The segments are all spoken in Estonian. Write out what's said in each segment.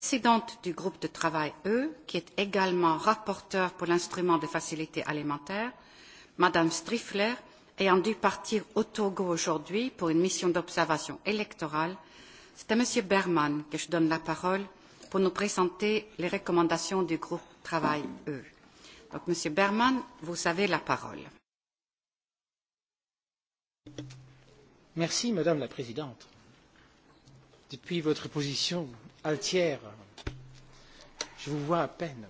présidente du groupe de travail E, qui est également rapporteure pour l'instrument de facilité alimentaire, Madame Strifler, ayant dû partir au Togo aujourd'hui pour une mission d'observation électorale, c'est à Monsieur Berman que je donne la parole pour nous présenter les recommandations du groupe Travail E. Donc, Monsieur Berman, vous avez la parole. Merci, Madame la Présidente. Depuis votre position Altière, je vous vois à peine.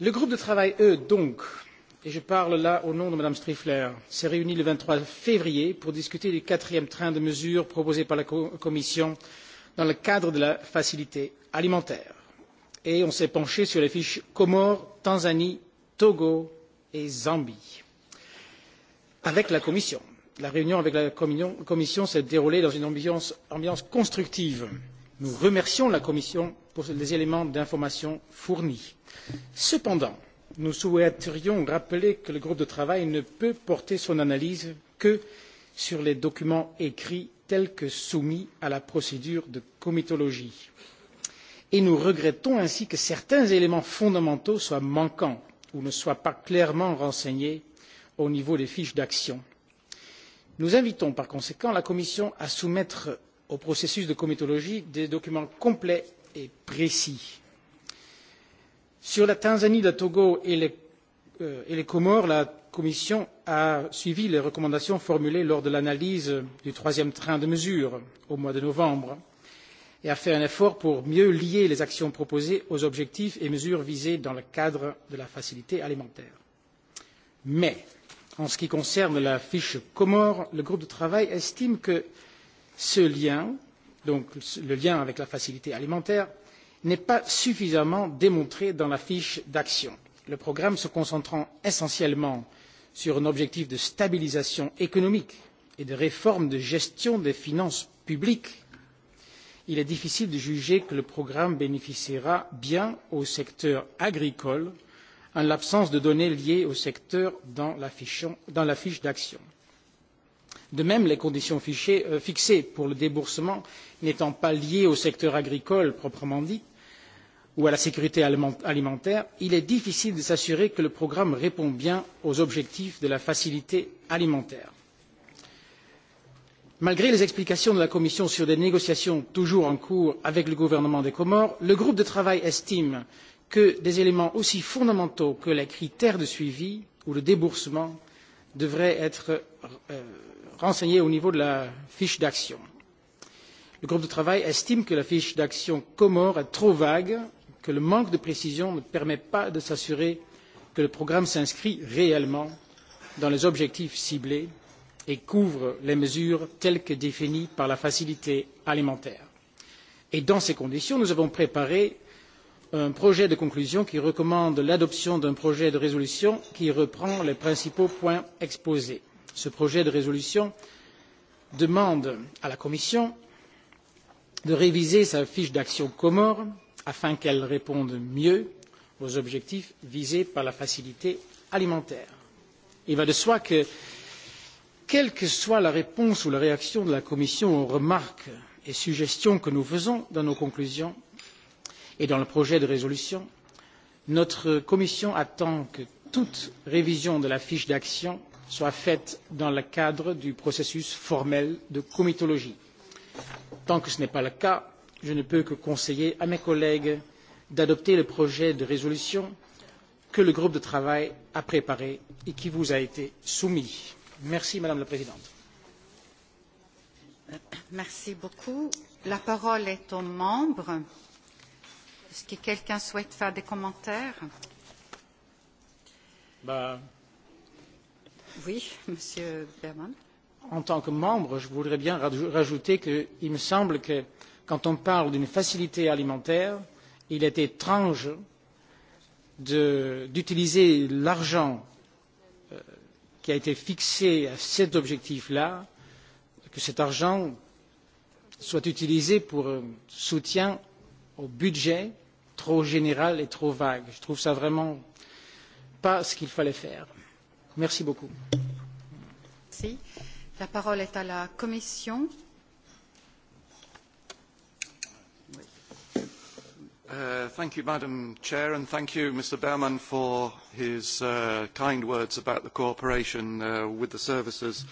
Le groupe de travail, eux, donc, et je parle là au nom de Mme Strifler, s'est réuni le 23 février pour discuter du quatrième train de mesures proposées par la Commission dans le cadre de la facilité alimentaire. Et on s'est penché sur les fiches Comores, Tanzanie, Togo et Zambie avec la Commission la réunion avec la commission s'est déroulée dans une ambiance, ambiance constructive. nous remercions la commission pour les éléments d'information fournis. cependant nous souhaiterions rappeler que le groupe de travail ne peut porter son analyse que sur les documents écrits tels que soumis à la procédure de comitologie et nous regrettons ainsi que certains éléments fondamentaux soient manquants ou ne soient pas clairement renseignés au niveau des fiches d'action nous invitons par conséquent la commission à soumettre au processus de comitologie des documents complets et précis. sur la tanzanie le togo et les, euh, et les comores la commission a suivi les recommandations formulées lors de l'analyse du troisième train de mesures au mois de novembre et a fait un effort pour mieux lier les actions proposées aux objectifs et mesures visés dans le cadre de la facilité alimentaire. mais En ce qui concerne la fiche Comore, le groupe de travail estime que ce lien, donc le lien avec la facilité alimentaire, n'est pas suffisamment démontré dans la fiche d'action, le programme se concentrant essentiellement sur un objectif de stabilisation économique et de réforme de gestion des finances publiques. Il est difficile de juger que le programme bénéficiera bien au secteur agricole en l'absence de données liées au secteur dans la fiche d'action. De même, les conditions fichées, euh, fixées pour le déboursement n'étant pas liées au secteur agricole proprement dit ou à la sécurité alimentaire, il est difficile de s'assurer que le programme répond bien aux objectifs de la facilité alimentaire. Malgré les explications de la Commission sur des négociations toujours en cours avec le gouvernement des Comores, le groupe de travail estime que des éléments aussi fondamentaux que les critères de suivi ou le déboursement devraient être euh, renseignés au niveau de la fiche d'action. Le groupe de travail estime que la fiche d'action Comore est trop vague, que le manque de précision ne permet pas de s'assurer que le programme s'inscrit réellement dans les objectifs ciblés et couvre les mesures telles que définies par la facilité alimentaire. Et dans ces conditions, nous avons préparé un projet de conclusion qui recommande l'adoption d'un projet de résolution qui reprend les principaux points exposés. ce projet de résolution demande à la commission de réviser sa fiche d'action comore afin qu'elle réponde mieux aux objectifs visés par la facilité alimentaire. il va de soi que quelle que soit la réponse ou la réaction de la commission aux remarques et suggestions que nous faisons dans nos conclusions et dans le projet de résolution notre commission attend que toute révision de la fiche d'action soit faite dans le cadre du processus formel de comitologie. tant que ce n'est pas le cas je ne peux que conseiller à mes collègues d'adopter le projet de résolution que le groupe de travail a préparé et qui vous a été soumis. merci madame la présidente. merci beaucoup. la parole est aux membres. Est-ce que quelqu'un souhaite faire des commentaires bah, Oui, Monsieur Berman. En tant que membre, je voudrais bien rajouter qu'il me semble que quand on parle d'une facilité alimentaire, il est étrange d'utiliser l'argent euh, qui a été fixé à cet objectif-là, que cet argent soit utilisé pour un euh, soutien au budget trop général et trop vague. Je trouve ça vraiment pas ce qu'il fallait faire. Merci beaucoup. Merci. La parole est à la Commission. Uh, thank you, Madam Chair, and thank you, Mr. Behrman, for his uh, kind words about the cooperation uh, with the services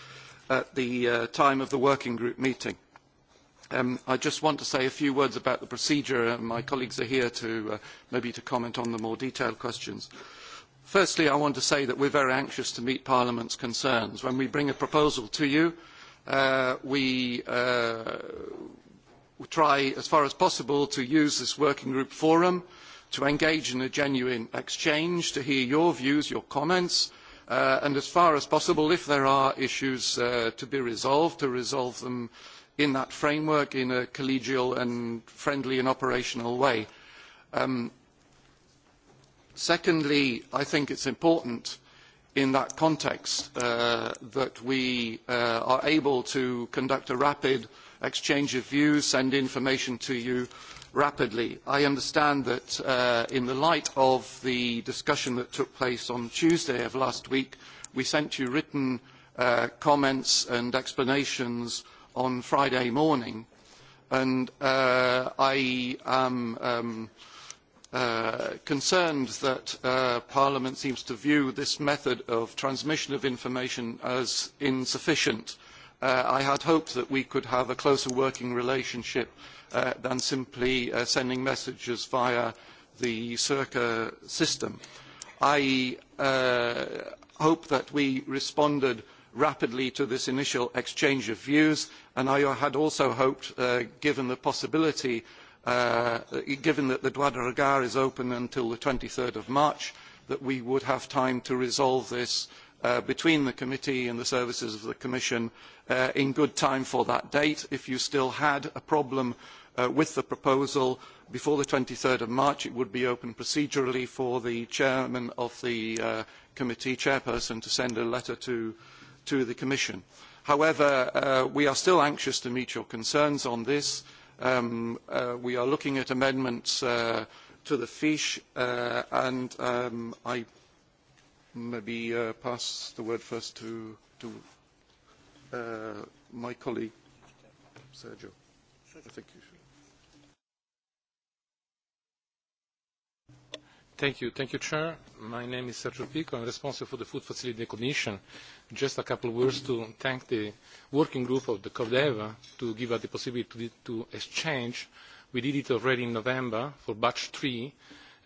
at the uh, time of the working group meeting. Um, I just want to say a few words about the procedure. Uh, my colleagues are here to uh, maybe to comment on the more detailed questions. Firstly, I want to say that we're very anxious to meet Parliament's concerns. When we bring a proposal to you, uh, we, uh, we try as far as possible to use this working group forum to engage in a genuine exchange, to hear your views, your comments, uh, and as far as possible, if there are issues uh, to be resolved, to resolve them uh, in that framework in a collegial and friendly and operational way. Um, secondly, I think it's important in that context uh, that we uh, are able to conduct a rapid exchange of views, send information to you rapidly. I understand that uh, in the light of the discussion that took place on Tuesday of last week, we sent you written uh, comments and explanations uh, on Friday morning, and uh, I am um, uh, concerned that uh, Parliament seems to view this method of transmission of information as insufficient. Uh, I had hoped that we could have a closer working relationship uh, than simply uh, sending messages via the Circa system. I uh, hope that we responded uh, rapidly to this initial exchange of views and I had also hoped, uh, given the possibility, uh, given that the Douadaragar is open until the 23rd of March, that we would have time to resolve this uh, between the committee and the services of the Commission uh, in good time for that date. If you still had a problem uh, with the proposal before the 23rd of March, it would be open procedurally for the chairman of the uh, committee chairperson to send a letter to uh, to the Commission. However, uh, we are still anxious to meet your concerns on this. Um, uh, we are looking at amendments uh, to the fish, uh, and um, I maybe uh, pass the word first to, to uh, my colleague, Sergio. I think you should. Thank you. Thank you, Chair. My name is Sergio Pico. I'm responsible for the Food Facility Commission. Uh, just a couple of words to thank the working group of the CODEV to give us the possibility to, to exchange. We did it already in November for batch three,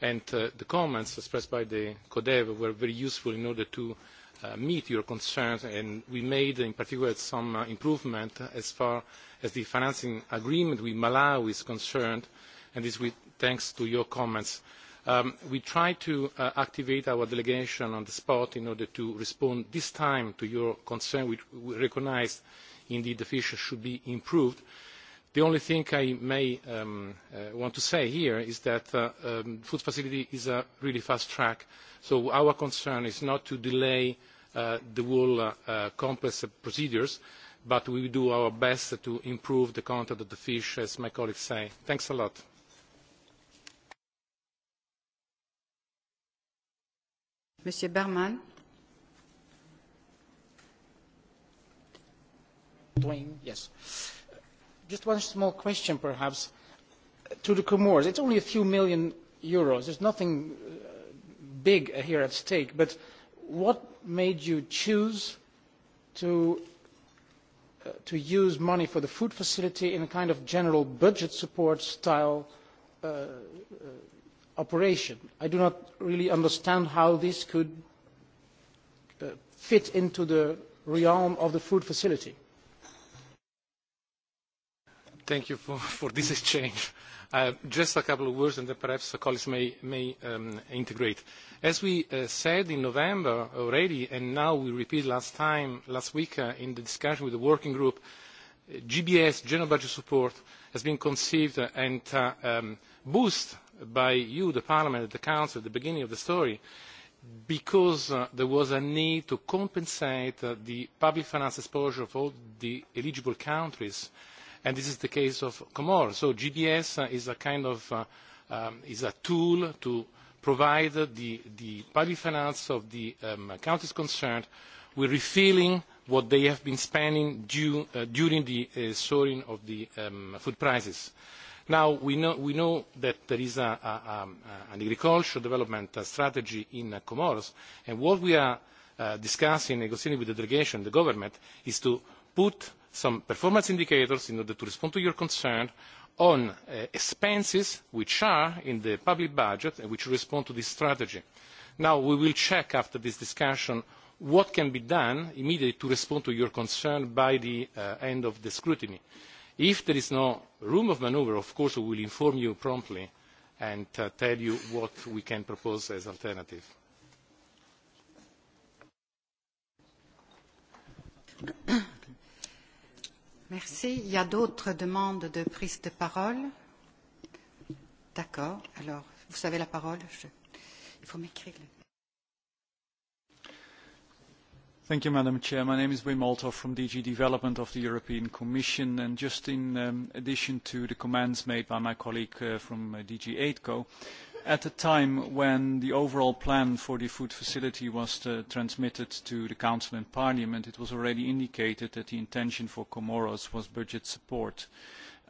and uh, the comments expressed by the CODEV were very useful in order to uh, meet your concerns, and we made in particular some uh, improvement as far as the financing agreement with Malawi is concerned, and this with thanks to your comments. Uh, Um, we try to uh, activate our delegation on the spot in order to respond this time to your concern, which we recognize indeed the fisheries should be improved. The only thing I may um, uh, want to say here is that uh, um, food facility is a really fast track, so our concern is not to delay uh, the whole uh, uh, complex procedures, but we do our best to improve the content of the fish, as my colleagues say. Thanks a lot. Monsieur Berman. Doing, yes. Just one small question, perhaps, to the Comores. It's only a few million euros. There's nothing uh, big here at stake. But what made you choose to uh, to use money for the food facility in a kind of general budget support style uh, uh, operation. I do not really understand how this could uh, fit into the realm of the food facility. Thank you for, for this exchange. Uh, just a couple of words and then perhaps the colleagues may, may um, integrate. As we uh, said in November already, and now we repeat last time, last week uh, in the discussion with the working group, uh, GBS, general budget support, has been conceived and uh, um, boosts by you, the Parliament and the Council at the beginning of the story, because uh, there was a need to compensate uh, the public finance exposure of all the eligible countries, and this is the case of Comoros. So GBS uh, is a kind of uh, um, is a tool to provide the, the public finance of the um, countries concerned with refilling what they have been spending due, uh, during the uh, soaring of the um, food prices. Uh, Now, we know, we know that there is a, a, a, an agricultural development strategy in Comoros, and what we are uh, discussing and negotiating with the delegation, the government, is to put some performance indicators in order to respond to your concern on uh, expenses which are in the public budget and which respond to this strategy. Now, we will check after this discussion what can be done immediately to respond to your concern by the uh, end of the scrutiny. Uh, if there is no room for manoeuvre of course we will inform you promptly and uh, tell you what we can propose as an alternative. Merci. Y a d'autres demandes de prise de parole D'accord. Alors, vous avez la parole. Je... Il faut m'écrire. Le... Thank you, Madam Chair. My name is Wim Alter from DG Development of the European Commission. And just in um, addition to the comments made by my colleague uh, from uh, DG AIDCO, at a time when the overall plan for the food facility was to, uh, transmitted to the Council and Parliament, it was already indicated that the intention for Comoros was budget support.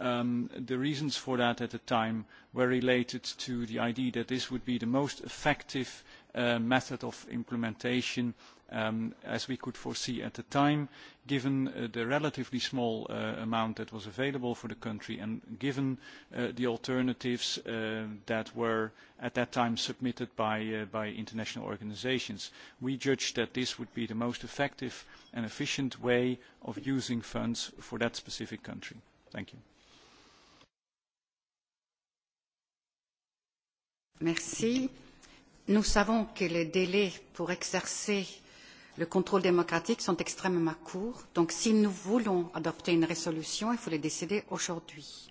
Um, the reasons for that at the time were related to the idea that this would be the most effective uh, method of implementation uh, um, as we could foresee at the time, given uh, the relatively small uh, amount that was available for the country and given uh, the alternatives uh, that were at that time submitted by, uh, by international organizations. We judged that this would be the most effective and efficient way of using funds for that specific country. Thank you. Merci. Nous savons que le délai pour exercer euh, le contrôle démocratique sont extrêmement courts. Donc si nous voulons adopter une résolution, il faut le décider aujourd'hui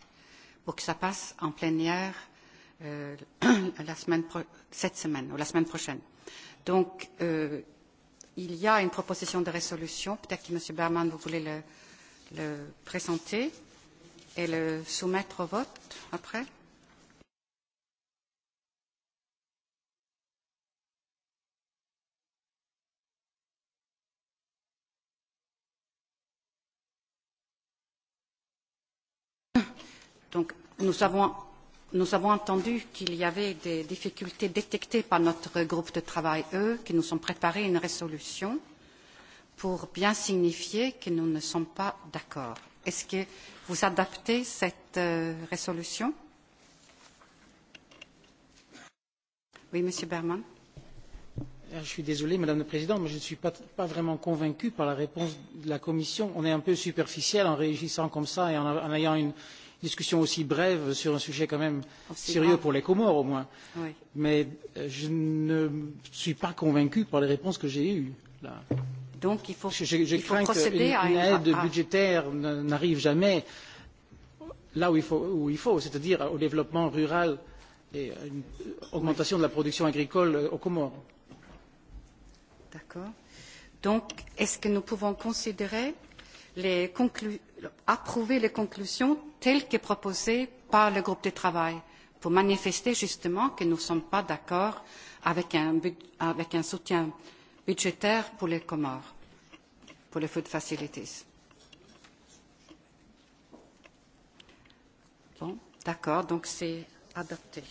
pour que ça passe en plénière euh, la semaine pro cette semaine ou la semaine prochaine. Donc euh, il y a une proposition de résolution. Peut-être que M. Berman, vous voulez le, le présenter et le soumettre au vote après. Donc, nous avons Nous avons entendu qu'il y avait des difficultés détectées par notre groupe de travail, eux, qui nous ont préparé une résolution pour bien signifier que nous ne sommes pas d'accord. Est-ce que vous adaptez cette euh, résolution Oui, Monsieur Berman. Euh, je suis désolé, Madame la Présidente, mais je ne suis pas, pas vraiment convaincu par la réponse de la Commission. On est un peu superficiel en réagissant comme ça et en, en ayant une, discussion aussi brève sur un sujet quand même oh, sérieux grave. pour les Comores au moins. Oui. Mais euh, je ne suis pas convaincu par les réponses que j'ai eues là. Donc il faut, je, je, je il faut procéder à une, une aide à... budgétaire n'arrive jamais là où il faut, où il faut c'est-à-dire au développement rural et à une euh, augmentation oui. de la production agricole euh, aux Comores. D'accord. Donc, est-ce que nous pouvons considérer euh, les approuver les conclusions telles que proposées par le groupe de travail pour manifester justement que nous ne sommes pas d'accord avec, avec un soutien budgétaire pour les Comores, pour les food facilities. Bon, d'accord, donc c'est adopté.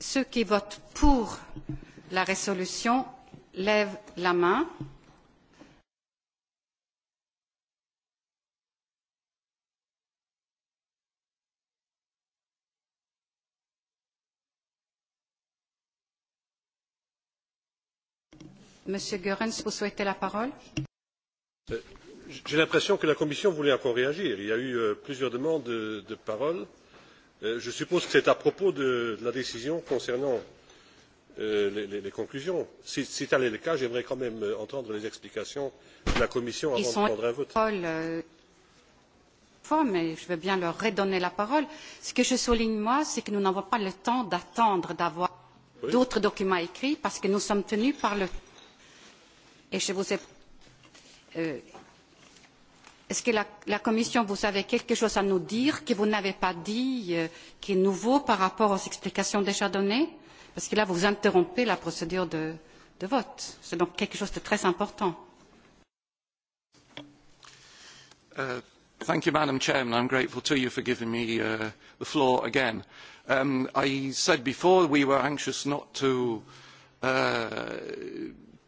ceux qui votent pour la résolution lèvent la main. Monsieur Goerens, vous souhaitez la parole euh, J'ai l'impression que la Commission voulait encore réagir. Il y a eu euh, plusieurs demandes de, de parole. Euh, Euh, je suppose que c'est à propos de, de la décision concernant euh, les, les conclusions. si, si tel est le cas j'aimerais quand même euh, entendre les explications de la commission avant Ils de prendre un vote. Paul, mais je veux bien leur redonner la parole. Ce que je souligne, moi, c'est que nous n'avons pas le temps d'attendre d'avoir oui. d'autres documents écrits parce que nous sommes tenus par le. Et je vous ai. Euh, Est-ce que la, la Commission, vous avez quelque chose à nous dire que vous n'avez pas dit, euh, qui est nouveau par rapport aux explications déjà données Parce que là, vous interrompez la procédure de, de vote. C'est donc quelque chose de très important. Uh, thank you, Madam Chairman. I'm grateful to you for giving me uh, the floor again. Um, I said before we were anxious not to uh,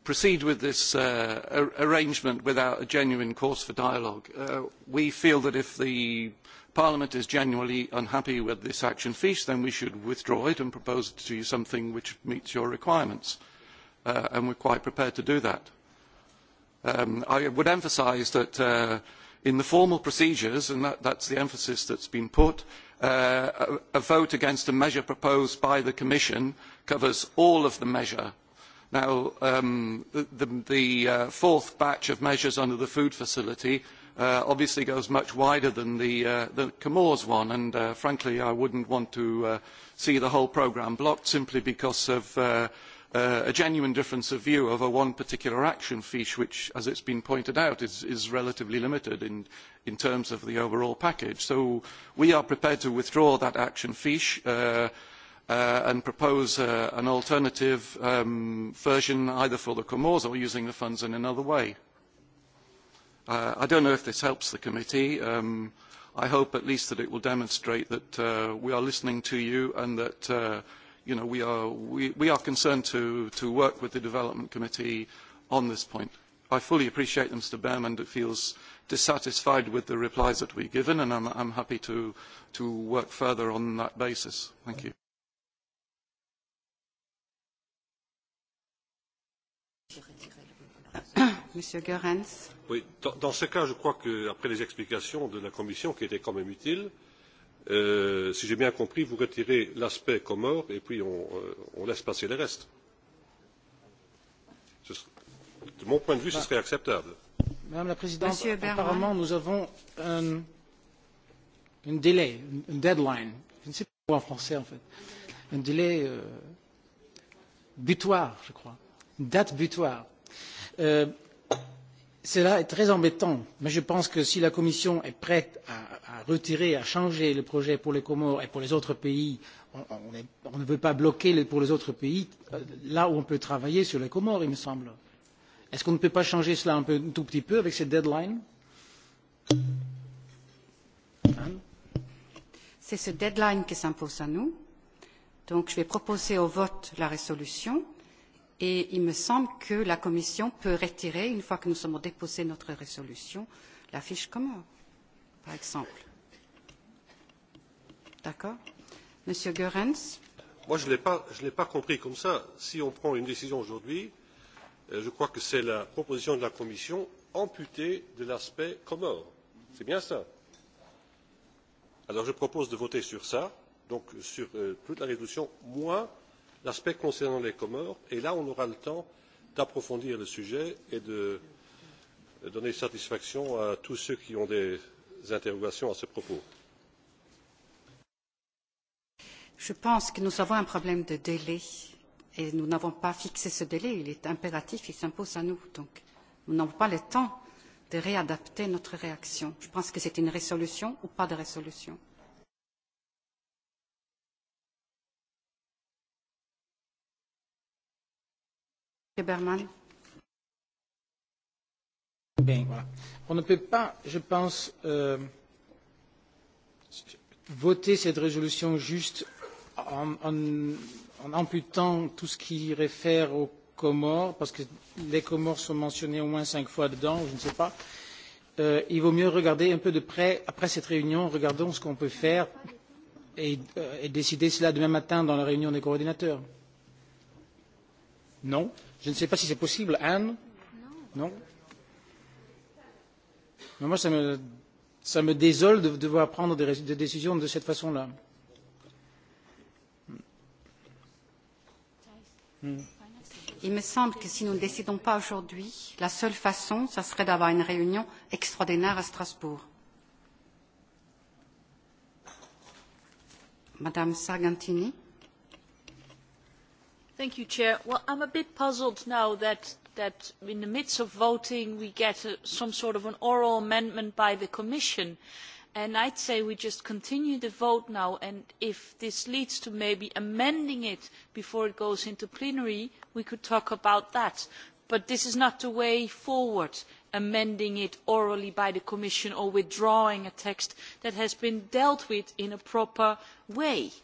proceed with this uh, arrangement without a genuine course for dialogue. Uh, we feel that if the Parliament is genuinely unhappy with this action fiche, then we should withdraw it and propose to you something which meets your requirements. Uh, and we're quite prepared to do that. Um, I would emphasise that uh, in the formal procedures, and that, that's the emphasis that's been put, uh, a, a vote against a measure proposed by the Commission covers all of the measure Now, um, the, the, the uh, fourth batch of measures under the food facility uh, obviously goes much wider than the, uh, the Comores one, and uh, frankly, I wouldn't want to uh, see the whole programme blocked simply because of uh, uh, a genuine difference of view over one particular action fiche, which, as it's been pointed out, is, is relatively limited in, in terms of the overall package. So we are prepared to withdraw that action fiche. Uh, uh, and propose uh, an alternative um, version either for the Comores or using the funds in another way. Uh, I don't know if this helps the committee. Um, I hope at least that it will demonstrate that uh, we are listening to you and that uh, you know, we, are, we, we are concerned to, to work with the Development Committee on this point. I fully appreciate that Mr Behrman feels dissatisfied with the replies that we've given and I'm, I'm happy to, to work further on that basis. Thank you. Monsieur Goerens. Oui, dans, dans ce cas, je crois qu'après les explications de la Commission, qui étaient quand même utiles, euh, si j'ai bien compris, vous retirez l'aspect Comore et puis on, euh, on laisse passer le reste. Ce, de mon point de vue, bah, ce serait acceptable. Madame la Présidente, apparemment, nous avons un, un délai, une deadline. Je ne sais pas en français, en fait. Un délai euh, butoir, je crois. Une date butoir. Euh, Cela est très embêtant, mais je pense que si la Commission est prête à, à retirer, à changer le projet pour les Comores et pour les autres pays, on, on, est, on ne peut pas bloquer les, pour les autres pays euh, là où on peut travailler sur les Comores, il me semble. Est-ce qu'on ne peut pas changer cela un, peu, un tout petit peu avec cette deadline C'est ce deadline qui s'impose à nous. Donc je vais proposer au vote la résolution Et il me semble que la Commission peut retirer, une fois que nous avons déposé notre résolution, la fiche commune, par exemple. D'accord Monsieur Goerens Moi, je ne l'ai pas compris comme ça. Si on prend une décision aujourd'hui, euh, je crois que c'est la proposition de la Commission amputée de l'aspect comore. C'est bien ça. Alors je propose de voter sur ça, donc sur euh, toute la résolution, moins l'aspect concernant les comores et là on aura le temps d'approfondir le sujet et de donner satisfaction à tous ceux qui ont des interrogations à ce propos. je pense que nous avons un problème de délai et nous n'avons pas fixé ce délai il est impératif il s'impose à nous donc nous n'avons pas le temps de réadapter notre réaction. je pense que c'est une résolution ou pas de résolution. Lieberman. Bien, voilà. On ne peut pas, je pense, euh, voter cette résolution juste en, en, en amputant tout ce qui réfère aux Comores, parce que les Comores sont mentionnés au moins cinq fois dedans, je ne sais pas. Euh, il vaut mieux regarder un peu de près, après cette réunion, regardons ce qu'on peut faire et, euh, et décider cela demain matin dans la réunion des coordinateurs. Non Je ne sais pas si c'est possible. Anne Non, non Mais Moi, ça me, ça me désole de devoir prendre des, des décisions de cette façon-là. Hmm. Il me semble que si nous ne décidons pas aujourd'hui, la seule façon, ça serait d'avoir une réunion extraordinaire à Strasbourg. Madame Sargentini Thank you, Chair. Well, I'm a bit puzzled now that, that in the midst of voting we get a, uh, some sort of an oral amendment by the Commission. And I'd say we just continue the vote now, and if this leads to maybe amending it before it goes into plenary, we could talk about that. But this is not the way forward, amending it orally by the Commission or withdrawing a text that has been dealt with in a proper way. Uh,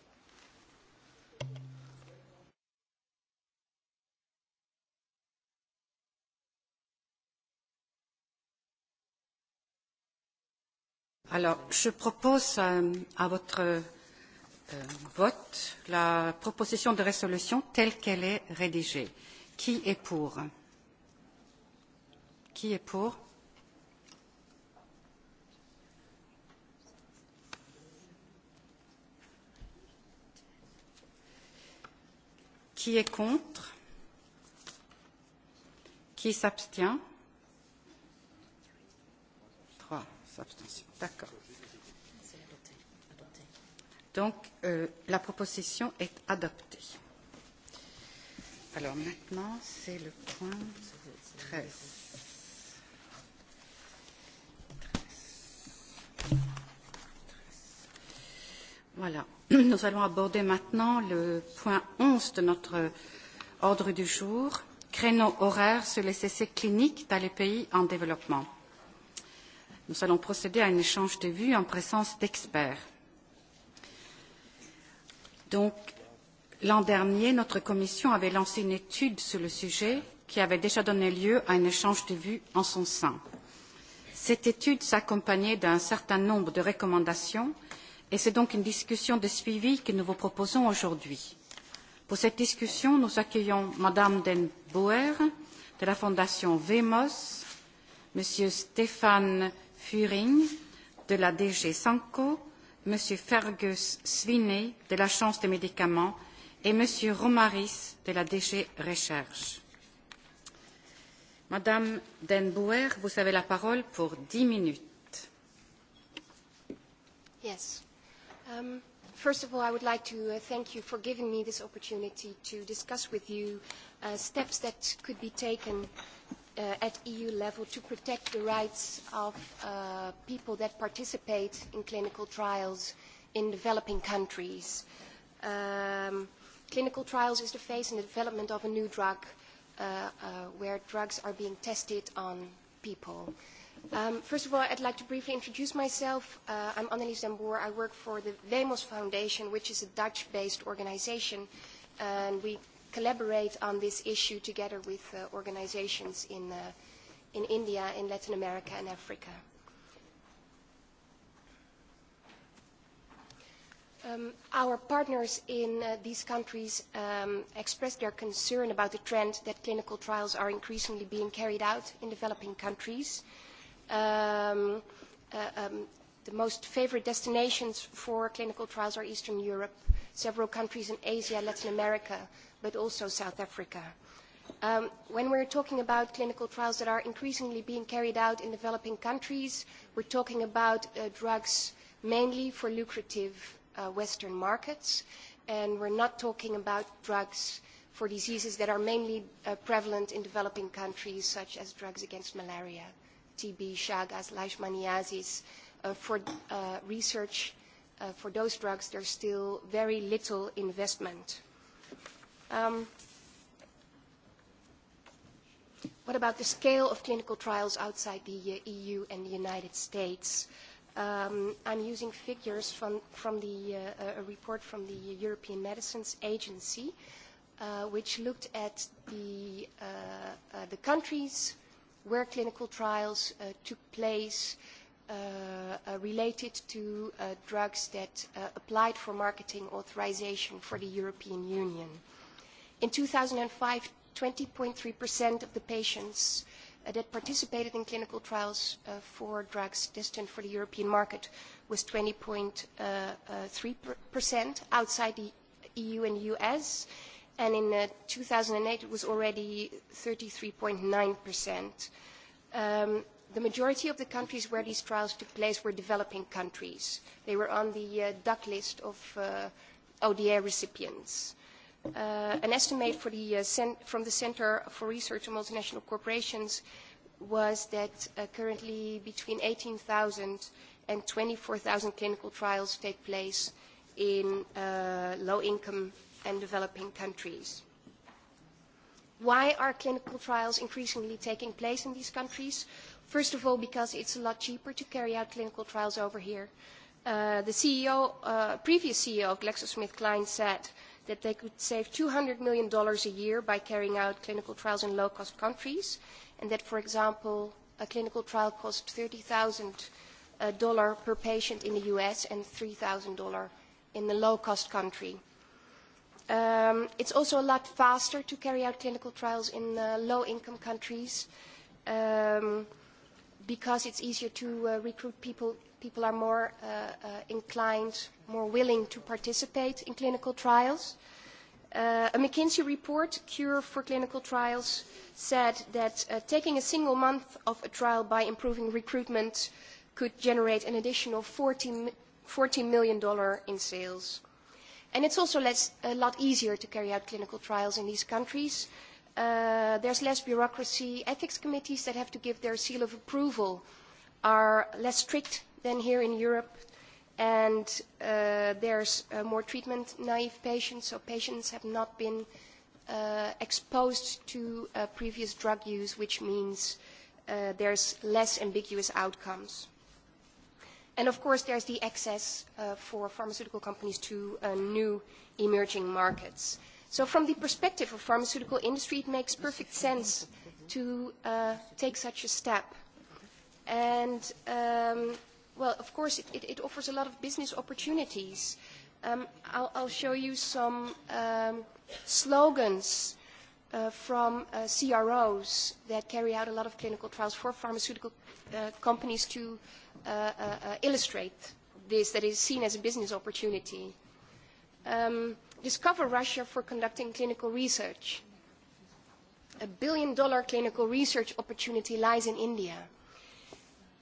Alors, je propose euh, à votre euh, vote la proposition de résolution telle qu'elle est rédigée. Qui est pour Qui est pour Qui est contre Qui s'abstient Abstention. D'accord. Donc, euh, la proposition est adoptée. Alors maintenant, c'est le point 13. Voilà. Nous allons aborder maintenant le point 11 de notre ordre du jour, créneau horaire sur les essais cliniques dans les pays en développement. Nous allons procéder à un échange de vues en présence d'experts. Donc, l'an dernier, notre commission avait lancé une étude sur le sujet qui avait déjà donné lieu à un échange de vues en son sein. Cette étude s'accompagnait d'un certain nombre de recommandations et c'est donc une discussion de suivi que nous vous proposons aujourd'hui. Pour cette discussion, nous accueillons Madame Den Boer de la Fondation VEMOS, Monsieur Stéphane Furing de la DG Sanco, M. Fergus Swinney de l'Agence des médicaments et M. Romaris de la DG Recherche. Madame Den Bouwer, vous avez la parole pour dix minutes. Yes. Um, first of all, I would like to uh, thank you for giving me this opportunity to discuss with you uh, steps that could be taken uh, at EU level to protect the rights of uh, people that participate in clinical trials in developing countries. Um, clinical trials is the phase in the development of a new drug uh, uh, where drugs are being tested on people. Um, first of all, I'd like to briefly introduce myself. Uh, I'm Annelies den Boer. I work for the Lemos Foundation, which is a Dutch-based organization, and we collaborate on this issue together with uh, organizations in, uh, in India, in Latin America and Africa. Um, our partners in uh, these countries um, expressed their concern about the trend that clinical trials are increasingly being carried out in developing countries. Um, uh, um, the most favorite destinations for clinical trials are Eastern Europe, uh, several countries in Asia, Latin America, but also South Africa. Um, when we're talking about clinical trials that are increasingly being carried out in developing countries, we're talking about uh, drugs mainly for lucrative uh, Western markets, and we're not talking about drugs for diseases that are mainly uh, prevalent in developing countries, such as drugs against malaria, TB, Chagas, Leishmaniasis, uh, for uh, research uh, uh, for those drugs there's still very little investment. Um, what about the scale of clinical trials outside the uh, EU and the United States? Um, I'm using figures from, from the, uh, a report from the European Medicines Agency, uh, which looked at the, uh, uh, the countries where clinical trials uh, took place uh, uh, uh, related to uh, drugs that uh, applied for marketing authorization for the European Union. In 2005, 20.3% of the patients uh, that participated in clinical trials uh, for drugs destined for the European market was 20.3% uh, uh, outside the EU and US, and in uh, 2008 it was already 33.9%. Um, the majority of the countries where these trials took place were developing countries. They were on the uh, duck list of uh, ODA recipients. Uh, an estimate for the, uh, cent from the Center for Research on Multinational Corporations was that uh, currently between 18,000 and 24,000 clinical trials take place in uh, low-income and developing countries. Why are clinical trials increasingly taking place in these countries? Uh, First of all, because it's a lot cheaper to carry out clinical trials over here. Uh, the CEO, uh, previous CEO of GlaxoSmithKline said that they could save $200 million a year by carrying out clinical trials in low-cost countries, and that, for example, a clinical trial costs $30,000 uh, per patient in the US and $3,000 in a low-cost country. Um, it's also a lot faster to carry out clinical trials in uh, low-income countries. Um, because it's easier to uh, recruit people. People are more uh, uh, inclined, more willing to participate in clinical trials. Uh, a McKinsey report, Cure for Clinical Trials, said that uh, taking a single month of a trial by improving recruitment could generate an additional $14, $14 million in sales. And it's also less, a lot easier to carry out clinical trials in these countries. Uh, uh, there's less bureaucracy. Ethics committees that have to give their seal of approval are less strict than here in Europe, and uh, there's uh, more treatment-naive patients, so patients have not been uh, exposed to uh, previous drug use, which means uh, there's less ambiguous outcomes. And of course, there's the access uh, for pharmaceutical companies to uh, new emerging markets. So from the perspective of pharmaceutical industry, it makes perfect sense to uh, take such a step. And, um, well, of course, it, it, it offers a lot of business opportunities. Um, I'll, I'll show you some um, slogans uh, from uh, CROs that carry out a lot of clinical trials for pharmaceutical uh, companies to uh, uh, uh, illustrate this, that is seen as a business opportunity. Um, discover Russia for conducting clinical research. A billion dollar clinical research opportunity lies in India.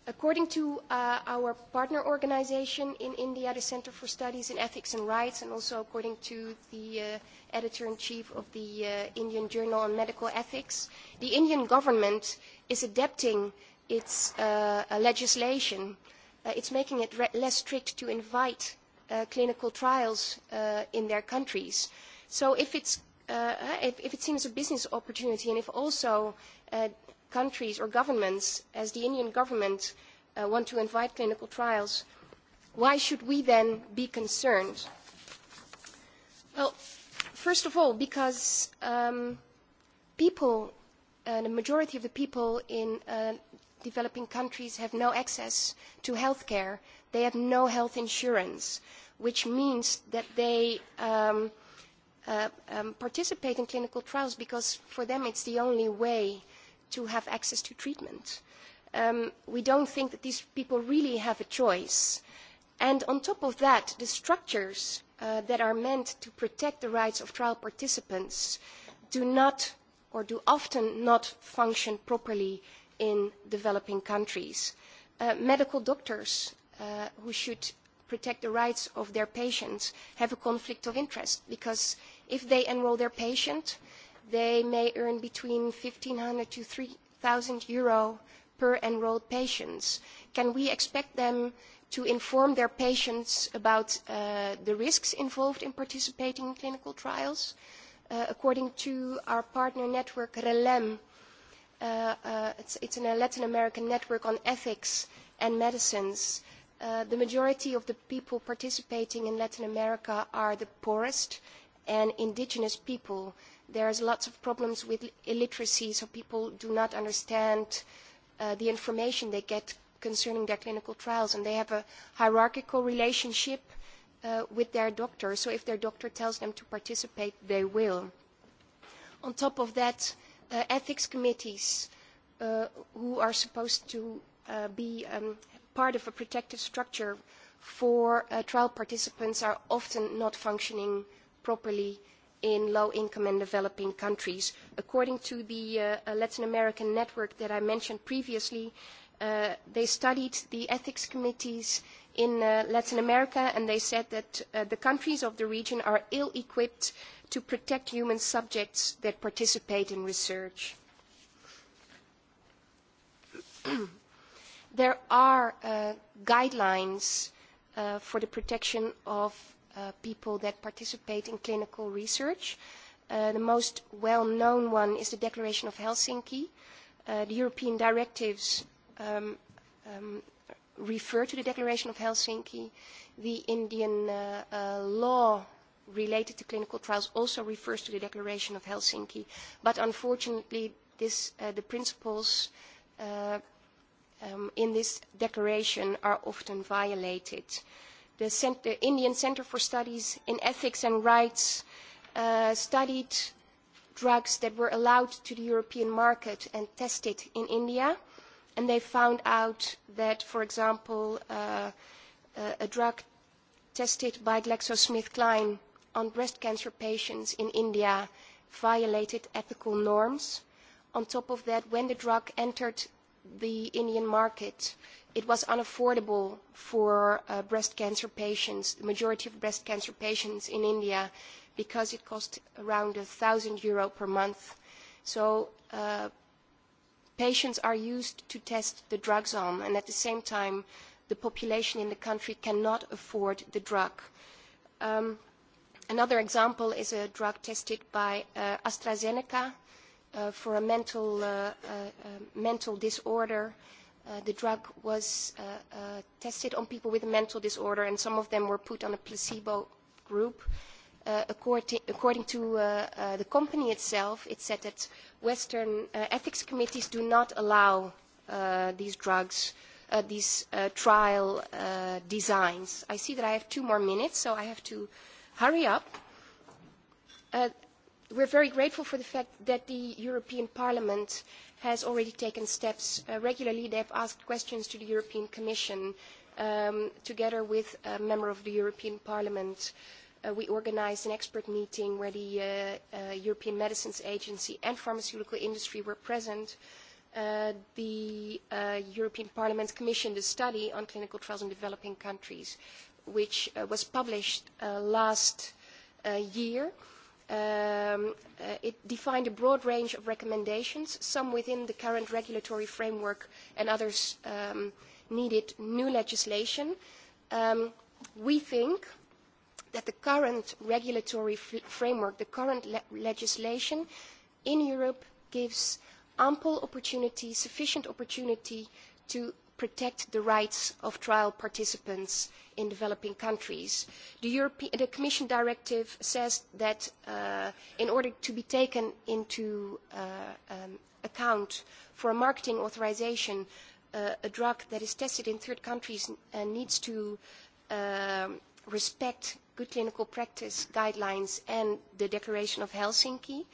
According to uh, our partner organization in India, the Center for Studies in Ethics and Rights, and also according to the uh, editor-in-chief of the uh, Indian Journal on Medical Ethics, the Indian government is adapting its uh, legislation. Uh, it's making it re- less strict to invite uh, clinical trials uh, in their countries. So if, it's, uh, uh, if, if it seems a business opportunity and if also uh, countries or governments, as the Indian government, uh, want to invite clinical trials, why should we then be concerned? Well, first of all, because um, people, uh, the majority of the people in uh, developing countries have no access to health care. Uh, they have no health insurance, which means that they um, uh, um, participate in clinical trials because for them it's the only way to have access to treatment. Um, we don't think that these people really have a choice. And on top of that, the structures uh, that are meant to protect the rights of trial participants do not or do often not function properly in developing countries. Uh, medical doctors uh, who should protect the rights of their patients have a conflict of interest because if they enroll their patient, they may earn between 1,500 to 3,000 euro per enrolled patients. Can we expect them to inform their patients about uh, the risks involved in participating in clinical trials? Uh, according to our partner network, RELEM, uh, uh, it's, it's a Latin American network on ethics and medicines uh, the majority of the people participating in Latin America are the poorest and indigenous people. There's lots of problems with illiteracy, so people do not understand uh, the information they get concerning their clinical trials, and they have a hierarchical relationship uh, with their doctor, so if their doctor tells them to participate, they will. On top of that, uh, ethics committees uh, who are supposed to uh, be um, part of a protective structure for uh, trial participants are often not functioning properly in low-income and developing countries. According to the uh, uh, Latin American network that I mentioned previously, uh, they studied the ethics committees in uh, Latin America and they said that uh, the countries of the region are ill-equipped to protect human subjects that participate in research. there are uh, guidelines uh, for the protection of uh, people that participate in clinical research. Uh, the most well-known one is the Declaration of Helsinki. Uh, the European directives um, um, refer to the Declaration of Helsinki. The Indian uh, uh, law related to clinical trials also refers to the Declaration of Helsinki. But unfortunately, this, uh, the principles uh, um, in this declaration are often violated. The, Cent the Indian Center for Studies in Ethics and Rights uh, studied drugs that were allowed to the European market and tested in India, and they found out that, for example, uh, a drug tested by GlaxoSmithKline on breast cancer patients in India violated ethical norms. On top of that, when the drug entered the Indian market. It was unaffordable for uh, breast cancer patients, the majority of breast cancer patients in India, because it cost around 1,000 euro per month. So uh, patients are used to test the drugs on, and at the same time, the population in the country cannot afford the drug. Um, another example is a drug tested by uh, AstraZeneca, uh, for a mental, uh, uh, um, mental disorder. Uh, the drug was uh, uh, tested on people with a mental disorder, and some of them were put on a placebo group. Uh, according, according to uh, uh, the company itself, it said that Western uh, ethics committees do not allow uh, these drugs uh, uh, these uh, trial uh, designs. I see that I have two more minutes, so I have to hurry up. Uh, we're very grateful for the fact that the European Parliament has already taken steps. Uh, regularly, they've asked questions to the European Commission um, together with a member of the European Parliament. Uh, we organized an expert meeting where the uh, uh, European Medicines Agency and pharmaceutical industry were present. Uh, the uh, European Parliament commissioned a study on clinical trials in developing countries, which uh, was published uh, last uh, year. Uh, um, uh, it defined a broad range of recommendations, some within the current regulatory framework and others um, needed new legislation. Um, we think that the current regulatory f framework, the current le legislation in Europe gives ample opportunity, sufficient opportunity to protect the rights of trial participants in developing countries. The, Europe the Commission directive says that uh, in order to be taken into uh, um, account for a marketing authorization, uh, a drug that is tested in third countries uh, needs to um, respect good clinical practice guidelines and the Declaration of Helsinki. Uh,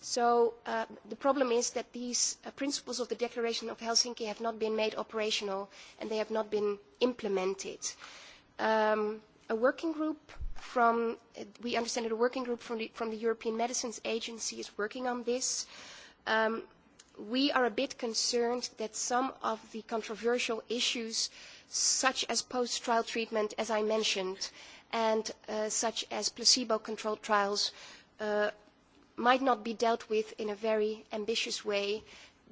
So uh, the problem is that these uh, principles of the Declaration of Helsinki have not been made operational and they have not been implemented. Um, a working group from, uh, we understand that a working group from the, from the European Medicines Agency is working on this. Um, we are a bit concerned that some of the controversial issues, such as post-trial treatment, as I mentioned, and uh, such as placebo-controlled trials, uh, might not be dealt with in a very ambitious way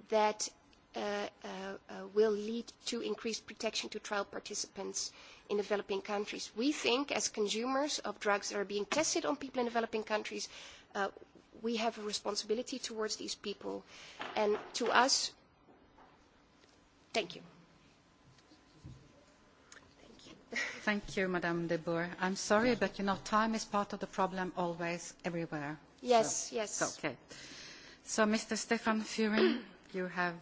that uh, uh, uh, will lead to increased protection to trial participants in developing countries. We think, as consumers of drugs that are being tested on people in developing countries, uh, we have a responsibility towards these people. And to us, thank you. Thank you, thank you Madame de Boer. I'm sorry, but you know, time is part of the problem always, everywhere. Yes, no. yes. Okay. So, Mr. Stefan Furin, you have,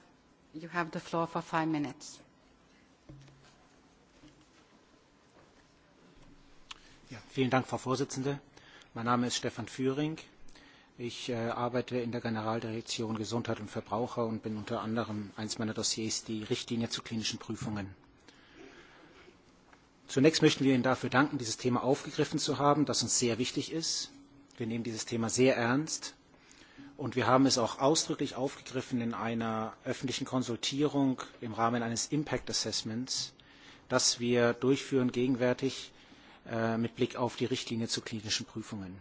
you have the floor for five minutes. Ja, vielen Dank, Frau Vorsitzende. Mein Name ist Stefan Führing. Ich äh, arbeite in der Generaldirektion Gesundheit und Verbraucher und bin unter anderem eins meiner Dossiers die Richtlinie zu klinischen Prüfungen. Zunächst möchten wir Ihnen dafür danken, dieses Thema aufgegriffen zu haben, das uns sehr wichtig ist. Wir nehmen dieses Thema sehr ernst. Und wir haben es auch ausdrücklich aufgegriffen in einer öffentlichen Konsultierung im Rahmen eines Impact Assessments, das wir durchführen gegenwärtig äh, mit Blick auf die Richtlinie zu klinischen Prüfungen.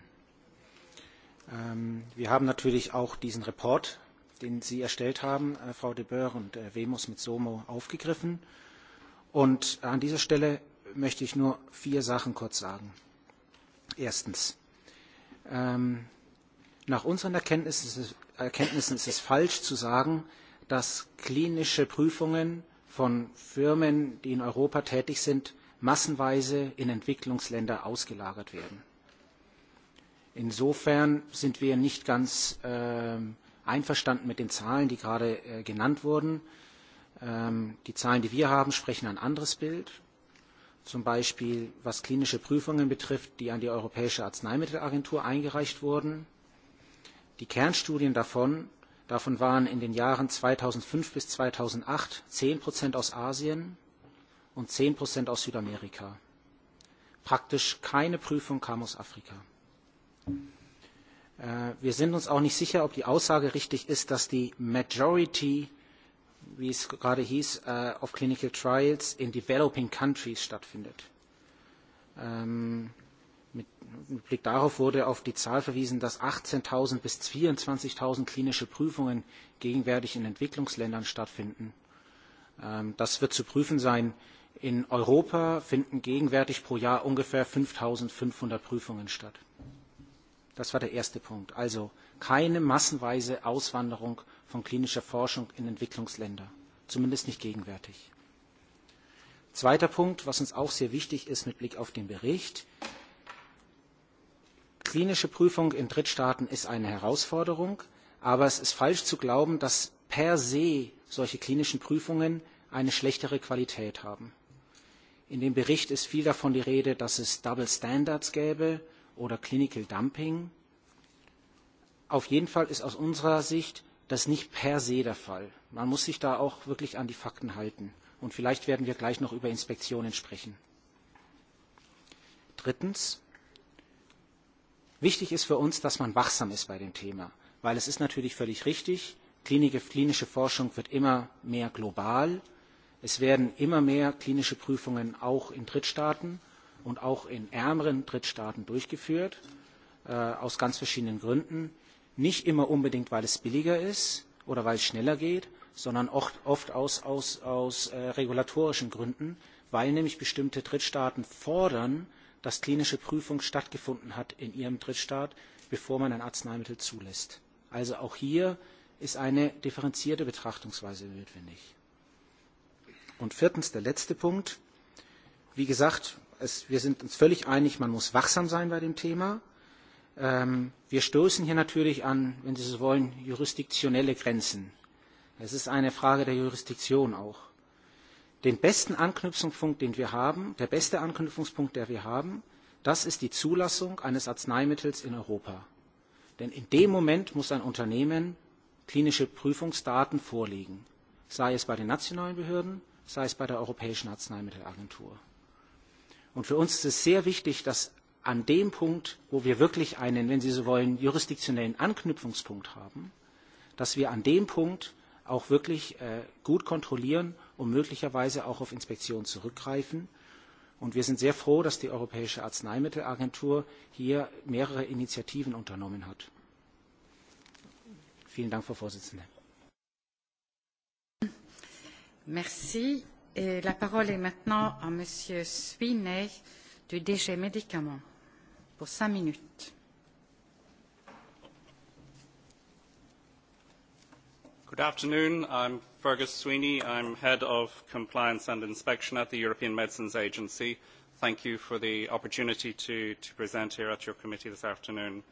Ähm, wir haben natürlich auch diesen Report, den Sie erstellt haben, äh, Frau de Boer und äh, Wemus mit Somo, aufgegriffen. Und an dieser Stelle möchte ich nur vier Sachen kurz sagen. Erstens. Ähm, nach unseren Erkenntnissen ist, es, Erkenntnissen ist es falsch zu sagen, dass klinische Prüfungen von Firmen, die in Europa tätig sind, massenweise in Entwicklungsländer ausgelagert werden. Insofern sind wir nicht ganz äh, einverstanden mit den Zahlen, die gerade äh, genannt wurden. Ähm, die Zahlen, die wir haben, sprechen ein anderes Bild zum Beispiel was klinische Prüfungen betrifft, die an die Europäische Arzneimittelagentur eingereicht wurden. Die Kernstudien davon, davon waren in den Jahren 2005 bis 2008 10 Prozent aus Asien und 10 Prozent aus Südamerika. Praktisch keine Prüfung kam aus Afrika. Äh, wir sind uns auch nicht sicher, ob die Aussage richtig ist, dass die Majority wie es gerade hieß, äh, auf Clinical Trials in Developing Countries stattfindet. Ähm, mit, mit Blick darauf wurde auf die Zahl verwiesen, dass 18.000 bis 24.000 klinische Prüfungen gegenwärtig in Entwicklungsländern stattfinden. Ähm, das wird zu prüfen sein. In Europa finden gegenwärtig pro Jahr ungefähr 5.500 Prüfungen statt. Das war der erste Punkt. Also keine massenweise Auswanderung von klinischer Forschung in Entwicklungsländer, zumindest nicht gegenwärtig. Zweiter Punkt, was uns auch sehr wichtig ist mit Blick auf den Bericht. Klinische Prüfung in Drittstaaten ist eine Herausforderung, aber es ist falsch zu glauben, dass per se solche klinischen Prüfungen eine schlechtere Qualität haben. In dem Bericht ist viel davon die Rede, dass es Double Standards gäbe oder Clinical Dumping. Auf jeden Fall ist aus unserer Sicht das nicht per se der Fall. Man muss sich da auch wirklich an die Fakten halten. Und vielleicht werden wir gleich noch über Inspektionen sprechen. Drittens. Wichtig ist für uns, dass man wachsam ist bei dem Thema, weil es ist natürlich völlig richtig, klinische, klinische Forschung wird immer mehr global. Es werden immer mehr klinische Prüfungen auch in Drittstaaten und auch in ärmeren Drittstaaten durchgeführt, äh, aus ganz verschiedenen Gründen nicht immer unbedingt, weil es billiger ist oder weil es schneller geht, sondern oft, oft aus, aus, aus äh, regulatorischen Gründen, weil nämlich bestimmte Drittstaaten fordern, dass klinische Prüfung stattgefunden hat in ihrem Drittstaat, bevor man ein Arzneimittel zulässt. Also auch hier ist eine differenzierte Betrachtungsweise notwendig. Und viertens, der letzte Punkt. Wie gesagt, es, wir sind uns völlig einig, man muss wachsam sein bei dem Thema. Ähm, wir stoßen hier natürlich an, wenn Sie so wollen, jurisdiktionelle Grenzen. Es ist eine Frage der Jurisdiktion auch. Den besten Anknüpfungspunkt, den wir haben, der beste Anknüpfungspunkt, der wir haben, das ist die Zulassung eines Arzneimittels in Europa. Denn in dem Moment muss ein Unternehmen klinische Prüfungsdaten vorlegen, sei es bei den nationalen Behörden, sei es bei der Europäischen Arzneimittelagentur. Und für uns ist es sehr wichtig, dass an dem Punkt, wo wir wirklich einen, wenn Sie so wollen, jurisdiktionellen Anknüpfungspunkt haben, dass wir an dem Punkt auch wirklich äh, gut kontrollieren und möglicherweise auch auf Inspektionen zurückgreifen. Und wir sind sehr froh, dass die Europäische Arzneimittelagentur hier mehrere Initiativen unternommen hat. Vielen Dank, Frau Vorsitzende. Merci. Et la parole est maintenant à Monsieur Swinney du DG Médicaments pour cinq minutes. Good afternoon. I'm Fergus Sweeney. I'm Head of Compliance and Inspection at the European Medicines Agency. Thank you for the opportunity to, to present here at your committee this afternoon.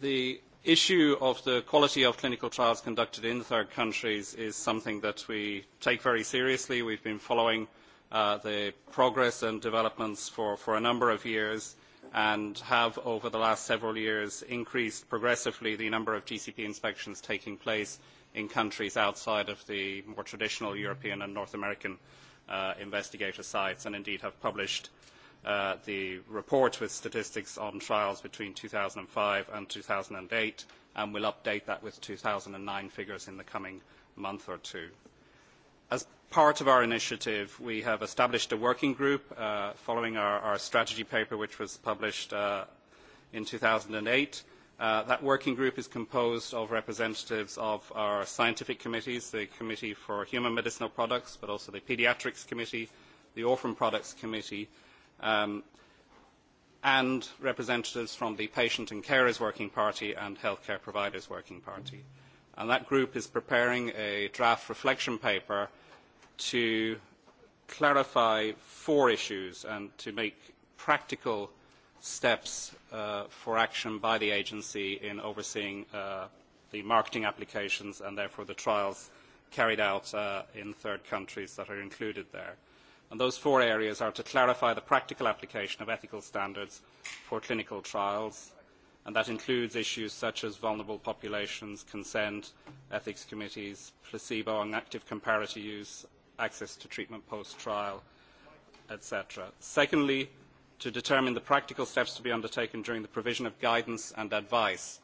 The issue of the quality of clinical trials conducted in third countries is something that we take very seriously. We've been following uh, the progress and developments for, for a number of years and have over the last several years increased progressively the number of GCP inspections taking place in countries outside of the more traditional European and North American uh, investigator sites and indeed have published uh, the report with statistics on trials between 2005 and 2008 and will update that with 2009 figures in the coming month or two. As part of our initiative, we have established a working group uh, following our, our strategy paper, which was published uh, in 2008. Uh, that working group is composed of representatives of our scientific committees, the Committee for Human Medicinal Products, but also the Pediatrics Committee, the Orphan Products Committee, um, and representatives from the Patient and Carers Working Party and Healthcare Providers Working Party. And that group is preparing a draft reflection paper uh, to clarify four issues and to make practical steps uh, for action by the agency in overseeing uh, the marketing applications and therefore the trials carried out uh, in third countries that are included there. And those four areas are to clarify the practical application of ethical standards for clinical trials, and that includes issues such as vulnerable populations, consent, ethics committees, placebo and active comparator use, access to treatment post-trial, etc. Secondly, to determine the practical steps to be undertaken during the provision of guidance and advice.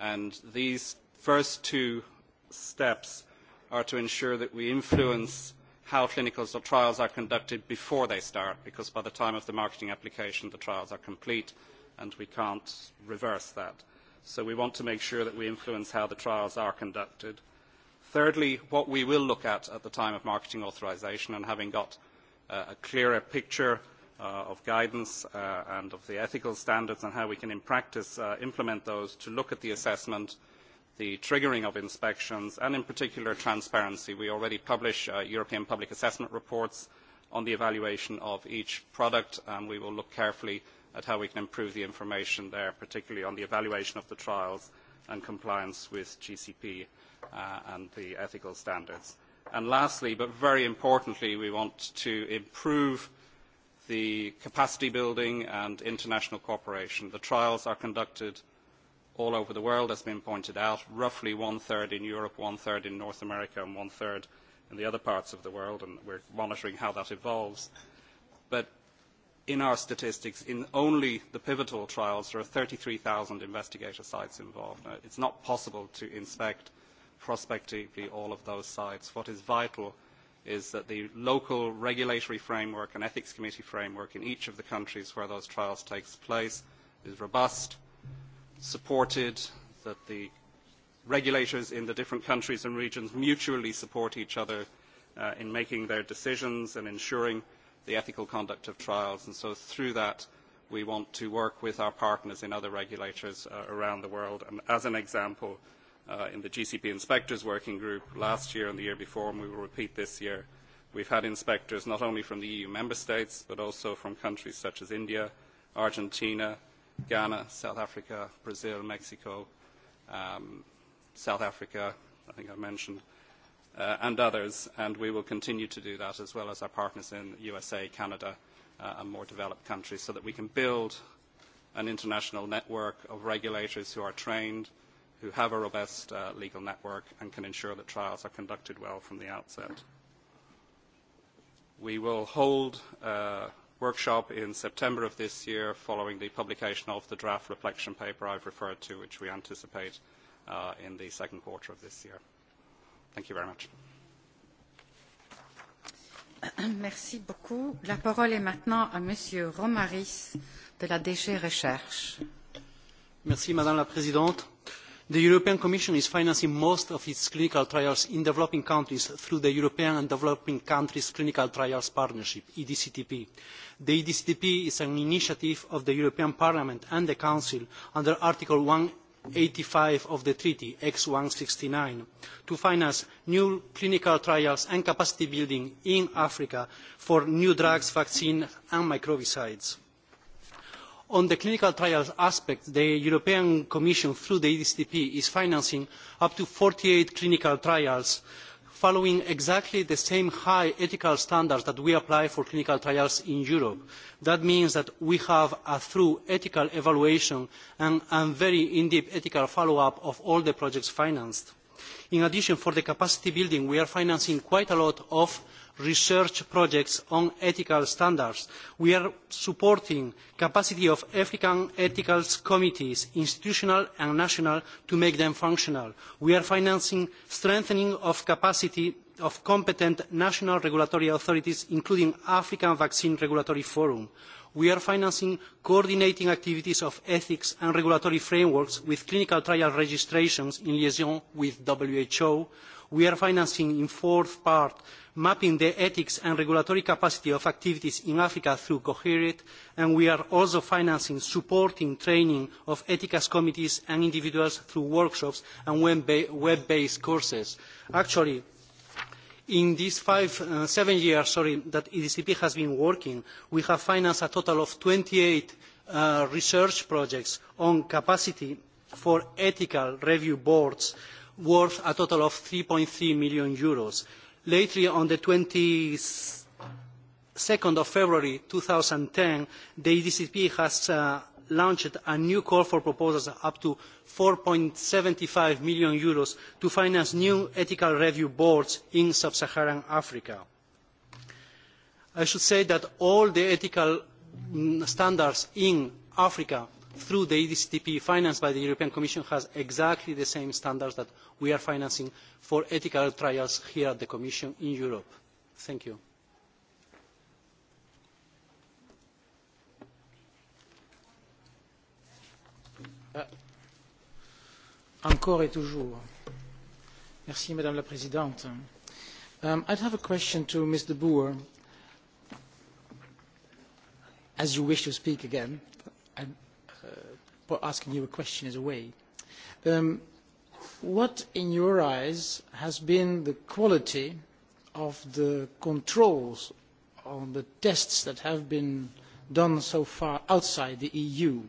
And these first two steps are to ensure that we influence how clinical trials are conducted before they start, because by the time of the marketing application, the trials are complete, and we can't reverse that. So we want to make sure that we influence how the trials are conducted. Thirdly, what we will look at at the time of marketing authorization and having got uh, a clearer picture uh, of guidance uh, and of the ethical standards and how we can in practice uh, implement those to look at the assessment, the triggering of inspections and in particular transparency. We already publish uh, European public assessment reports on the evaluation of each product and we will look carefully at how we can improve the information there, particularly on the evaluation of the trials and compliance with GCP. Uh, uh, and the ethical standards. And lastly, but very importantly, we want to improve the capacity building and international cooperation. The trials are conducted all over the world, as been pointed out, roughly one-third in Europe, one-third in North America, and one-third in the other parts of the world, and we're monitoring how that evolves. But in our statistics, in only the pivotal trials, there are 33,000 investigator sites involved. Now, it's not possible to inspect prospectively all of those sites. What is vital is that the local regulatory framework and ethics committee framework in each of the countries where those trials take place is robust, supported, that the regulators in the different countries and regions mutually support each other uh, in making their decisions and ensuring the ethical conduct of trials. And so through that, we want to work with our partners in other regulators uh, around the world. And as an example, uh, uh, in the GCP Inspectors Working Group last year and the year before, and we will repeat this year. We've had inspectors not only from the EU member states, but also from countries such as India, Argentina, Ghana, South Africa, Brazil, Mexico, um, South Africa, I think I mentioned, uh, and others, and we will continue to do that as well as our partners in USA, Canada, uh, and more developed countries so that we can build an international network of regulators who are trained uh, who have a robust uh, legal network and can ensure that trials are conducted well from the outset. We will hold a workshop in September of this year following the publication of the draft reflection paper I've referred to, which we anticipate uh, in the second quarter of this year. Thank you very much. Merci beaucoup. La parole est maintenant à Monsieur Romaris de la DG Recherche. Merci Madame la Présidente the european commission is financing most of its clinical trials in developing countries through the european and developing countries clinical trials partnership edctp. the edctp is an initiative of the european parliament and the council under article one hundred and eighty five of the treaty ex one hundred and sixty nine to finance new clinical trials and capacity building in africa for new drugs vaccines and microbicides on the clinical trials aspect the european commission through the edcp is financing up to forty eight clinical trials following exactly the same high ethical standards that we apply for clinical trials in europe. that means that we have a thorough ethical evaluation and a very in depth ethical follow up of all the projects financed. In addition, for the capacity building, we are financing quite a lot of research projects on ethical standards. We are supporting capacity of African ethical committees, institutional and national, to make them functional. We are financing strengthening of capacity of competent national regulatory authorities, including African Vaccine Regulatory Forum we are financing coordinating activities of ethics and regulatory frameworks with clinical trial registrations in liaison with WHO. We are financing in fourth part mapping the ethics and regulatory capacity of activities in Africa through Coherit, and we are also financing supporting training of ethics committees and individuals through workshops and web-based courses. Actually, In these five, uh, seven years sorry, that EDCP has been working, we have financed a total of 28 uh, research projects on capacity for ethical review boards worth a total of 3.3 million euros. Lately, on the 22nd of February 2010, the EDCP has uh, launched a new call for proposals up to eur. four seventy five million Euros to finance new ethical review boards in sub Saharan Africa. I should say that all the ethical mm, standards in Africa through the EDCTP financed by the European Commission has exactly the same standards that we are financing for ethical trials here at the Commission in Europe. Thank you. Euh, encore et toujours. Merci, Madame la Présidente. Um, I'd have a question to Mr. Boer, as you wish to speak again. I'm uh, asking you a question as a way. Um, what, in your eyes, has been the quality of the controls on the tests that have been done so far outside the EU?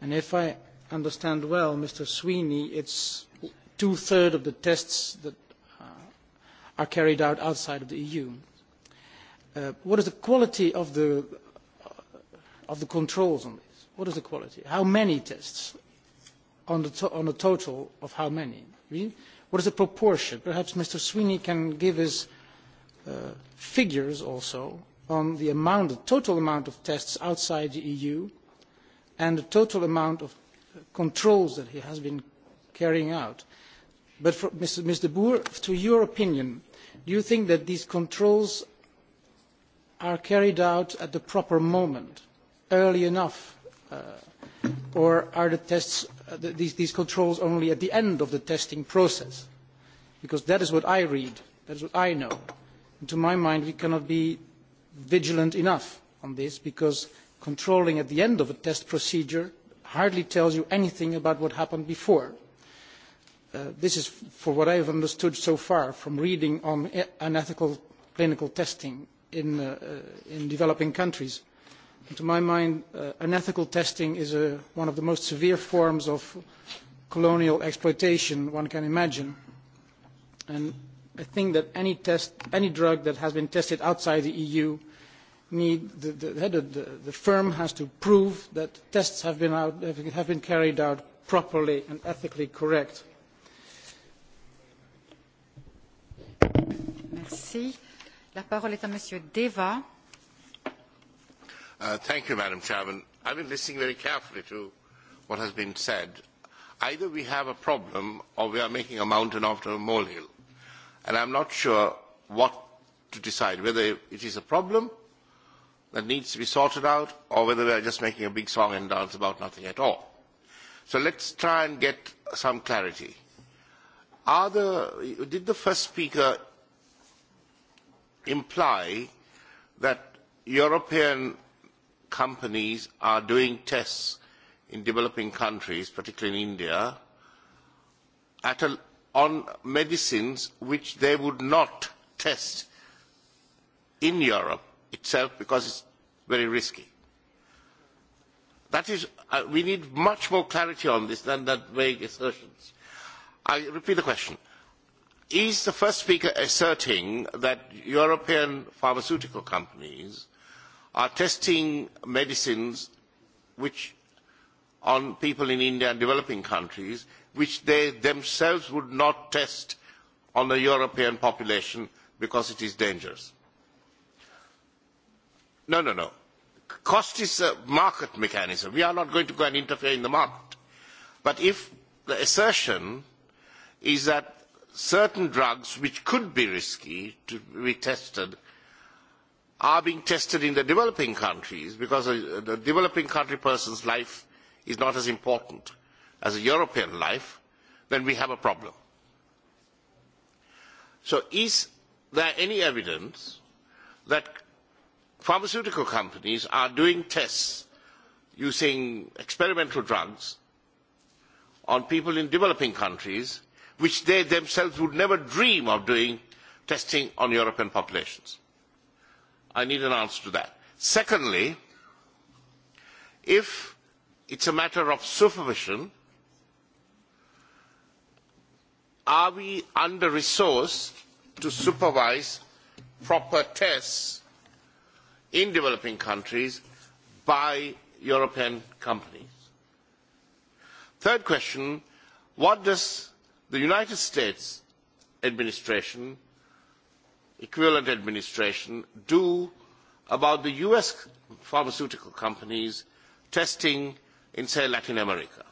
And if I understand well, Mr. Sweeney, it's two-thirds of the tests that uh, are carried out outside of the EU. Uh, what is the quality of the, uh, of the controls on this? What is the quality? How many tests on the, to on the total of how many? Really? What is the proportion? Perhaps Mr. Sweeney can give us uh, figures also on the amount, the total amount of tests outside the EU and the total amount of controls that he has been carrying out. But for, Mr. Mr. Boer, to your opinion, do you think that these controls are carried out at the proper moment, early enough, uh, or are the tests, uh, the, these, these controls only at the end of the testing process? Because that is what I read, that is what I know. And to my mind, we cannot be vigilant enough on this because controlling at the end of a test procedure hardly tells you anything about what happened before. Uh, this is for what I have understood so far from reading on unethical e, clinical testing in, uh, uh, in developing countries. And to my mind, uh, unethical testing is a, uh, one of the most severe forms of colonial exploitation one can imagine. And I think that any, test, any drug that has been tested outside the EU need the, the, the, the firm has to prove that tests have been, out, have been carried out properly and ethically correct. Merci. La parole est à Monsieur Deva. Uh, thank you, Madam Chairman. I've been listening very carefully to what has been said. Either we have a problem or we are making a mountain after a molehill. And I'm not sure what to decide, whether it is a problem that needs to be sorted out or whether we are just making a big song and dance about nothing at all. So let's try and get some clarity. Are the, did the first speaker imply that European companies are doing tests in developing countries, particularly in India, at a, on medicines which they would not test in Europe itself because it's very risky. That is, uh, we need much more clarity on this than that vague assertions. I repeat the question. Is the first speaker asserting that European pharmaceutical companies are testing medicines which on people in India and developing countries which they themselves would not test on the European population because it is dangerous? No, no, no. Cost is a market mechanism. We are not going to go and interfere in the market. But if the assertion is that certain drugs which could be risky to be tested are being tested in the developing countries because a, the developing country person's life is not as important as a European life, then we have a problem. So is there any evidence that pharmaceutical companies are doing tests using experimental drugs on people in developing countries, which they themselves would never dream of doing testing on European populations. I need an answer to that. Secondly, if it's a matter of supervision, are we under-resourced to supervise proper tests in developing countries by European companies. Third question, what does the United States administration, equivalent administration, do about the US pharmaceutical companies testing in, say, Latin America?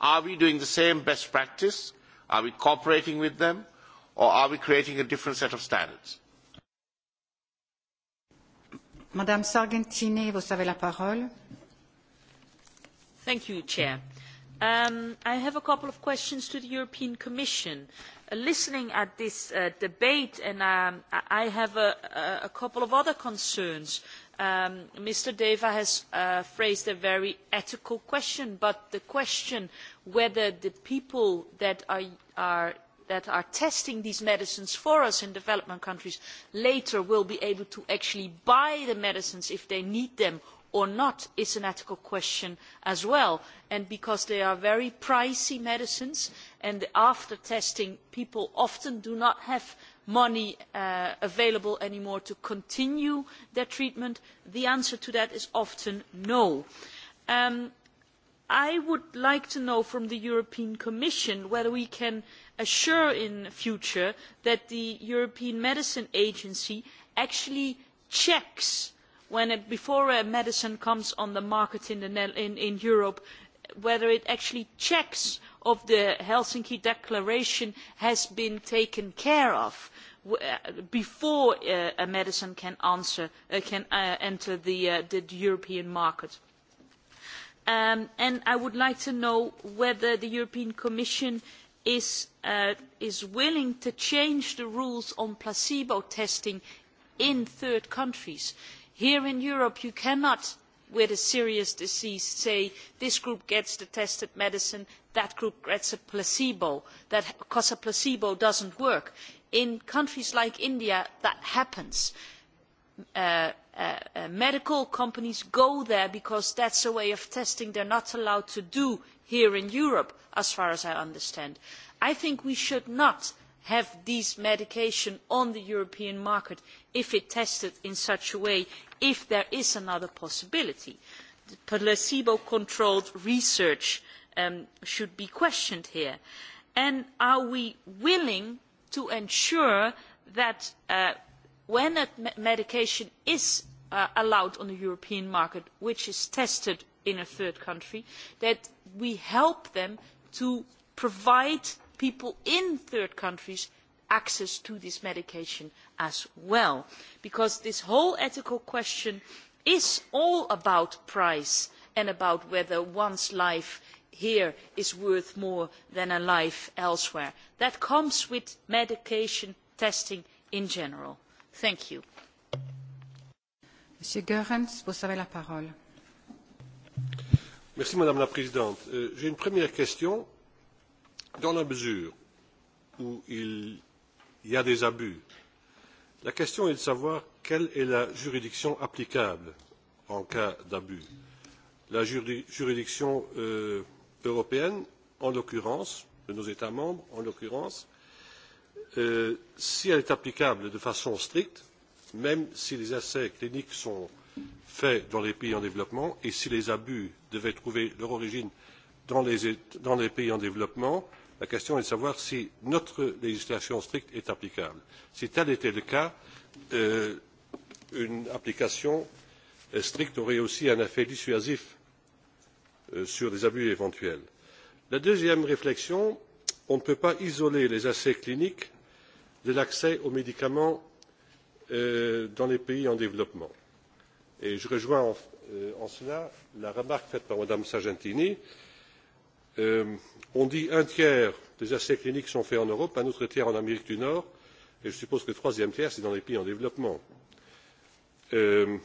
Are we doing the same best practice? Are we cooperating with them? Or are we creating a different set of standards? Madame Sargentini, vous avez la parole. Thank you, Chair. Um, I have a couple of questions to the European Commission. Uh, listening at this uh, debate, and um, I have a, a, a couple of other concerns. Um, Mr. Deva has uh, phrased a very ethical question, but the question whether the people that are, are that are testing these medicines for us in developing countries later will be able to actually buy the medicines if they need them or not is an ethical question as well. And because they are very pricey medicines and after testing people often do not have money uh, available anymore to continue their treatment, the answer to that is often no. Um, I would like to know from the European Commission whether we can uh, assure in future that the European Medicine Agency actually checks when it, before a medicine comes on the market in, the, in, in Europe whether it actually checks of the Helsinki Declaration has been taken care of uh, before uh, a medicine can, answer, uh, can uh, enter the, uh, the European market. Um, and I would like to know whether the European Commission uh, is, uh, is willing to change the rules on placebo testing in third countries. Here in Europe, you cannot, with a serious disease, say this group gets the tested medicine, that group gets a placebo, that, because a placebo doesn't work. In countries like India, that happens. Uh, Uh, uh, medical companies go there because that is a way of testing they are not allowed to do here in europe as far as i understand. i think we should not have these medications on the european market if it is tested in such a way if there is another possibility. The placebo controlled research um, should be questioned here. and are we willing to ensure that uh, when a medication is uh, allowed on the European market, which is tested in a third country, that we help them to provide people in third countries access to this medication as well. Because this whole ethical question is all about price and about whether one's life here is worth more than a life elsewhere. That comes with medication testing in general. Thank you. Goerens, Merci, madame la présidente euh, j'ai une première question dans la mesure où il y a des abus la question est de savoir quelle est la juridiction applicable en cas d'abus la juridiction euh, européenne en l'occurrence de nos états membres en l'occurrence euh, si elle est applicable de façon stricte même si les essais cliniques sont faits dans les pays en développement et si les abus devaient trouver leur origine dans les, dans les pays en développement la question est de savoir si notre législation stricte est applicable. si tel était le cas euh, une application euh, stricte aurait aussi un effet dissuasif euh, sur les abus éventuels. la deuxième réflexion on ne peut pas isoler les essais cliniques de l'accès aux médicaments euh, dans les pays en développement. Et je rejoins en, euh, en cela la remarque faite par mme sargentini euh, on dit qu'un tiers des essais cliniques sont faits en europe un autre tiers en amérique du nord et je suppose que le troisième tiers c'est dans les pays en développement. Euh,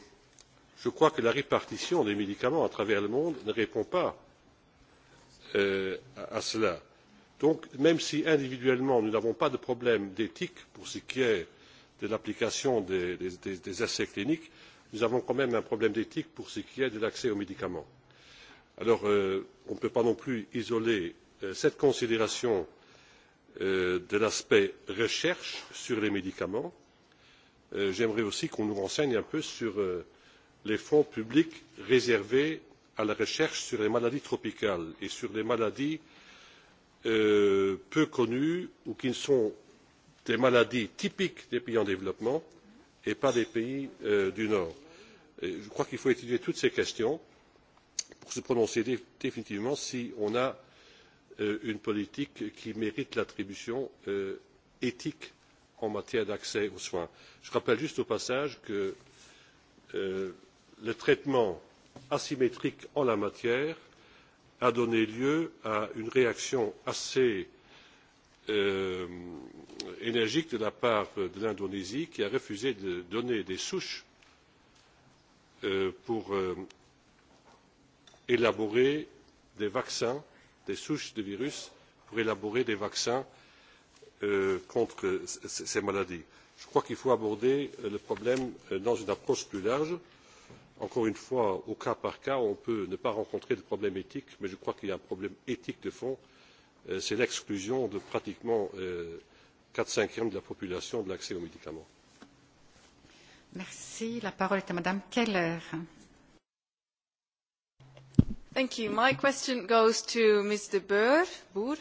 je crois que la répartition des médicaments à travers le monde ne répond pas euh, à cela. donc même si individuellement nous n'avons pas de problème d'éthique pour ce qui est de l'application des, des, des essais cliniques nous avons quand même un problème d'éthique pour ce qui est de l'accès aux médicaments. alors euh, on ne peut pas non plus isoler euh, cette considération euh, de l'aspect recherche sur les médicaments. Euh, j'aimerais aussi qu'on nous renseigne un peu sur euh, les fonds publics réservés à la recherche sur les maladies tropicales et sur les maladies euh, peu connues ou qui ne sont des maladies typiques des pays en développement et pas des pays euh, du nord. je crois qu'il faut étudier toutes ces questions pour se prononcer définitivement si on a euh, une politique qui mérite l'attribution euh, éthique en matière d'accès aux soins. je rappelle juste au passage que le traitement asymétrique en la matière a donné lieu à une réaction assez euh, énergique de la part de l'indonésie qui a refusé de donner des souches euh, pour euh, élaborer des vaccins des souches de virus pour élaborer des vaccins euh, contre ces maladies. je crois qu'il faut aborder euh, le problème euh, dans une approche plus large encore une fois au cas par cas on peut ne pas rencontrer de problème éthique mais je crois qu'il y a un problème éthique de fond Euh, c'est l'exclusion de pratiquement euh, quatre cinquièmes de la population de l'accès aux médicaments. Merci. La parole est à Madame Keller. Thank you. My question goes to Mr. Boer, Boer,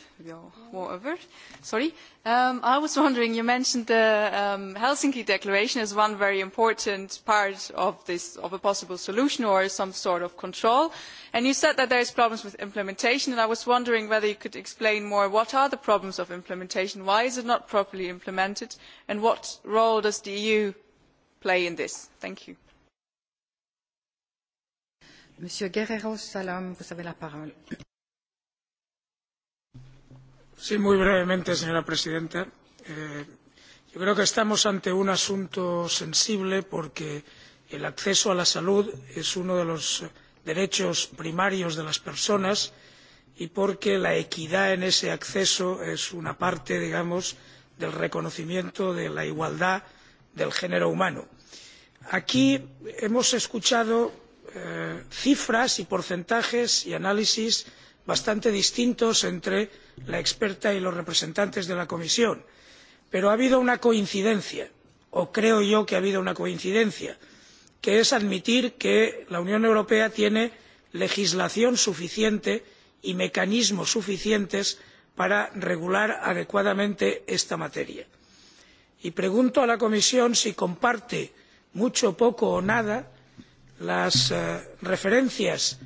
whatever. Sorry. Um, I was wondering, you mentioned the um, Helsinki Declaration as one very important part of this, of a possible solution or some sort of control. And you said that there is problems with implementation, and I was wondering whether you could explain more what are the problems of implementation, why is it not properly implemented, and what role does the EU play in this? Thank you. Monsieur Guerrero Salam, vous avez la parole. Sí, muy brevemente, señora presidenta. Eh, yo creo que estamos ante un asunto sensible porque el acceso a la salud es uno de los derechos primarios de las personas y porque la equidad en ese acceso es una parte digamos del reconocimiento de la igualdad del género humano. aquí hemos escuchado eh, cifras y porcentajes y análisis bastante distintos entre la experta y los representantes de la comisión pero ha habido una coincidencia o creo yo que ha habido una coincidencia que es admitir que la unión europea tiene legislación suficiente y mecanismos suficientes para regular adecuadamente esta materia y pregunto a la comisión si comparte mucho poco o nada las eh, referencias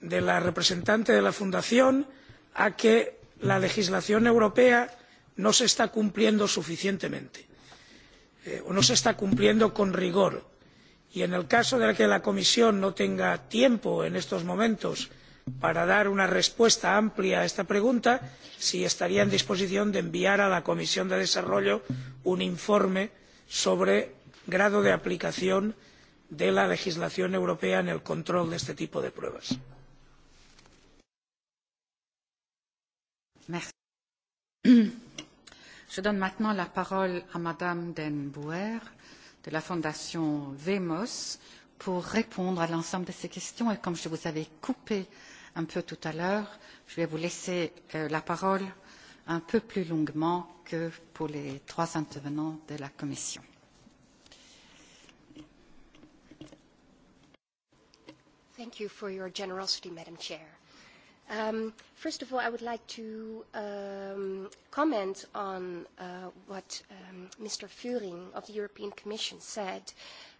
de la representante de la fundación a que la legislación europea no se está cumpliendo suficientemente eh, o no se está cumpliendo con rigor y en el caso de que la comisión no tenga tiempo en estos momentos para dar una respuesta amplia a esta pregunta sí estaría en disposición de enviar a la comisión de desarrollo un informe sobre el grado de aplicación de la legislación europea en el control de este tipo de pruebas. Merci. Je donne maintenant la parole à Madame Den Bouwer de la Fondation VEMOS pour répondre à l'ensemble de ces questions. Et comme je vous avais coupé un peu tout à l'heure, je vais vous laisser euh, la parole un peu plus longuement que pour les trois intervenants de la Commission. Thank you for your generosity, Madam Chair. Um, first of all, I would like to um, comment on uh, what um, Mr. Furing of the European Commission said.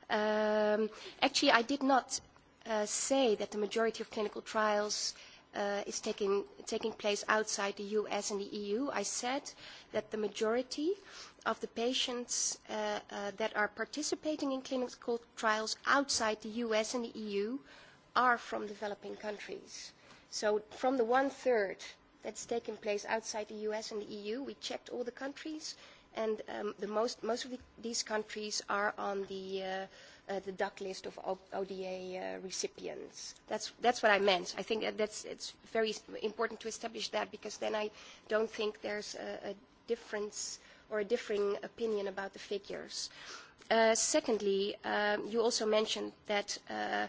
Um, actually, I did not uh, say that the majority of clinical trials uh, is taking, taking place outside the US and the EU. I said that the majority of the patients uh, uh, that are participating in clinical trials outside the US and the EU uh, are from developing countries. So from the one-third that's taking place outside the US and the EU, we checked all the countries, and um, the most, most of the, these countries are on the, uh, uh, the DUC list of o ODA uh, recipients. That's, that's what I meant. I think that that's, it's very important to establish that because then I don't think there's a, a difference or a differing opinion about the figures. Uh, secondly, um, you also mentioned that uh,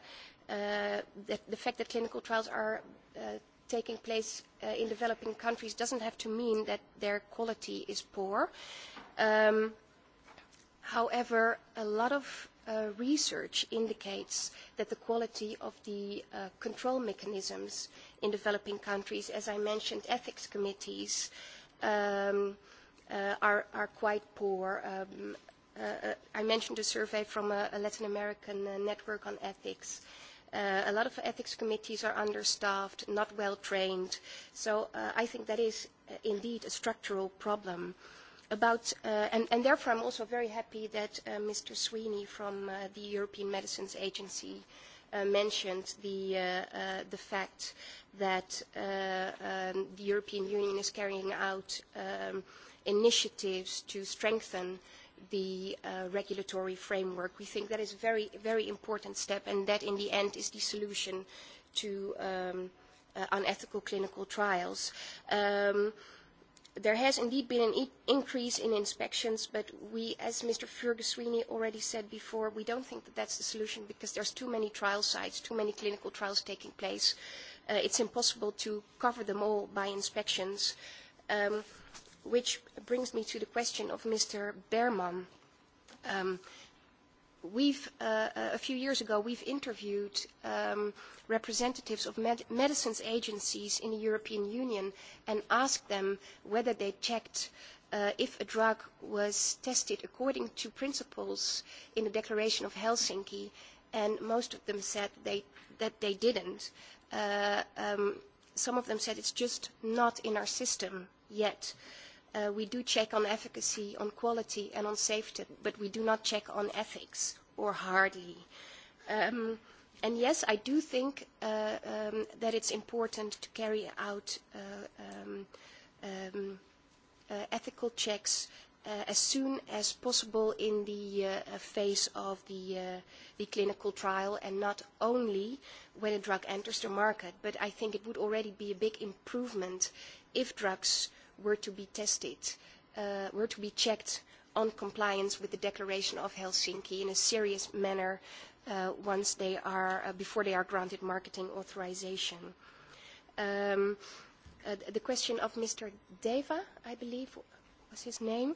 uh, that the fact that clinical trials are uh, taking place uh, in developing countries doesn't have to mean that their quality is poor. Um, however, a lot of uh, research indicates that the quality of the uh, control mechanisms in developing countries, as I mentioned, ethics committees um, uh, are, are quite poor. Um, uh, uh I mentioned a survey from a, a Latin American uh, network on ethics uh, Uh, a lot of ethics committees are understaffed, not well trained. So uh, I think that is uh, indeed a structural problem. About, uh, and, and therefore I'm also very happy that uh, Mr. Sweeney from uh, the European Medicines Agency uh, mentioned the, uh, uh, the fact that uh, um, the European Union is carrying out um, initiatives to strengthen uh, the uh, regulatory framework. We think that is a very, very important step, and that in the end is the solution to um, uh, unethical clinical trials. Um, there has indeed been an e increase in inspections, but we, as Mr. Fergusweeney already said before, we don't think that that's the solution because there's too many trial sites, too many clinical trials taking place. Uh, it's impossible to cover them all by inspections. Um, which brings me to the question of Mr. Berman. Um, we've, uh, uh, a few years ago, we've interviewed um, representatives of med medicines agencies in the European Union and asked them whether they checked uh, if a drug was tested according to principles in the Declaration of Helsinki, and most of them said they, that they didn't. Uh, um, some of them said it's just not in our system yet. Uh, uh, we do check on efficacy, on quality, and on safety, but we do not check on ethics, or hardly. Um, and yes, I do think uh, um, that it's important to carry out uh, um, um, uh, ethical checks uh, as soon as possible in the uh, phase uh, of the, uh, the clinical trial and not only when a drug enters the market. But I think it would already be a big improvement if drugs uh, were to be tested, uh, were to be checked on compliance with the Declaration of Helsinki in a serious manner uh, once they are, uh, before they are granted marketing authorization. Um, uh, the question of Mr. Deva, I believe, was his name.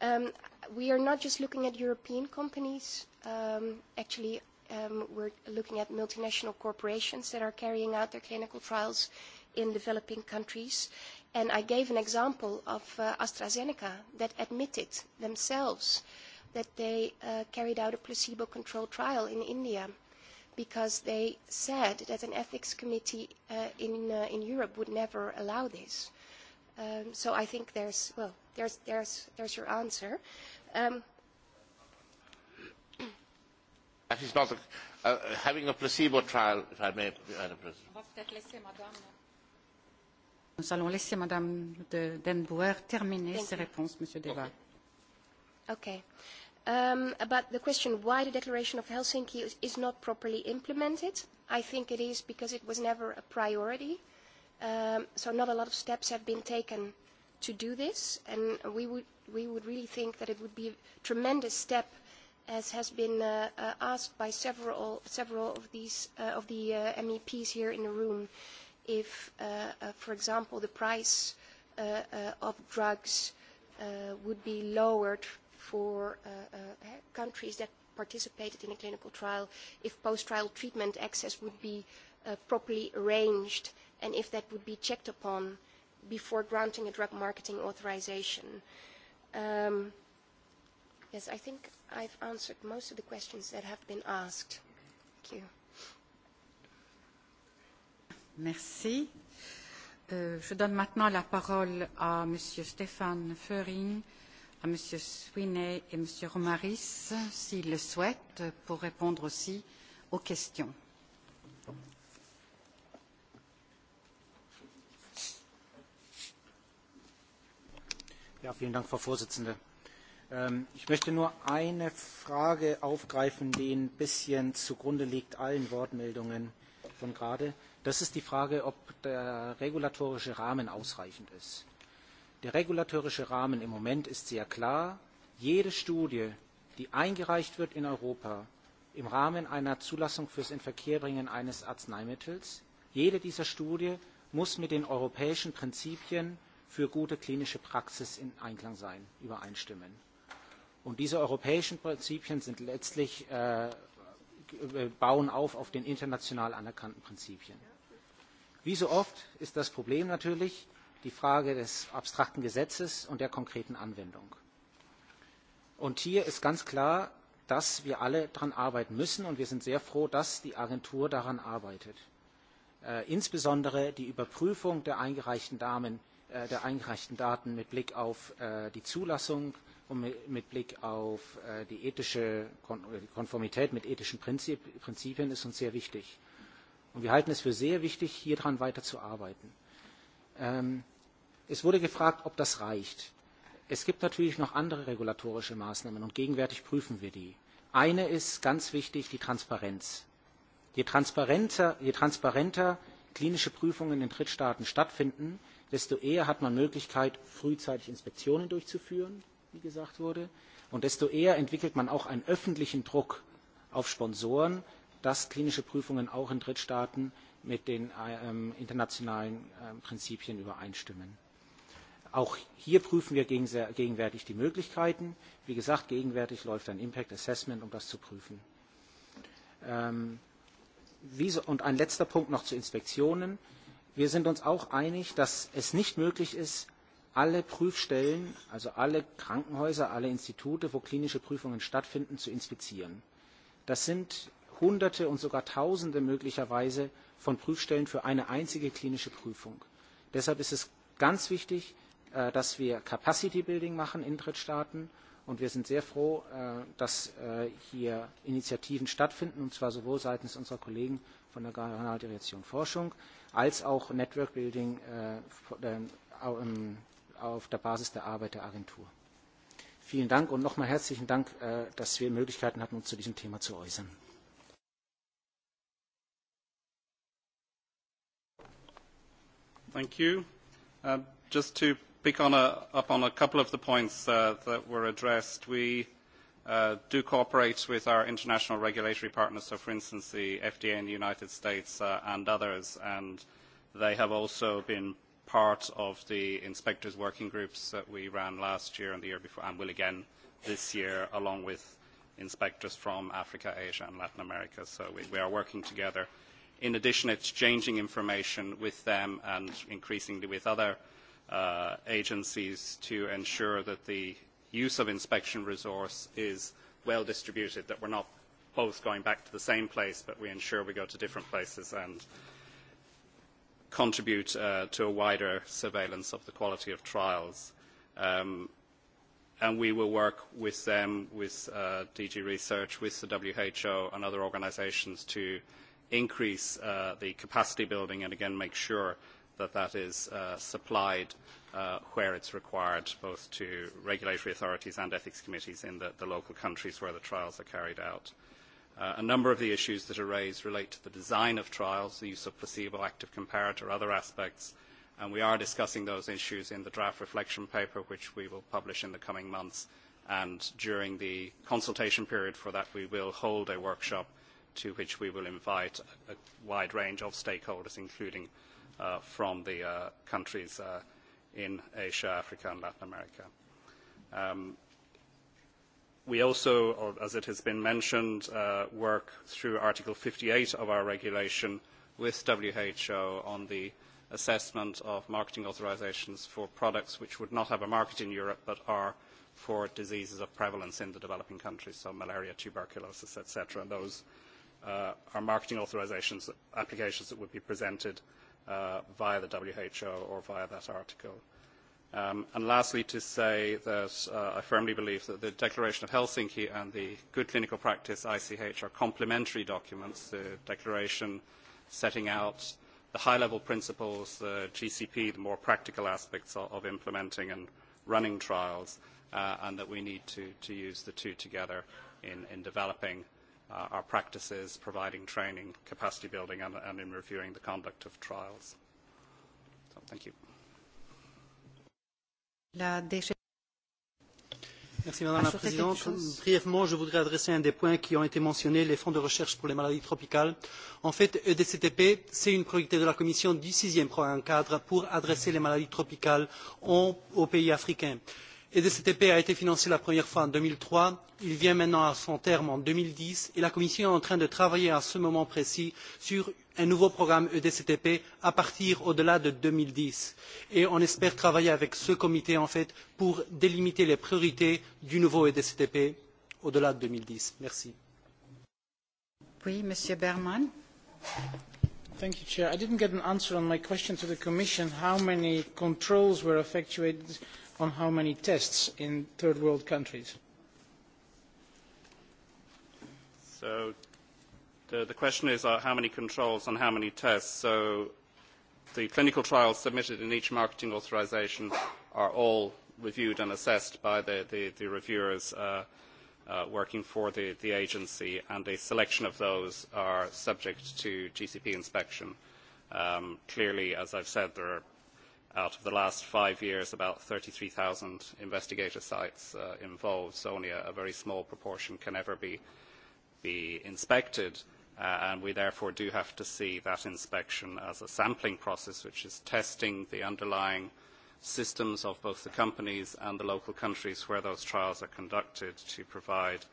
Um, we are not just looking at European companies. Um, actually, um, we're looking at multinational corporations that are carrying out their clinical trials in developing countries. Uh, And I gave an example of uh, AstraZeneca that admitted themselves that they uh, carried out a placebo-controlled trial in India because they said that an ethics committee uh, in, uh, in Europe would never allow this. Um, so I think there's, well, there's, there's, there's your answer. Um, that is not a, uh, having a placebo trial, if I may, Madam President. Nous allons laisser Madame de Denbouwer terminer Thank ses you. réponses, Monsieur Deva. Okay. Um, about the question why the Declaration of Helsinki is, is not properly implemented, I think it is because it was never a priority. Um, so not a lot of steps have been taken to do this, and we would, we would really think that it would be a tremendous step, as has been uh, uh, asked by several, several of, these, uh, of the uh, MEPs here in the room. Uh, if, uh, uh, for example, the price uh, uh, of drugs uh, would be lowered for uh, uh, countries that participated in a clinical trial, if post-trial treatment access would be uh, properly arranged, and if that would be checked upon before granting a drug marketing authorization. Um, yes, I think I've answered most of the questions that have been asked. Thank you. Merci. Euh, je donne maintenant la parole à Monsieur Stéphane Föring, à Monsieur Swinney et Monsieur Romaris, s'ils le souhaitent, pour répondre aussi aux questions. Ja, vielen Dank, Frau Vorsitzende. Ähm, ich möchte nur eine Frage aufgreifen, die ein bisschen zugrunde liegt allen Wortmeldungen von gerade. Äh, Das ist die Frage, ob der regulatorische Rahmen ausreichend ist. Der regulatorische Rahmen im Moment ist sehr klar. Jede Studie, die eingereicht wird in Europa im Rahmen einer Zulassung fürs Inverkehrbringen eines Arzneimittels, jede dieser Studie muss mit den europäischen Prinzipien für gute klinische Praxis in Einklang sein, übereinstimmen. Und diese europäischen Prinzipien sind letztlich äh, bauen auf auf den international anerkannten Prinzipien. Ja wie so oft ist das problem natürlich die frage des abstrakten gesetzes und der konkreten anwendung. und hier ist ganz klar dass wir alle daran arbeiten müssen und wir sind sehr froh dass die agentur daran arbeitet. Äh, insbesondere die überprüfung der eingereichten, Damen, äh, der eingereichten daten mit blick auf äh, die zulassung und mit, mit blick auf äh, die ethische Kon äh, Konformität mit ethischen Prinzip, prinzipien ist uns sehr wichtig. Und wir halten es für sehr wichtig, hier daran weiterzuarbeiten. Ähm, es wurde gefragt, ob das reicht. Es gibt natürlich noch andere regulatorische Maßnahmen und gegenwärtig prüfen wir die. Eine ist ganz wichtig, die Transparenz. Je transparenter, je transparenter klinische Prüfungen in Drittstaaten stattfinden, desto eher hat man Möglichkeit, frühzeitig Inspektionen durchzuführen, wie gesagt wurde, und desto eher entwickelt man auch einen öffentlichen Druck auf Sponsoren, dass klinische Prüfungen auch in Drittstaaten mit den ähm, internationalen ähm, Prinzipien übereinstimmen. Auch hier prüfen wir gegenwärtig die Möglichkeiten. Wie gesagt, gegenwärtig läuft ein Impact Assessment, um das zu prüfen. Ähm, wie so, und ein letzter Punkt noch zu Inspektionen. Wir sind uns auch einig, dass es nicht möglich ist, alle Prüfstellen, also alle Krankenhäuser, alle Institute, wo klinische Prüfungen stattfinden, zu inspizieren. Das sind Hunderte und sogar Tausende möglicherweise von Prüfstellen für eine einzige klinische Prüfung. Deshalb ist es ganz wichtig, äh, dass wir Capacity Building machen in Drittstaaten. Und wir sind sehr froh, äh, dass äh, hier Initiativen stattfinden, und zwar sowohl seitens unserer Kollegen von der Generaldirektion Forschung als auch Network Building ähm, auf der Basis der Arbeit der Agentur. Vielen Dank und nochmal herzlichen Dank, dass wir Möglichkeiten hatten, uns zu diesem Thema zu äußern. Thank you. Uh, just to pick on a, up on a couple of the points uh, that were addressed, we uh, do cooperate with our international regulatory partners, so for instance the FDA in the United States uh, and others, and they have also been part of the inspectors working groups that we ran last year and the year before, and will again this year, along with inspectors from Africa, Asia and Latin America. So we, we are working together. Uh, in addition, exchanging information with them and increasingly with other uh, agencies to ensure that the use of inspection resource is well distributed, that we're not both going back to the same place, but we ensure we go to different places and contribute uh, to a wider surveillance of the quality of trials. Um, and we will work with them, with uh, DG Research, with the WHO and other organizations to uh, increase uh, the capacity building and again make sure that that is uh, supplied uh, where it's required, both to regulatory authorities and ethics committees in the, the local countries where the trials are carried out. Uh, a number of the issues that are raised relate to the design of trials, the use of placebo, active comparator, other aspects, and we are discussing those issues in the draft reflection paper, which we will publish in the coming months, and during the consultation period for that, we will hold a workshop uh, to which we will invite a wide range of stakeholders, including uh, from the uh, countries uh, in Asia, Africa, and Latin America. Um, we also, or as it has been mentioned, uh, work through Article 58 of our regulation with WHO on the assessment of marketing authorizations for products which would not have a market in Europe but are for diseases of prevalence in the developing countries, so malaria, tuberculosis, etc., those uh, uh, are marketing authorizations applications that would be presented uh, via the WHO or via that article. Um, and lastly, to say that uh, I firmly believe that the Declaration of Helsinki and the Good Clinical Practice ICH are complementary documents. The declaration setting out the high-level principles, the GCP, the more practical aspects of, of implementing and running trials, uh, and that we need to, to use the two together in, in developing uh, uh, our practices, providing training, capacity building, and, and in reviewing the conduct of trials. So, thank you. La Merci Madame la Présidente. Brièvement, je voudrais adresser un des points qui ont été mentionnés, les fonds de recherche pour les maladies tropicales. En fait, EDCTP, c'est une priorité de la Commission du sixième programme cadre pour adresser les maladies tropicales en, aux pays africains. Euh, edctp a été financé la première fois en deux mille trois il vient maintenant à son terme en deux mille dix et la commission est en train de travailler à ce moment précis sur un nouveau programme edctp à partir au delà de deux mille dix et on espère travailler avec ce comité en fait pour délimiter les priorités du nouveau edctp au delà de. deux mille dix merci. Thank you, Chair. I didn't get an answer on my question to the Commission, how many controls were effectuated on how many tests in third world countries? So the, the question is uh, how many controls on how many tests. So the clinical trials submitted in each marketing authorization are all reviewed and assessed by the, the, the reviewers uh, uh, working for the, the agency, and a selection of those are subject to GCP inspection. Um, clearly, as I've said, there are, out of the last five years, about 33,000 investigator sites uh, involved, so only a, a very small proportion can ever be, be inspected. Uh, and we therefore do have to see that inspection as a sampling process, which is testing the underlying uh, systems of both the companies and the local countries where those trials are conducted to provide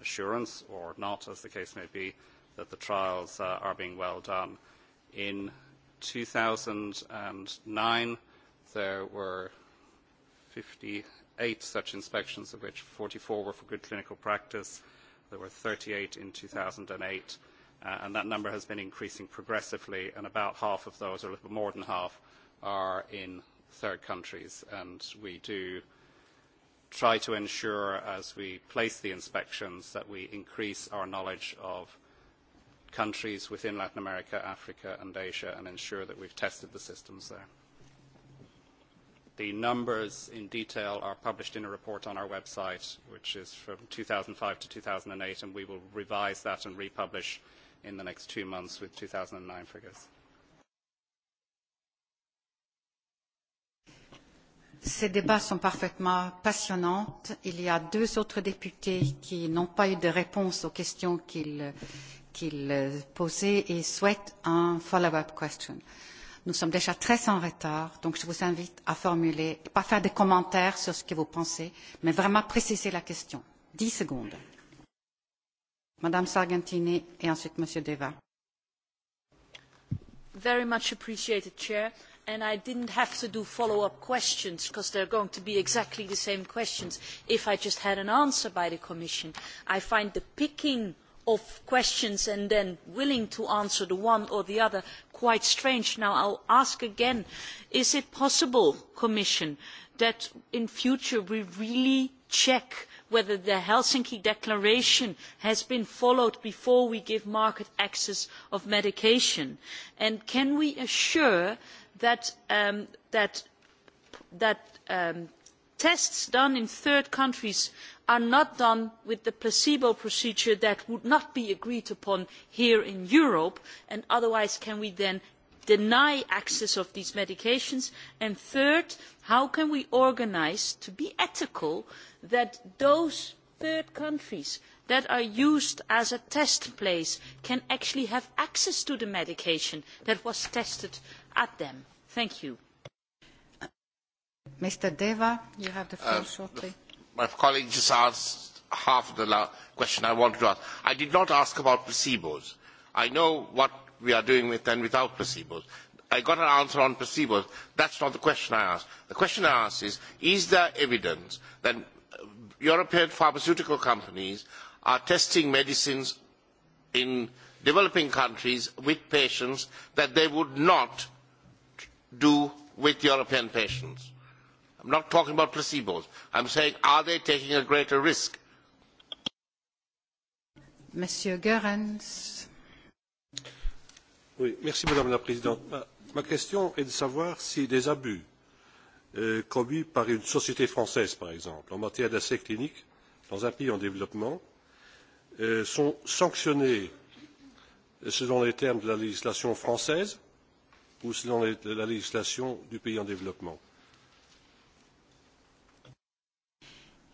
assurance or not, as the case may be, that the trials uh, are being well done. In 2009, there were 58 such inspections, of which 44 were for good clinical practice. There were 38 in 2008, uh, and that number has been increasing progressively, and about half of those, or a little more than half, are in third countries, and we do try to ensure as we place the inspections that we increase our knowledge of countries within Latin America, Africa, and Asia, and ensure that we've tested the systems there. The numbers in detail are published in a report on our website, which is from 2005 to 2008, and we will revise that and republish in the next two months with 2009 figures. Ces débats sont parfaitement passionnants. Il y a deux autres députés qui n'ont pas eu de réponse aux questions qu'ils qu posaient et souhaitent un follow-up question. Nous sommes déjà très en retard, donc je vous invite à formuler, pas faire de commentaires sur ce que vous pensez, mais vraiment préciser la question. Dix secondes. Madame Sargentini et ensuite Monsieur Deva. Very much appreciated, Chair. Uh, and I didn't have to do follow-up questions because they're going to be exactly the same questions if I just had an answer by the Commission. I find the picking of questions and then willing to answer the one or the other quite strange. Now I'll ask again, is it possible, Commission, that in future we really check whether the Helsinki Declaration has been followed before we give market access of medication? And can we assure that, um, that, that um, tests done in third countries are not done with the placebo procedure that would not be agreed upon here in europe and otherwise can we then deny access to these medications and third how can we organise to be ethical that those third countries that are used as a test place can actually have access to the medication that was tested at them. Thank you. Mr. Deva, you have the floor uh, shortly. My colleague just asked half the la- question I wanted to ask. I did not ask about placebos. I know what we are doing with and without placebos. I got an answer on placebos. That's not the question I asked. The question I asked is, is there evidence that uh, European pharmaceutical companies are testing medicines in developing countries with patients that they would not do with European patients? I'm not talking about placebos. I'm saying, are they taking a greater risk? Monsieur Goerens. Oui, merci Madame la Présidente. Ma, ma question est de savoir si des abus euh, commis par une société française, par exemple, en matière d'essais cliniques dans un pays en développement, euh, sont sanctionnés selon les termes de la législation française ou selon la législation du pays en développement.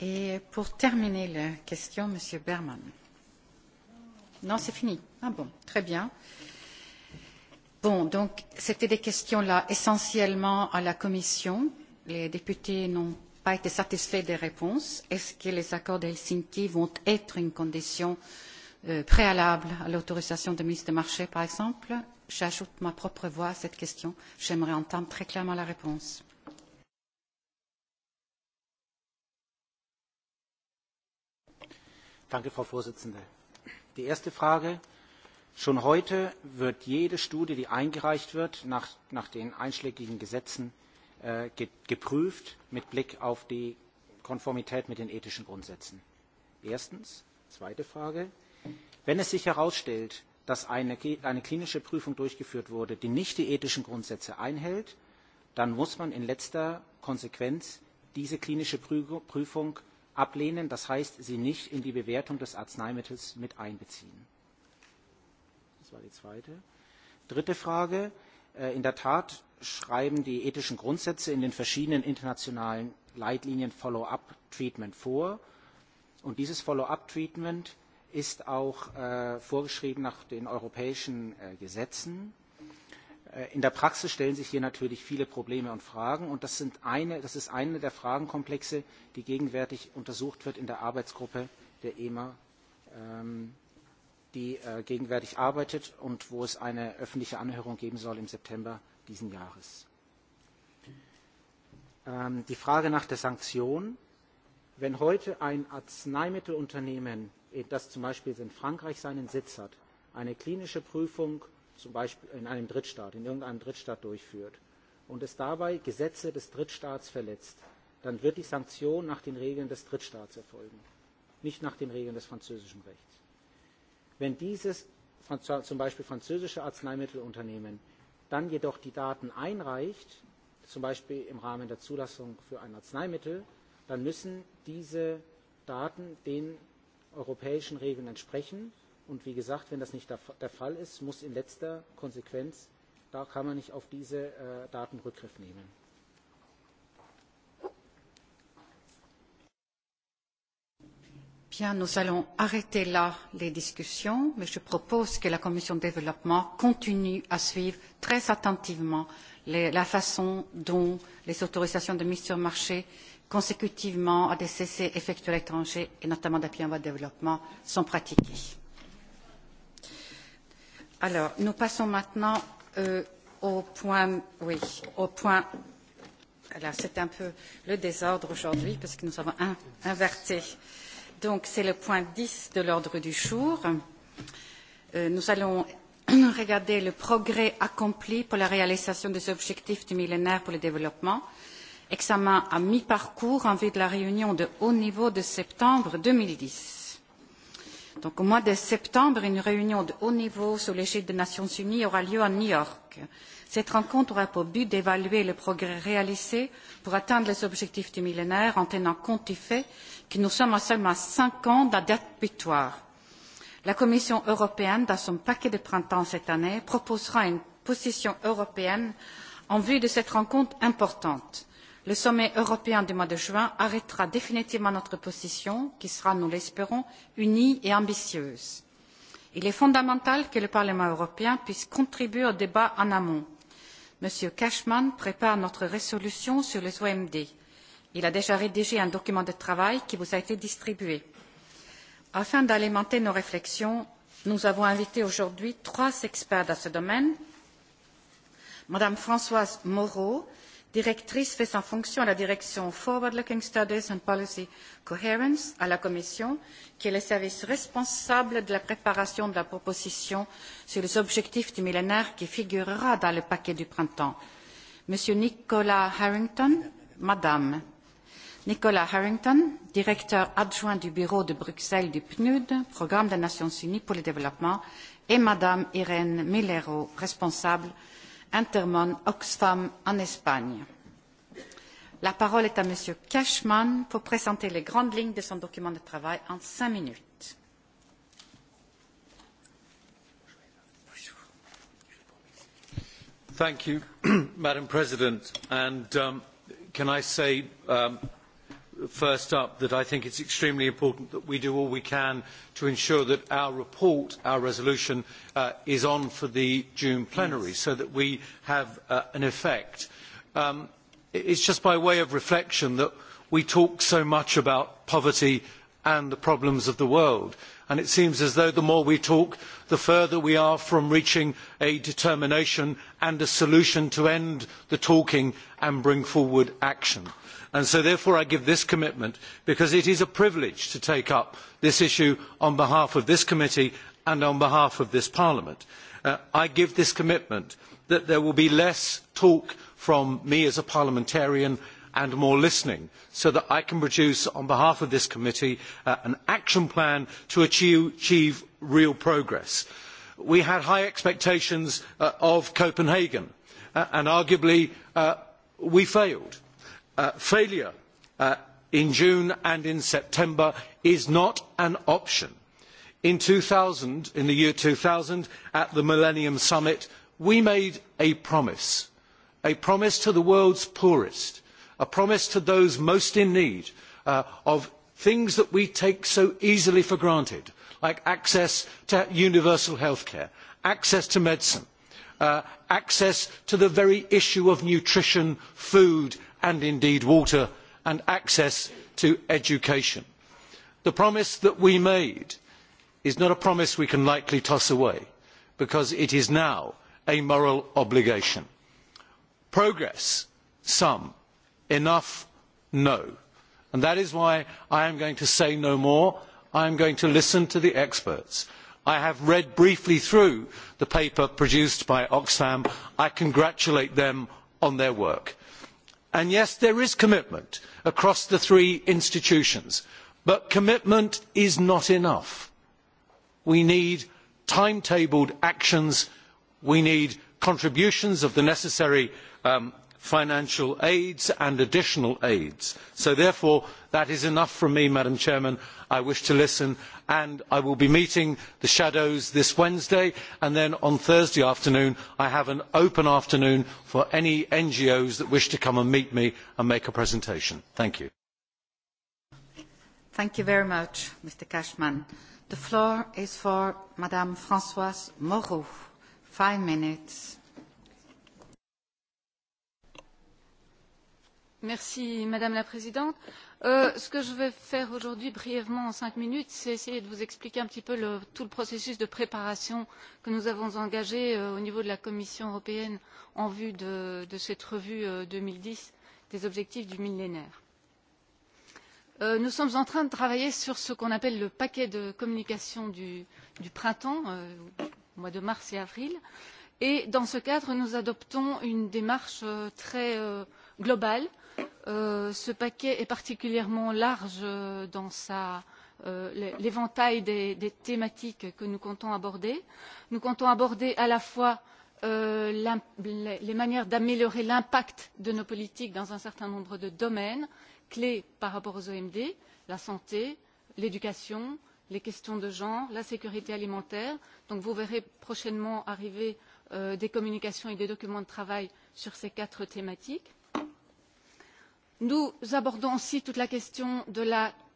Et pour terminer la question, Monsieur Berman. Non, c'est fini. Ah bon, très bien. Bon, donc c'était des questions là essentiellement à la Commission. Les députés n'ont pas été satisfaits des réponses. Est-ce que les accords d'Helsinki vont être une condition euh, préalable à l'autorisation de mise de marché, par exemple j'ajoute ma propre voix à cette question. J'aimerais entendre très clairement la réponse. Danke, Frau Vorsitzende. Die erste Frage. Schon heute wird jede Studie, die eingereicht wird, nach, nach den einschlägigen Gesetzen äh, ge geprüft mit Blick auf die Konformität mit den ethischen Grundsätzen. Erstens. Zweite Frage. Wenn es sich herausstellt, dass eine, eine klinische Prüfung durchgeführt wurde, die nicht die ethischen Grundsätze einhält, dann muss man in letzter Konsequenz diese klinische Prüfung ablehnen, das heißt, sie nicht in die Bewertung des Arzneimittels mit einbeziehen. Das war die zweite. Dritte Frage. Äh, in der Tat schreiben die ethischen Grundsätze in den verschiedenen internationalen Leitlinien Follow-up-Treatment vor. Und dieses Follow-up-Treatment ist auch äh, vorgeschrieben nach den europäischen äh, Gesetzen. Äh, in der Praxis stellen sich hier natürlich viele Probleme und Fragen, und das, sind eine, das ist eine der Fragenkomplexe, die gegenwärtig untersucht wird in der Arbeitsgruppe der EMA, ähm, die äh, gegenwärtig arbeitet und wo es eine öffentliche Anhörung geben soll im September diesen Jahres. Ähm, die Frage nach der Sanktion. Wenn heute ein Arzneimittelunternehmen Äh, das zum Beispiel in Frankreich seinen Sitz hat, eine klinische Prüfung zum Beispiel in einem Drittstaat, in irgendeinem Drittstaat durchführt und es dabei Gesetze des Drittstaats verletzt, dann wird die Sanktion nach den Regeln des Drittstaats erfolgen, nicht nach den Regeln des französischen Rechts. Wenn dieses zum Beispiel französische Arzneimittelunternehmen dann jedoch die Daten einreicht, zum Beispiel im Rahmen der Zulassung für ein Arzneimittel, dann müssen diese Daten den europäischen Regeln entsprechen. Und wie gesagt, wenn das nicht der, der Fall ist, muss in letzter Konsequenz, da kann man nicht auf diese äh, Daten Rückgriff nehmen. Bien, nous allons arrêter là les discussions, mais je propose que la Commission de développement continue à suivre très attentivement les, la façon dont les autorisations de mise sur marché euh, consécutivement à des cessez effectués à l'étranger et notamment d'appui en voie de développement sont pratiquées. Alors, nous passons maintenant euh, au point, oui, au point, alors c'est un peu le désordre aujourd'hui parce que nous avons un, inverté. Donc c'est le point 10 de l'ordre du jour. Euh, nous allons regarder le progrès accompli pour la réalisation des objectifs du millénaire pour le développement. Euh, examen à mi-parcours en vue de la réunion de haut niveau de septembre 2010. Donc au mois de septembre, une réunion de haut niveau sous l'égide des Nations Unies aura lieu à New York. Cette rencontre aura pour but d'évaluer les progrès réalisés pour atteindre les objectifs du millénaire en tenant compte du fait que nous sommes à seulement cinq ans de la date butoir. La Commission européenne, dans son paquet de printemps cette année, proposera une position européenne en vue de cette rencontre importante le sommet européen du mois de juin arrêtera définitivement notre position qui sera nous l'espérons unie et ambitieuse. il est fondamental que le parlement européen puisse contribuer au débat en amont. m. cashman prépare notre résolution sur les omd. il a déjà rédigé un document de travail qui vous a été distribué. afin d'alimenter nos réflexions nous avons invité aujourd'hui trois experts dans ce domaine mme françoise moreau directrice fait sa fonction à la direction Forward Looking Studies and Policy Coherence à la Commission, qui est le service responsable de la préparation de la proposition sur les objectifs du millénaire qui figurera dans le paquet du printemps. Monsieur Nicola Harrington, Madame Nicola Harrington, directeur adjoint du bureau de Bruxelles du PNUD, programme des Nations Unies pour le développement, et Madame Irène Millero, responsable Intermon Oxfam en Espagne. La parole est à Monsieur Cashman pour présenter les grandes lignes de son document de travail en cinq minutes. Thank you, Madam President. And um, can I say um, first up that I think it's extremely important that we do all we can to ensure that our report, our resolution, uh, is on for the June plenary so that we have uh, an effect. Um, it's just by way of reflection that we talk so much about poverty and the problems of the world and it seems as though the more we talk the further we are from reaching a determination and a solution to end the talking and bring forward action. And so therefore I give this commitment because it is a privilege to take up this issue on behalf of this committee and on behalf of this Parliament. Uh, I give this commitment that there will be less talk from me as a parliamentarian and more listening so that I can produce on behalf of this committee uh, an action plan to achieve, achieve real progress. We had high expectations uh, of Copenhagen uh, and arguably uh, we failed uh, failure uh, in June and in September is not an option. In 2000, in the year 2000, at the Millennium Summit, we made a promise, a promise to the world's poorest, a promise to those most in need uh, of things that we take so easily for granted, like access to universal health care, access to medicine, uh, access to the very issue of nutrition, food and indeed water and access to education. the promise that we made is not a promise we can lightly toss away because it is now a moral obligation. progress some enough no and that is why i am going to say no more i am going to listen to the experts. i have read briefly through the paper produced by oxfam i congratulate them on their work and yes there is commitment across the three institutions but commitment is not enough. we need timetabled actions we need contributions of the necessary um, financial aids and additional aids. So therefore, that is enough from me, Madam Chairman. I wish to listen and I will be meeting the shadows this Wednesday and then on Thursday afternoon I have an open afternoon for any NGOs that wish to come and meet me and make a presentation. Thank you. Thank you very much, Mr. Cashman. The floor is for Madame Françoise Moreau. Five minutes. Merci, madame la présidente euh, ce que je vais faire aujourd'hui brièvement en cinq minutes c'est essayer de vous expliquer un petit peu le, tout le processus de préparation que nous avons engagé euh, au niveau de la commission européenne en vue de, de cette revue euh, deux mille dix des objectifs du millénaire. Euh, nous sommes en train de travailler sur ce qu'on appelle le paquet de communication du, du printemps au euh, mois de mars et avril et dans ce cadre nous adoptons une démarche euh, très globale euh, ce paquet est particulièrement large euh, dans sa euh, l'éventail des, des thématiques que nous comptons aborder. Nous comptons aborder à la fois euh, les, les manières d'améliorer l'impact de nos politiques dans un certain nombre de domaines clés par rapport aux OMD la santé, l'éducation, les questions de genre, la sécurité alimentaire. Donc vous verrez prochainement arriver euh, des communications et des documents de travail sur ces quatre thématiques nous abordons aussi toute la question de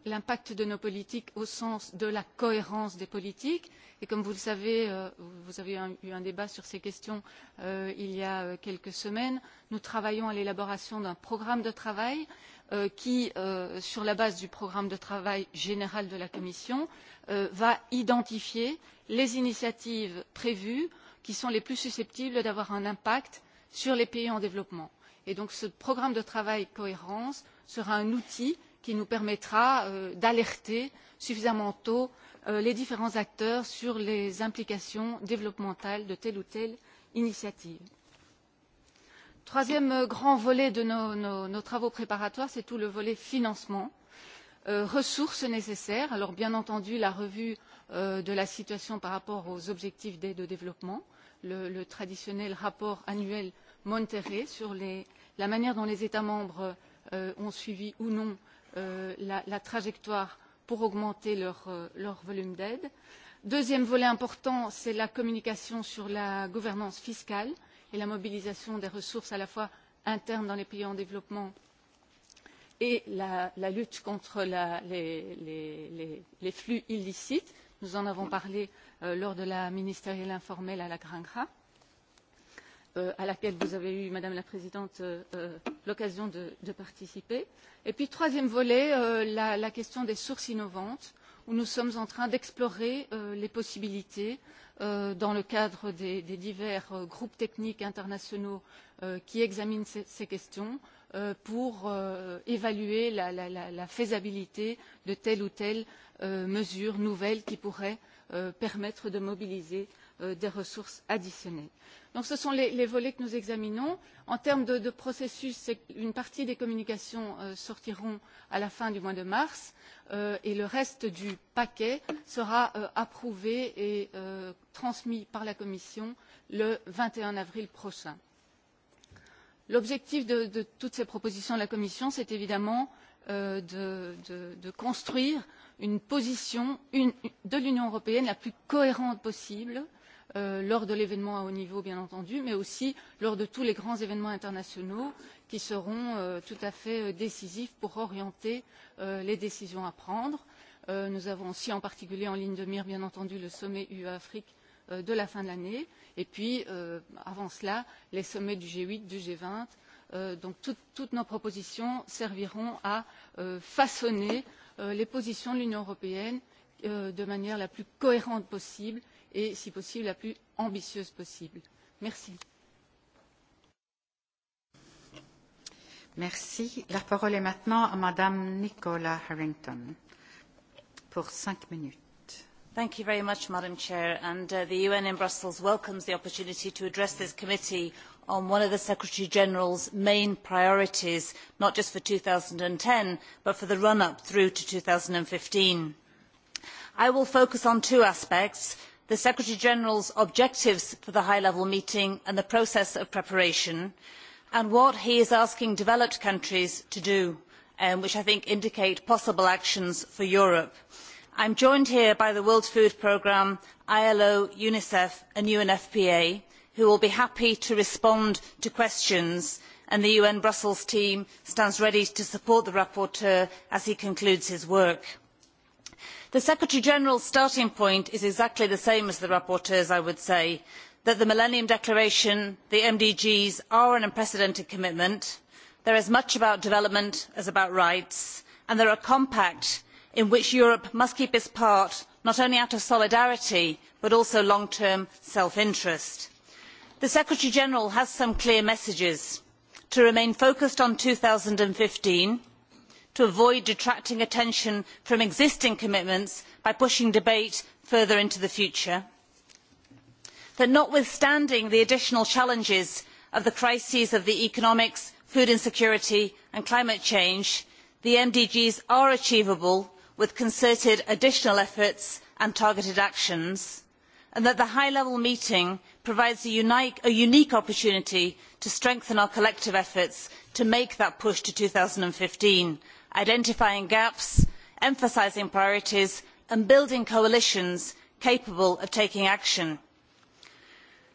l'impact de nos politiques au sens de la cohérence des politiques et comme vous le savez euh, vous avez un, eu un débat sur ces questions euh, il y a euh, quelques semaines nous travaillons à l'élaboration d'un programme de travail euh, qui euh, sur la base du programme de travail général de la commission euh, va identifier les initiatives prévues qui sont les plus susceptibles d'avoir un impact sur les pays en développement et donc ce programme de travail cohérence sera un outil qui nous permettra euh, d'alerter suffisamment tôt euh, les différents acteurs sur les implications développementales de telle ou telle initiative. Troisième euh, grand volet de nos, nos, nos travaux préparatoires, c'est tout le volet financement, euh, ressources nécessaires. Alors bien entendu, la revue euh, de la situation par rapport aux objectifs d'aide au développement, le, le traditionnel rapport annuel Monterrey sur les la manière dont les États membres euh, ont suivi ou non euh, la, la trajectoire pour augmenter leur, euh, leur volume d'aide. Deuxième volet important, c'est la communication sur la gouvernance fiscale et la mobilisation des ressources à la fois internes dans les pays en développement et la, la lutte contre la, les, les, les, les flux illicites. Nous en avons parlé euh, lors de la ministérielle informelle à la Grangra. Euh, Euh, à laquelle vous avez eu madame la présidente euh, euh, l'occasion de, de participer et puis troisième volet la, la question des sources innovantes où nous sommes en train d'explorer les possibilités dans le cadre des, des divers groupes techniques internationaux qui examinent ces, ces questions pour évaluer la, la, la faisabilité de telle ou telle mesure nouvelle qui pourrait permettre de mobiliser Euh, des ressources additionnelles. Donc, ce sont les, les volets que nous examinons. En termes de, de processus, une partie des communications euh, sortiront à la fin du mois de mars euh, et le reste du paquet sera euh, approuvé et euh, transmis par la Commission le 21 avril prochain. L'objectif de, de toutes ces propositions de la Commission, c'est évidemment euh, de, de, de construire une position une, de l'Union européenne la plus cohérente possible euh, Euh, lors de l'événement à haut niveau bien entendu mais aussi lors de tous les grands événements internationaux qui seront euh, tout à fait euh, décisifs pour orienter les décisions à prendre. nous avons aussi en particulier en ligne de mire bien entendu le sommet ue afrique de la fin de l'année et puis avant cela les sommets du g huit du g vingt donc tout, toutes nos propositions serviront à façonner les positions de l'union européenne de manière la plus cohérente possible et si possible la plus ambitieuse possible. merci. merci. la parole est maintenant à mme nicola harrington pour cinq minutes. Thank you very much, Madam Chair. And uh, the UN in Brussels welcomes the opportunity to address this committee on one of the Secretary General's main priorities, not just for 2010, but for the run-up through to 2015. I will focus on two aspects, the secretary general's objectives for the high level meeting and the process of preparation and what he is asking developed countries to do um, which i think indicate possible actions for europe. i am joined here by the world food programme ilo unicef and unfpa who will be happy to respond to questions and the un brussels team stands ready to support the rapporteur as he concludes his work the secretary general's starting point is exactly the same as the rapporteur's i would say that the millennium declaration the mdgs are an unprecedented commitment they are as much about development as about rights and they are a compact in which europe must keep its part not only out of solidarity but also long term self interest. the secretary general has some clear messages to remain focused on two thousand and fifteen and to avoid detracting attention from existing commitments by pushing debate further into the future that notwithstanding the additional challenges of the crises of the economic food insecurity and climate change the mdgs are achievable with concerted additional efforts and targeted actions and that the high level meeting provides a unique opportunity to strengthen our collective efforts to make that push to two thousand and fifteen identifying gaps emphasising priorities and building coalitions capable of taking action.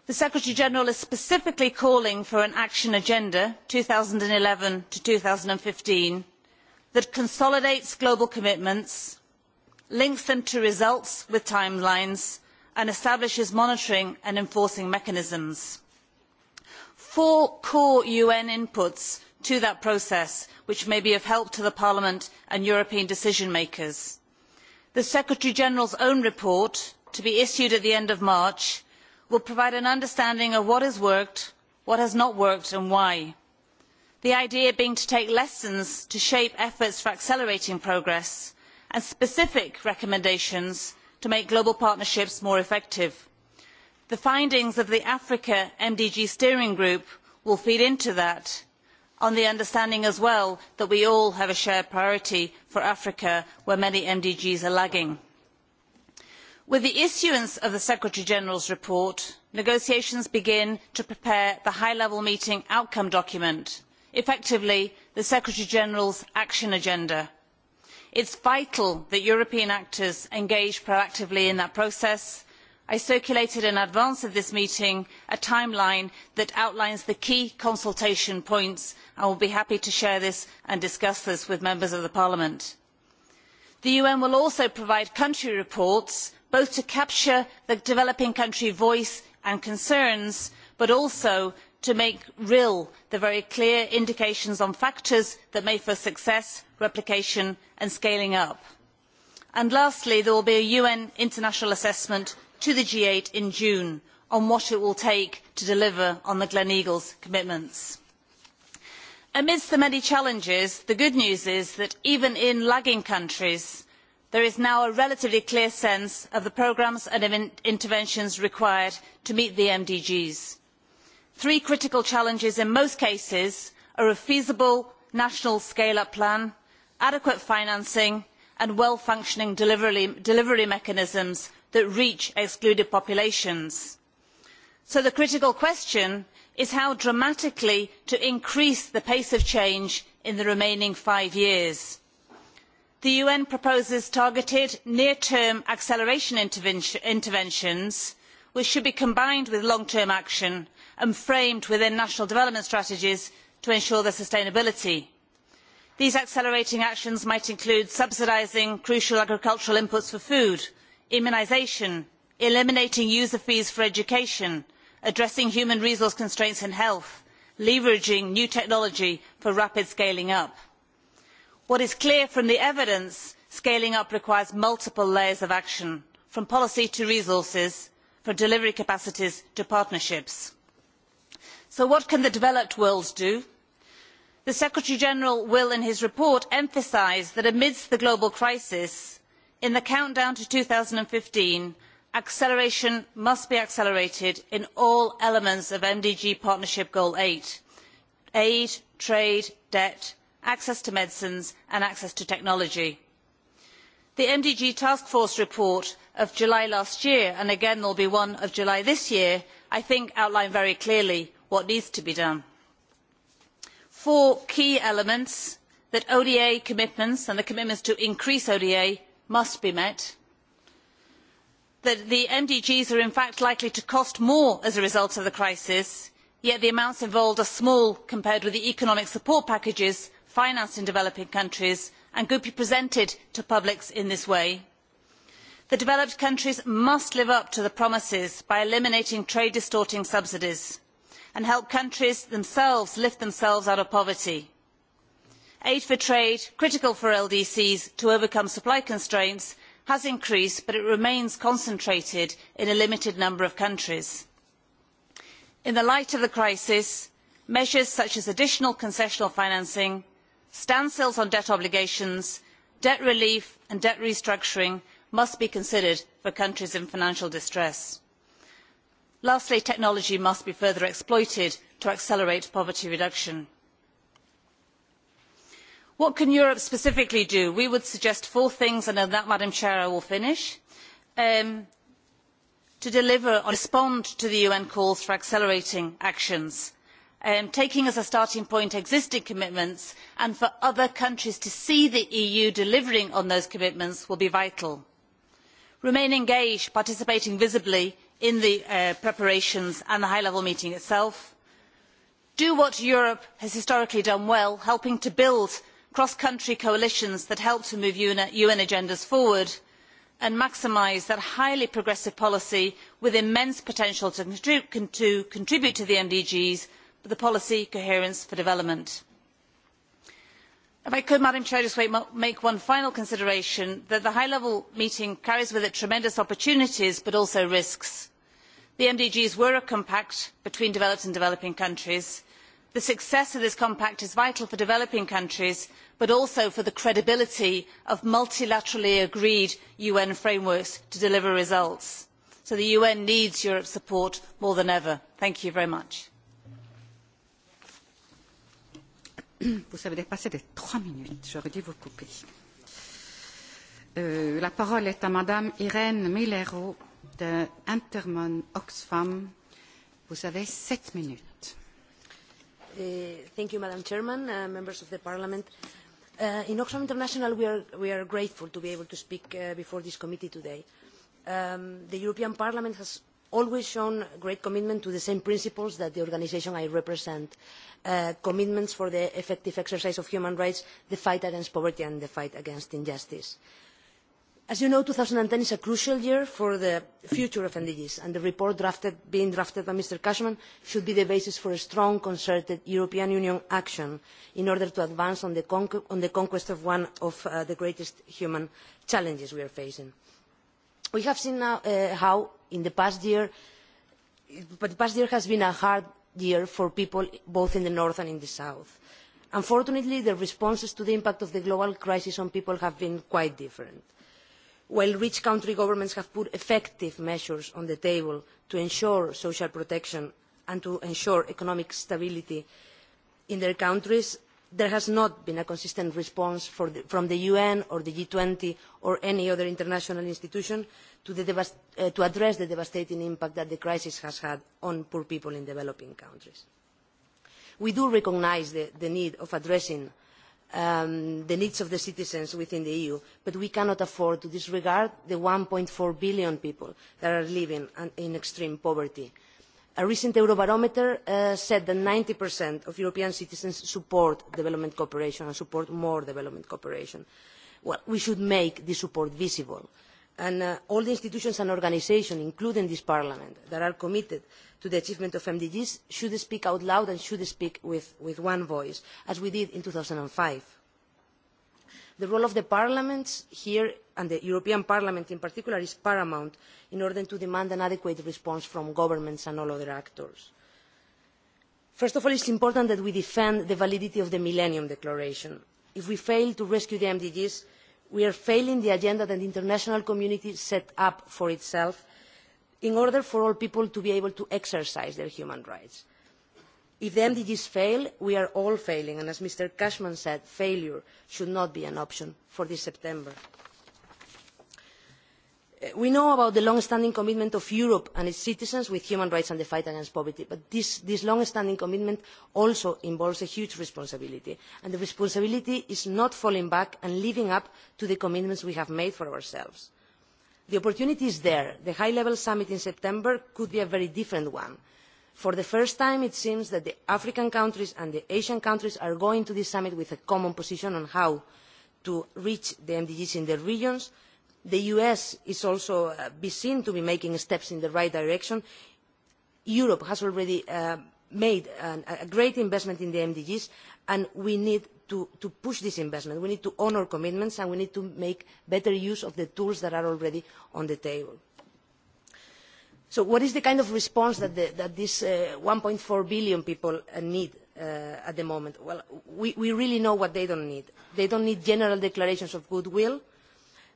the secretary general is specifically calling for an action agenda two thousand and eleven two thousand and fifteen that consolidates global commitments links them to results with timelines and establishes monitoring and enforcing mechanisms. four core un inputs to that process which may be of help to parliament and european decision makers. the secretary general's own report to be issued at the end of march will provide an understanding of what has worked what has not worked and why the idea being to take lessons to shape efforts for accelerating progress and specific recommendations to make global partnerships more effective. the findings of the africa mdg steering group will feed into that on the understanding as well that we all have a shared priority for africa where many mdgs are lagging. with the issuance of the secretary general's report negotiations begin to prepare the high level meeting outcome document effectively the secretary general's action agenda. it is vital that european actors engage proactively in that process i circulated in advance of this meeting a timeline that outlines the key consultation points and will be happy to share this and discuss this with members of the parliament. the un will also provide country reports both to capture the developing country voice and concerns but also to make real the very clear indications on factors that make for success replication and scaling up. And lastly there will be a un international assessment to the g eight in june on what it will take to deliver on the gleneagles commitments. amidst the many challenges the good news is that even in lagging countries there is now a relatively clear sense of the programmes and interventions required to meet the mdgs. three critical challenges in most cases are a feasible national scale up plan adequate financing and well functioning delivery mechanisms that reach excluded populations. so the critical question is how dramatically to increase the pace of change in the remaining five years. the un proposes targeted near term acceleration interventions which should be combined with long term action and framed within national development strategies to ensure their sustainability. these accelerating actions might include subsidising crucial agricultural inputs for food immunisation eliminating user fees for education addressing human resource constraints in health leveraging new technology for rapid scaling up. what is clear from the evidence scaling up requires multiple layers of action from policy to resources from delivery capacities to partnerships. so what can the developed world do? the secretary general will in his report emphasise that amidst the global crisis in the countdown to two thousand and fifteen acceleration must be accelerated in all elements of mdg partnership goal eight aid trade debt access to medicines and access to technology. the mdg task force report of july last year and again there will be one of july this year i think outline very clearly what needs to be done. four key elements that oda commitments and the commitments to increase oda must be met that the mdgs are in fact likely to cost more as a result of the crisis yet the amounts involved are small compared with the economic support packages financed in developing countries and could be presented to publics in this way. the developed countries must live up to the promises by eliminating trade distorting subsidies and help countries themselves lift themselves out of poverty aid for trade critical for ldcs to overcome supply constraints has increased but it remains concentrated in a limited number of countries. in the light of the crisis measures such as additional concessional financing standstills on debt obligations debt relief and debt restructuring must be considered for countries in financial distress. lastly technology must be further exploited to accelerate poverty reduction what can europe specifically do? we would suggest four things and on that madam chair i will finish um, to deliver or respond to the un calls for accelerating actions um, taking as a starting point existing commitments and for other countries to see the eu delivering on those commitments will be vital. remain engaged participating visibly in the uh, preparations and the high level meeting itself. do what europe has historically done well helping to build cross country coalitions that help to move un agendas forward and maximise that highly progressive policy with immense potential to contribute to the mdgs but the policy coherence for development. if i could madam chair just make one final consideration that the high level meeting carries with it tremendous opportunities but also risks. the mdgs were a compact between developed and developing countries the success of this compact is vital for developing countries but also for the credibility of multilaterally agreed un frameworks to deliver results so the un needs europe's support more than ever. thank you very much. vous avez dépassé de trois minutes j'aurais dû vous couper. Euh, la parole est à madame irène milero de intermon oxfam. vous avez sept minutes. Uh, thank you, Madam Chairman, uh, members of the Parliament. Uh, in Oxfam International, we are, we are grateful to be able to speak uh, before this committee today. Um, the European Parliament has always shown great commitment to the same principles that the organisation I represent, uh, commitments for the effective exercise of human rights, the fight against poverty and the fight against injustice. Uh, as you know two thousand and ten is a crucial year for the future of mdgs and the report drafted, being drafted by mr cashman should be the basis for strong concerted european union action in order to advance on the, con on the conquest of one of uh, the greatest human challenges we are facing. we have seen now uh, how in the past year but the past year has been a hard year for people both in the north and in the south. unfortunately the responses to the impact of the global crisis on people have been quite different while rich country governments have put effective measures on the table to ensure social protection and to ensure economic stability in their countries, there has not been a consistent response the, from the UN or the G20 or any other international institution to, the uh, to address the devastating impact that the crisis has had on poor people in developing countries. We do recognize the, the need of addressing um, the needs of the citizens within the EU, but we cannot afford to disregard the 1.4 billion people that are living in extreme poverty. A recent Eurobarometer uh, said that 90% of European citizens support development cooperation and support more development cooperation. Well, we should make this support visible. Uh, and uh, all the institutions and organisations including this parliament that are committed to the achievement of mdgs should speak out loud and should speak with, with one voice as we did in. two thousand and five the role of the parliaments here and the european parliament in particular is paramount in order to demand an adequate response from governments and all other actors. first of all it is important that we defend the validity of the millennium declaration. if we fail to rescue the mdgs we are failing the agenda that the international community set up for itself in order for all people to be able to exercise their human rights. If the MDGs fail, we are all failing, and as Mr. Cashman said, failure should not be an option for this September we know about the long standing commitment of europe and its citizens with human rights and the fight against poverty but this, this long standing commitment also involves a huge responsibility and the responsibility is not falling back and living up to the commitments we have made for ourselves. the opportunity is there. the high level summit in september could be a very different one. for the first time it seems that the african countries and the asian countries are going to this summit with a common position on how to reach the mdgs in their regions the us is also uh, seen to be making steps in the right direction. europe has already uh, made an, a great investment in the mdgs and we need to, to push this investment. we need to honour commitments and we need to make better use of the tools that are already on the table. so what is the kind of response that, the, that these. Uh, one uh, four billion people uh, need? Uh, at the moment well, we, we really know what they don't need. they don't need general declarations of goodwill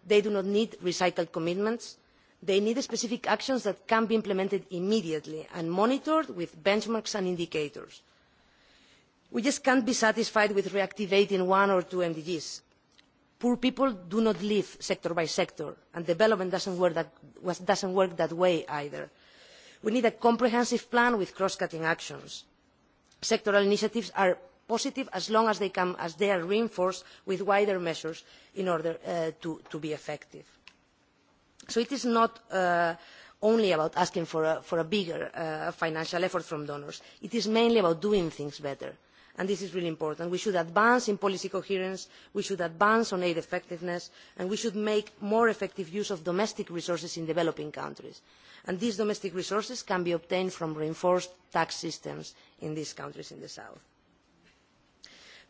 they do not need recycled commitments they need specific actions that can be implemented immediately and monitored with benchmarks and indicators. we just cannot be satisfied with reactivating one or two mdgs. poor people do not live sector by sector and development does not work that, does not work that way either. we need a comprehensive plan with cross cutting actions. sectoral initiatives positive as long as they, can, as they are reinforced with wider measures in order uh, to, to be effective. So it is not uh, only about asking for a, for a bigger uh, financial effort from donors. It is mainly about doing things better. And this is really important. We should advance in policy coherence, we should advance on aid effectiveness, and we should make more effective use of domestic resources in developing countries. And these domestic resources can be obtained from reinforced tax systems in these countries in the south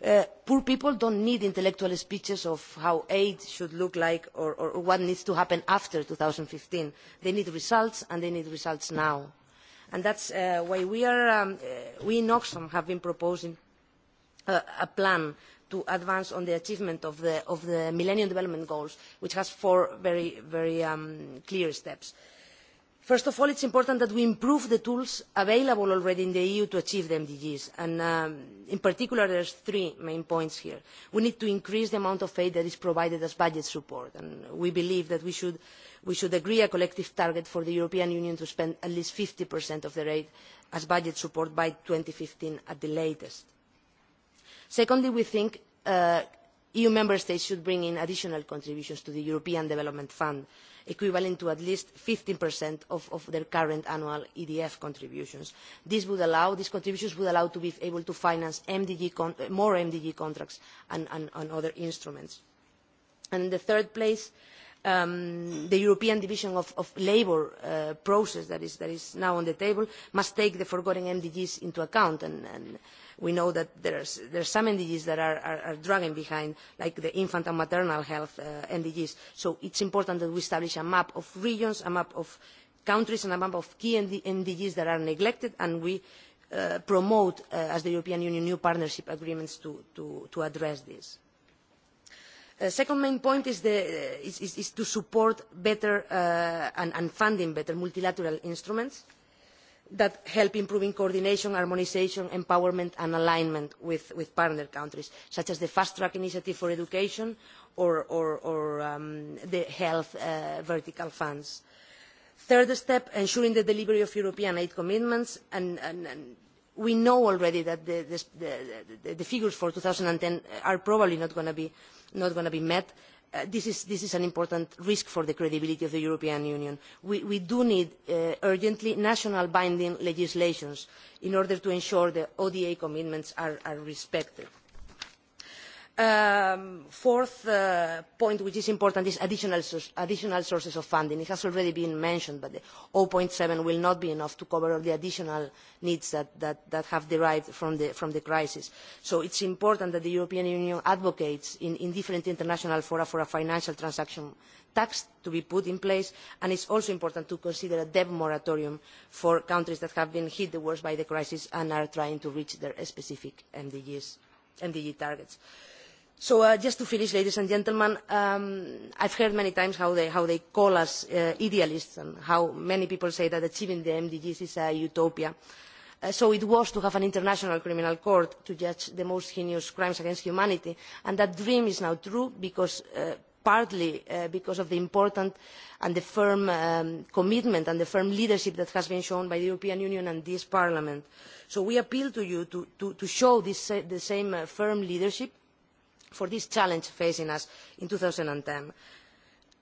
Uh, poor people do not need intellectual speeches of how aid should look like or, or what needs to happen after two thousand and fifteen they need results and they need results now and that is uh, why we, are, um, uh, we in oxfam have been proposing uh, a plan to advance on the achievement of the, of the millennium development goals which has four very, very um, clear steps. firstly first of all it is important that we improve the tools available already in the eu to achieve the mdgs and um, in particular there are three main points here. we need to increase the amount of aid that is provided as budget support and we believe that we should, we should agree a collective target for the european union to spend at least fifty of their aid as budget support by two thousand and fifteen at the latest. secondly we think uh, eu member states should bring in additional contributions to the european development fund equivalent to at least fifteen of, of their current annual edf contributions. This would allow, these contributions would allow to be able to finance MDG con uh, more mdg contracts and, and, and other instruments. And in the third place um, the european division of, of labour uh, process that is, that is now on the table must take the foregoing mdgs into account and we know that there's, there's some NDGs that are, are, are dragging behind, like the infant and maternal health uh, NDGs. So it's important that we establish a map of regions, a map of countries, and a map of key NDGs that are neglected, and we uh, promote, uh, as the European Union, new partnership agreements to, to, to address this. Uh, second main point is, the, uh, is, is, is to support better uh, and, and funding better multilateral instruments. Uh, that help improving coordination, harmonization, empowerment and alignment with, with partner countries, such as the Fast Track Initiative for Education or, or, or um, the health uh, vertical funds. Third step, ensuring the delivery of European aid commitments. And, and, and we know already that the, the, the, the figures for 2010 are probably not going to be, not going to be met. Uh, Uh, this, is, this is an important risk for the credibility of the European Union. We, we do need uh, urgently national binding legislations in order to ensure the ODA commitments are, are respected. Uh, Um, fourth uh, point which is important is additional, additional sources of funding. it has already been mentioned but the. zero oh seven will not be enough to cover all the additional needs that, that, that have derived from the, from the crisis. so it is important that the european union advocates in, in different international fora for a financial transaction tax to be put in place and it is also important to consider a debt moratorium for countries that have been hit the worst by the crisis and are trying to reach their specific MDGs, mdg targets. Uh, So uh, just to finish, ladies and gentlemen, um, I've heard many times how they, how they call us uh, idealists and how many people say that achieving the MDGs is a utopia. Uh, so it was to have an international criminal court to judge the most heinous crimes against humanity. And that dream is now true because uh, partly uh, because of the important and the firm um, commitment and the firm leadership that has been shown by the european union and this parliament. so we appeal to you to, to, to show this, uh, the same uh, firm leadership for this challenge facing us in 2010.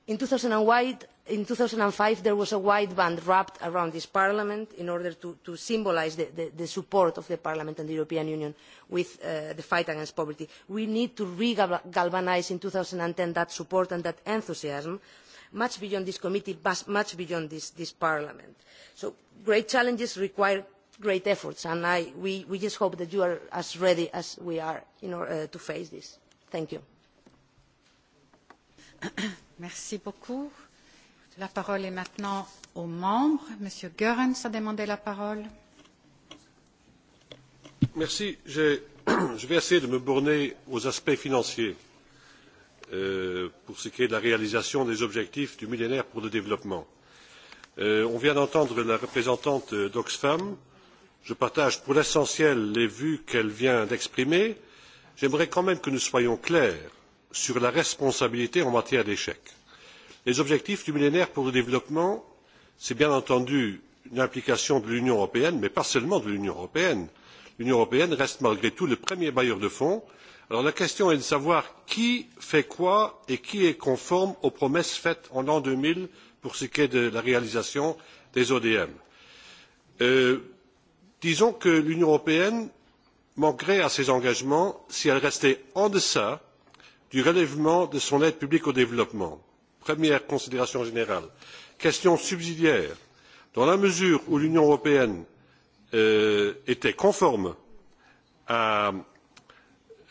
In 2005, there was a white band wrapped around this Parliament in order to, to symbolize the, the, the support of the Parliament and the European Union with uh, the fight against poverty. We need to re-galvanize in 2010 that support and that enthusiasm much beyond this committee, much beyond this, this Parliament. So great challenges require great efforts, and I, we, we just hope that you are as ready as we are in order uh, to face this thank you. Merci beaucoup. La parole est maintenant aux membres. Monsieur Goerens a demandé la parole. Merci. Je, je vais essayer de me borner aux aspects financiers euh, pour ce qui est de la réalisation des objectifs du millénaire pour le développement. Euh, on vient d'entendre la représentante d'Oxfam. Je partage pour l'essentiel les vues qu'elle vient d'exprimer. Euh, j'aimerais quand même que nous soyons clairs sur la responsabilité en matière d'échecs. les objectifs du millénaire pour le développement c'est bien entendu une implication de l'union européenne mais pas seulement de l'union européenne. l'union européenne reste malgré tout le premier bailleur de fonds. alors la question est de savoir qui fait quoi et qui est conforme aux promesses faites en l'an deux mille pour ce qui est de la réalisation des odm. Euh, disons que l'union européenne manquerait à ses engagements si elle restait en deçà du relèvement de son aide publique au développement. première considération générale. question subsidiaire dans la mesure où l'union européenne euh, était conforme à,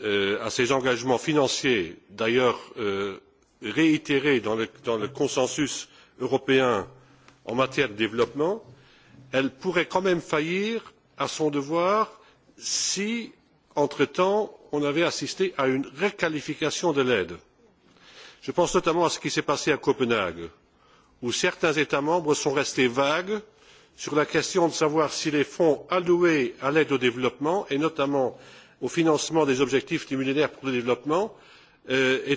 euh, à ses engagements financiers d'ailleurs euh, réitérés dans le, dans le consensus européen en matière de développement elle pourrait quand même faillir à son devoir si entre temps on avait assisté à une requalification de l'aide. je pense notamment à ce qui s'est passé à copenhague où certains états membres sont restés vagues sur la question de savoir si les fonds alloués à l'aide au développement et notamment au financement des objectifs du millénaire pour le développement euh,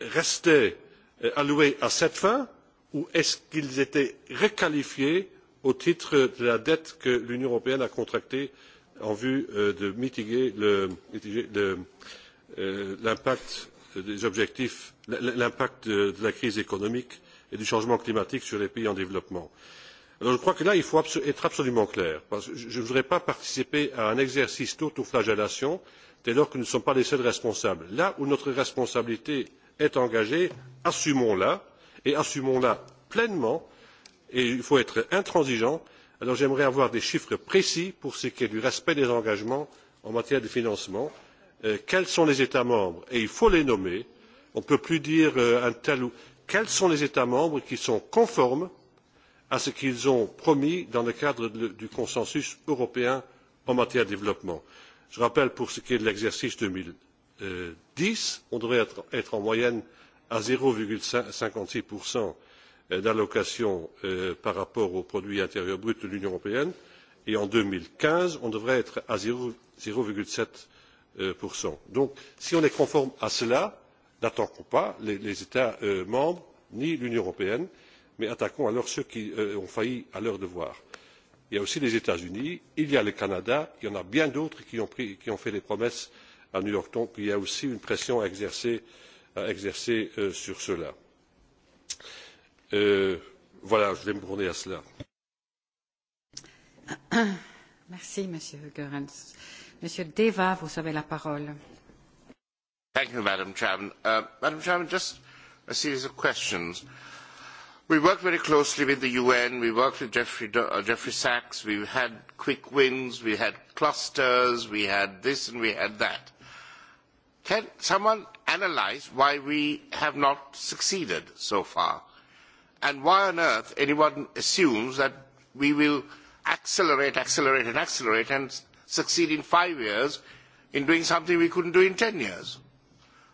restaient euh, alloués à cette fin ou étaient requalifiés au titre de la dette que l'union européenne a contractée en vue euh, de mitiguer euh, l'impact de la crise économique et du changement climatique sur les pays en développement. Alors, je crois que là il faut être absolument clair parce que je ne voudrais pas participer à un exercice d'autoflagellation dès lors que nous ne sommes pas les seuls responsables. là où notre responsabilité est engagée assumons la et assumons la pleinement et il faut être intransigeant alors j'aimerais avoir des chiffres précis pour ce qui est du respect des engagements en matière de financement euh, quels sont les états membres et il faut les nommer on ne peut plus dire euh, un tel ou quels sont les états membres qui sont conformes à ce qu'ils ont promis dans le cadre du consensus européen en matière de développement? je rappelle pour ce qui est de l'exercice deux mille euh, dix on devrait être en moyenne à zéro cinquante six Euh, d'allocation euh, par rapport au produit intérieur brut de l'union européenne et en deux mille quinze on devrait être à zéro sept euh, donc si on est conforme à cela n'attaquons pas les états membres ni l'union européenne mais attaquons alors ceux qui ont failli à leur devoir. il y a aussi les états unis il y a le canada il y en a bien d'autres qui ont fait des promesses à new york donc il y a aussi une pression à exercer sur ceux là. Euh, voilà, je vais me tourner à cela. Merci, Monsieur Goerens. Monsieur Deva, vous avez la parole. Thank you, Madam Chairman. Uh, Madam Chairman, just a series of questions. We worked very closely with the UN. We worked with Jeffrey, uh, Jeffrey Sachs. We had quick wins. We had clusters. We had this and we had that. Can someone analyze why we have not succeeded so far? and why on earth anyone assumes that we will accelerate, accelerate, and accelerate and succeed in five years in doing something we couldn't do in ten years?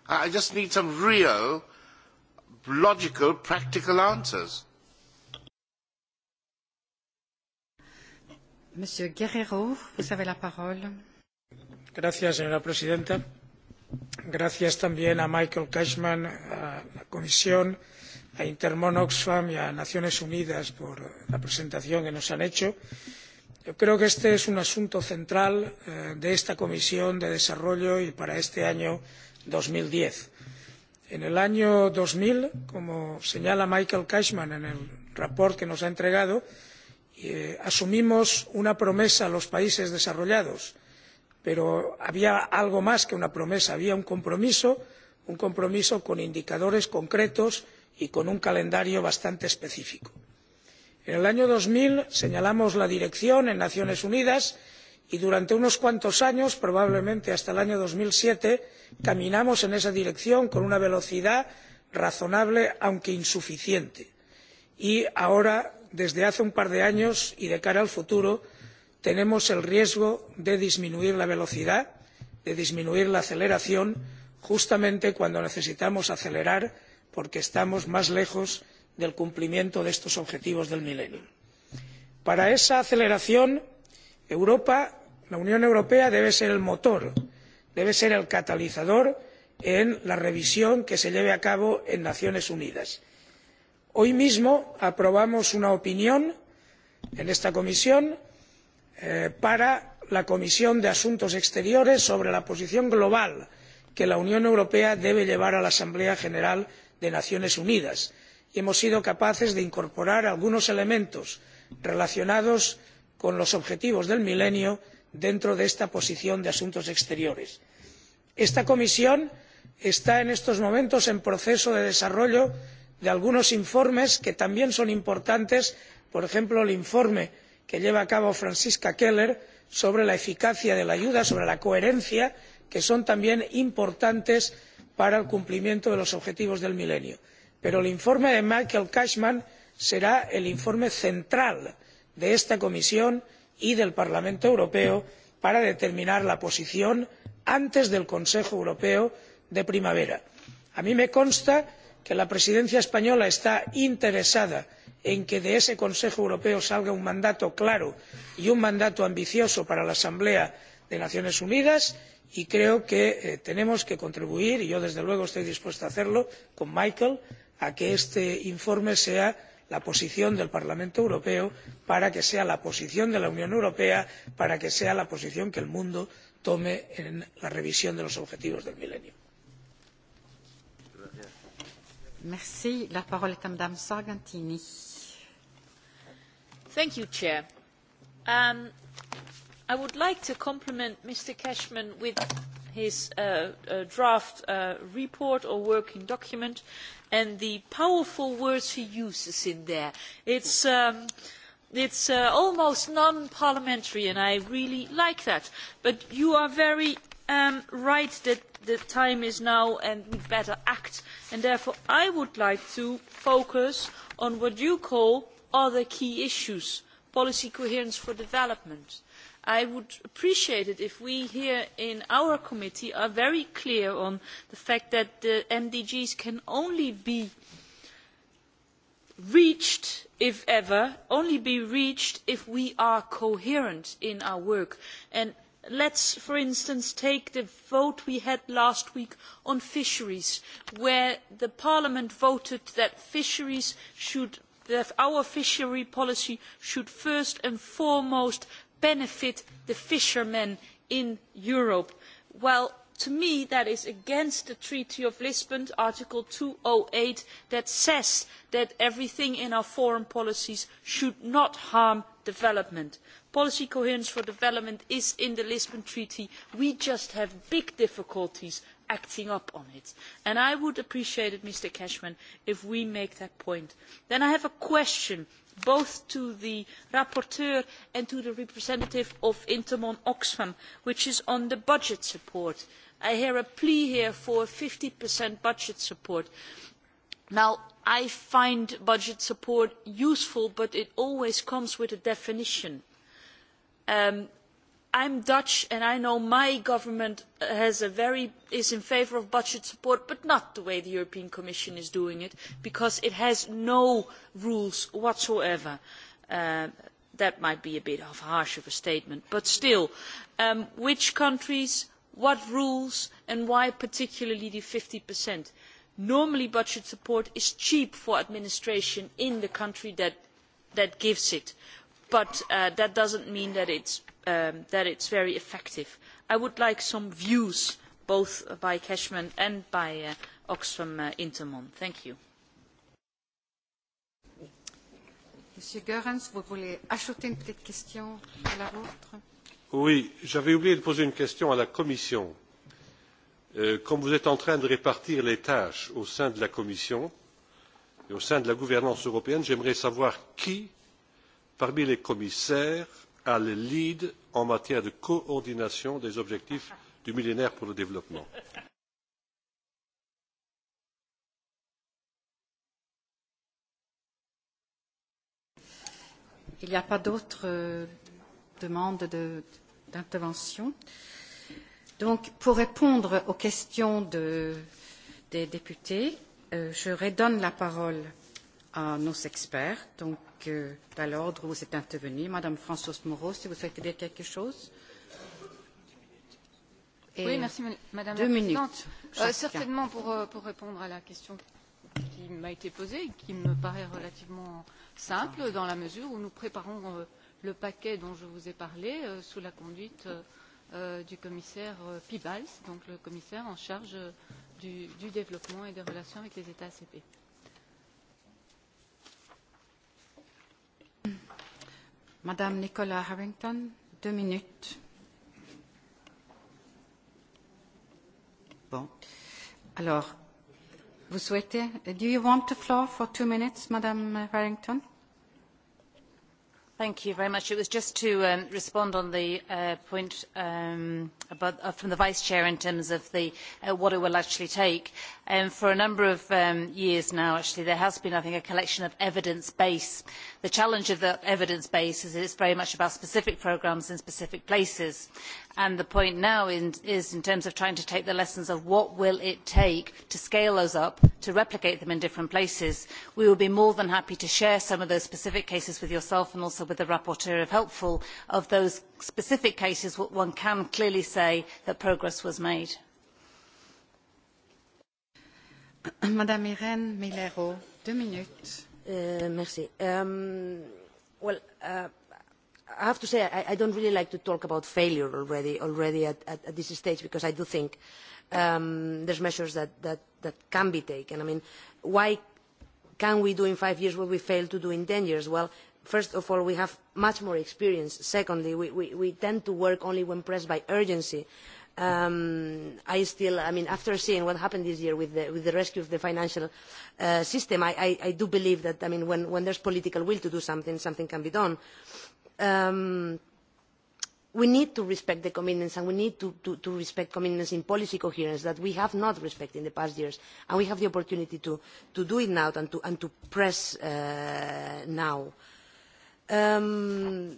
I just need some real, logical, practical answers. Monsieur Guerrero, vous avez la parole. Gracias, señora presidenta. Gracias también a Michael Cashman, a la Comisión a intermon oxfam y a las naciones unidas por la presentación que nos han hecho. yo creo que este es un asunto central eh, de esta comisión de desarrollo y para este año. dos mil diez en el año dos mil como señala michael cashman en el informe que nos ha entregado eh, asumimos una promesa a los países desarrollados pero había algo más que una promesa había un compromiso un compromiso con indicadores concretos y con un calendario bastante específico. en el año dos mil señalamos la dirección en las naciones unidas y durante unos cuantos años probablemente hasta el año dos mil siete caminamos en esa dirección con una velocidad razonable aunque insuficiente y ahora desde hace un par de años y de cara al futuro tenemos el riesgo de disminuir la velocidad de disminuir la aceleración justamente cuando necesitamos acelerar porque estamos más lejos del cumplimiento de estos objetivos del milenio. para esa aceleración europa la unión europea debe ser el motor debe ser el catalizador en la revisión que se lleve a cabo en las naciones unidas. hoy mismo aprobamos una opinión en esta comisión eh, para la comisión de asuntos exteriores sobre la posición global que la unión europea debe llevar a la asamblea general de de las naciones unidas y hemos sido capaces de incorporar algunos elementos relacionados con los objetivos del milenio dentro de esta posición de asuntos exteriores. esta comisión está en estos momentos en proceso de desarrollo de algunos informes que también son importantes por ejemplo el informe que lleva a cabo franziska keller sobre la eficacia de la ayuda sobre la coherencia que son también importantes para el cumplimiento de los objetivos del milenio pero el informe de michael cashman será el informe central de esta comisión y del parlamento europeo para determinar la posición antes del consejo europeo de primavera. a mí me consta que la presidencia española está interesada en que de ese consejo europeo salga un mandato claro y un mandato ambicioso para la asamblea de las naciones unidas y creo que eh, tenemos que contribuir y yo desde luego estoy dispuesto a hacerlo con michael a que este informe sea la posición del parlamento europeo para que sea la posición de la unión europea para que sea la posición que el mundo tome en la revisión de los objetivos del milenio. Thank you, Chair. Um, I would like to compliment Mr. Cashman with his uh, uh, draft uh, report or working document and the powerful words he uses in there. It's, um, it's uh, almost non-parliamentary and I really like that. But you are very um, right that the time is now and we better act. And therefore I would like to focus on what you call other key issues, policy coherence for development I would appreciate it if we here in our committee are very clear on the fact that the MDGs can only be reached if ever only be reached if we are coherent in our work and let us for instance take the vote we had last week on fisheries where parliament voted that fisheries should that our fishery policy should first and foremost benefit the fishermen in Europe. Well, to me that is against the Treaty of Lisbon, Article 208, that says that everything in our foreign policies should not harm development. Policy coherence for development is in the Lisbon Treaty. We just have big difficulties acting up on it. And I would appreciate it, Mr Cashman, if we make that point. Then I have a question both to the rapporteur and to the representative of Intermon Oxfam, which is on the budget support. I hear a plea here for 50% budget support. Now, I find budget support useful, but it always comes with a definition. Um, I'm Dutch and I know my government uh, has a very, is in favour of budget support, but not the way the European Commission is doing it, because it has no rules whatsoever. Uh, that might be a bit of harsh of a statement, but still, um, which countries, what rules, and why particularly the 50%? Normally budget support is cheap for administration in the country that, that gives it but uh, that does not mean that it um, is very effective. i would like some views both by cashman and by uh, oxfam uh, intermon. thank you. monsieur goerens vous voulez ajouter une petite question à la vôtre? oui j'avais oublié de poser une question à la commission. Euh, comme vous êtes en train de répartir les tâches au sein de la commission et au sein de la gouvernance européenne j'aimerais savoir qui parmi les commissaires a le lead en matière de coordination des objectifs du millénaire pour le développement. Il n'y a pas d'autres euh, demandes d'intervention. De, Donc, pour répondre aux questions de, des députés, euh, je redonne la parole à nos experts. Donc, que euh, dans l'ordre où vous êtes intervenu. Madame Françoise Moreau, si vous souhaitez dire quelque chose. Et oui, merci Madame deux la minutes. Présidente. Euh, certainement pour, euh, pour répondre à la question qui m'a été posée et qui me paraît relativement simple dans la mesure où nous préparons euh, le paquet dont je vous ai parlé euh, sous la conduite euh, du commissaire euh, Pibals, donc le commissaire en charge euh, du, du développement et des relations avec les États ACP. Madame Nicola Harrington, deux minutes. Bon. Alors, vous souhaitez... Do you want the floor for two minutes, Madame Harrington? Thank you very much. It was just to um, respond on the uh, point um, about, uh, from the Vice-Chair in terms of the, uh, what it will actually take um, for a number of um, years now, actually, there has been, I think, a collection of evidence base. The challenge of the evidence base is it's very much about specific programmes in specific places. And the point now in, is in terms of trying to take the lessons of what will it take to scale those up, to replicate them in different places. We will be more than happy to share some of those specific cases with yourself and also with the rapporteur if helpful of those specific cases where one can clearly say that progress was made. Madame Irene Milero, two minutes. Uh, merci. Um, well, uh, I have to say I, I don't really like to talk about failure already, already at, at, at this stage because I do think um, there's measures that, that, that can be taken. I mean, why can we do in five years what we failed to do in ten years? Well, first of all, we have much more experience. Secondly, we, we, we tend to work only when pressed by urgency um, I still, I mean, after seeing what happened this year with the, with the rescue of the financial uh, system, I, I, I do believe that, I mean, when, when there's political will to do something, something can be done. Um, we need to respect the commitments and we need to, to, to respect commitments in policy coherence that we have not respected in the past years and we have the opportunity to, to do it now and to, and to press uh, now. Um,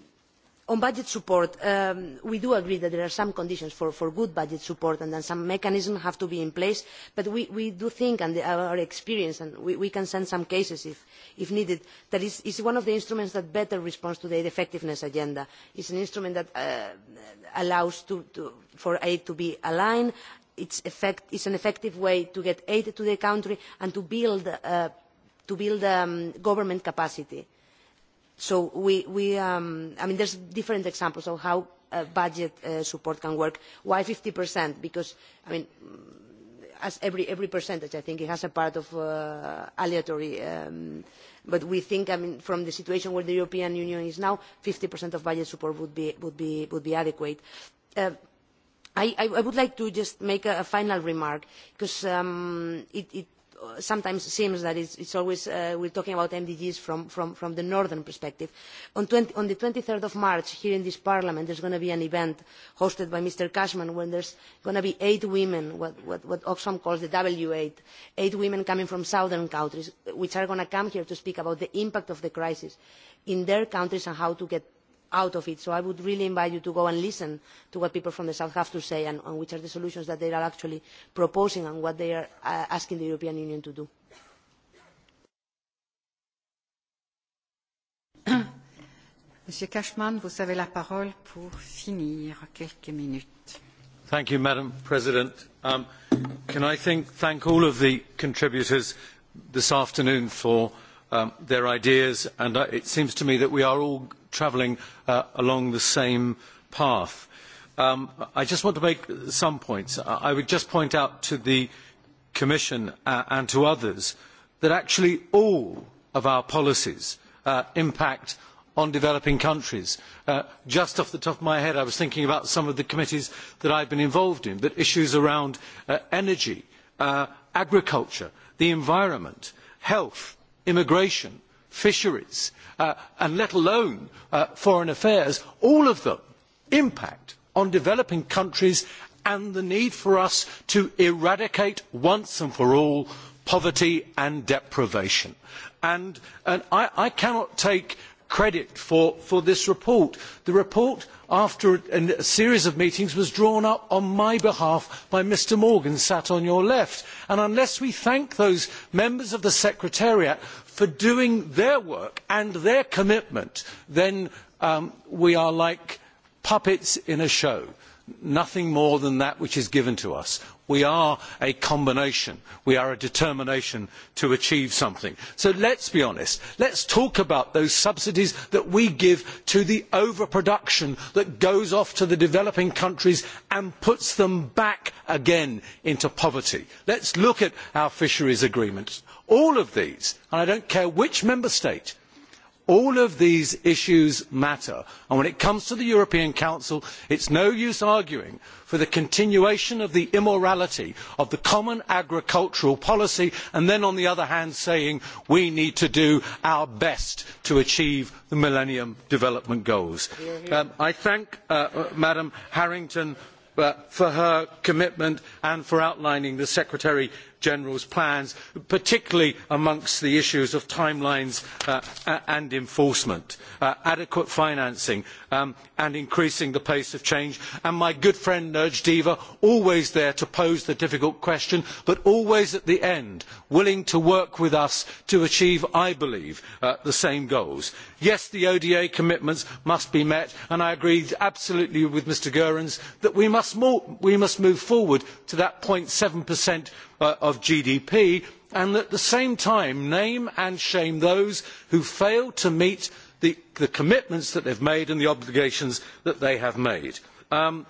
on budget support um, we do agree that there are some conditions for, for good budget support and that some mechanisms have to be in place but we, we do think and the, our experience and we, we can send some cases if, if needed that it is one of the instruments that better responds to the aid effectiveness agenda. it is an instrument that uh, allows to, to, for aid to be aligned it is an effective way to get aid to the country and to build, uh, to build um, government capacity So we, we um, I mean, there's different examples of how uh, budget uh, support can work. Why 50%? Because, I mean, as every, every percentage, I think it has a part of uh, aleatory, um, but we think, I mean, from the situation where the European Union is now, 50% of budget support would be, would be, would be adequate. Uh, I, I would like to just make a, a final remark, because um, it, it sometimes seems that it's, it's always uh, we're talking about MDGs from, from, from the northern perspective. On, 20, on the 23rd of March, here in this Parliament, there's going to be an event hosted by Mr. Cashman when there's going to be eight women, what, what, what Oxfam calls the W8, eight women coming from southern countries, which are going to come here to speak about the impact of the crisis in their countries and how to get out of it. So I would really invite you to go and listen to what people from the South have to say and, and which are the solutions that they are actually proposing and what they are uh, asking the European Union to do. Monsieur Cashman, vous avez la parole pour finir quelques minutes. Thank you, Madam President. Um, can I think, thank all of the contributors this afternoon for um, their ideas, and uh, it seems to me that we are all travelling uh, along the same path. Um, I just want to make some points. I would just point out to the Commission uh, and to others that actually all of our policies uh, impact on developing countries. Uh, just off the top of my head, I was thinking about some of the committees that I've been involved in, but issues around uh, energy, uh, agriculture, the environment, health, immigration, fisheries, uh, and let alone uh, foreign affairs, all of them impact on developing countries and the need for us to eradicate once and for all poverty and deprivation. And, and I, I cannot take credit for, for this report. The report, after a, a series of meetings, was drawn up on my behalf by Mr Morgan, sat on your left. And unless we thank those members of the Secretariat for doing their work and their commitment, then um, we are like puppets in a show nothing more than that which is given to us. We are a combination. We are a determination to achieve something. So let's be honest. Let's talk about those subsidies that we give to the overproduction that goes off to the developing countries and puts them back again into poverty. Let's look at our fisheries agreements. All of these, and I don't care which member state, all of these issues matter and when it comes to the european council it is no use arguing for the continuation of the immorality of the common agricultural policy and then on the other hand saying we need to do our best to achieve the millennium development goals. Um, i thank uh, uh, ms harrington uh, for her commitment and for outlining the secretary General's plans, particularly amongst the issues of timelines uh, and enforcement, uh, adequate financing um, and increasing the pace of change. And my good friend Nurj Diva, always there to pose the difficult question, but always at the end, willing to work with us to achieve, I believe, uh, the same goals. Yes, the ODA commitments must be met, and I agree absolutely with Mr Goerens that we must, more, we must move forward to that 0.7% uh, of GDP, and at the same time name and shame those who fail to meet the, the commitments that they've made and the obligations that they have made. Um,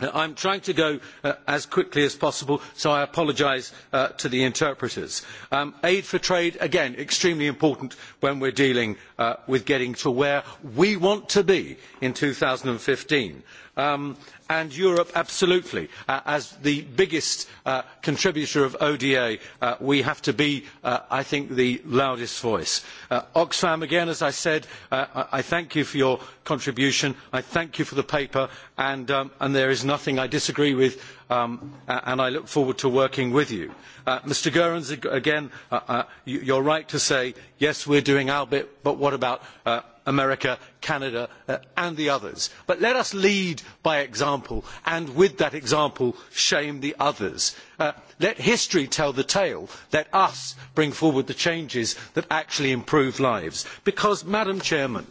i am trying to go uh, as quickly as possible so i apologise uh, to the interpreters. Um, aid for trade again extremely important when we are dealing uh, with getting to where we want to be in two thousand and fifteen um, and Europe absolutely. Uh, as the biggest uh, contributor of ODA, uh, we have to be, uh, I think, the loudest voice. Uh, Oxfam, again, as I said, uh, I, I thank you for your contribution. I thank you for the paper, and, um, and there is nothing I disagree with, um, and I look forward to working with you. Uh, Mr. Goerens, again, uh, uh, you're right to say, yes, we're doing our bit, but what about uh, america canada uh, and the others but let us lead by example and with that example shame the others. Uh, let history tell the tale let us bring forward the changes that actually improve lives because madam chairman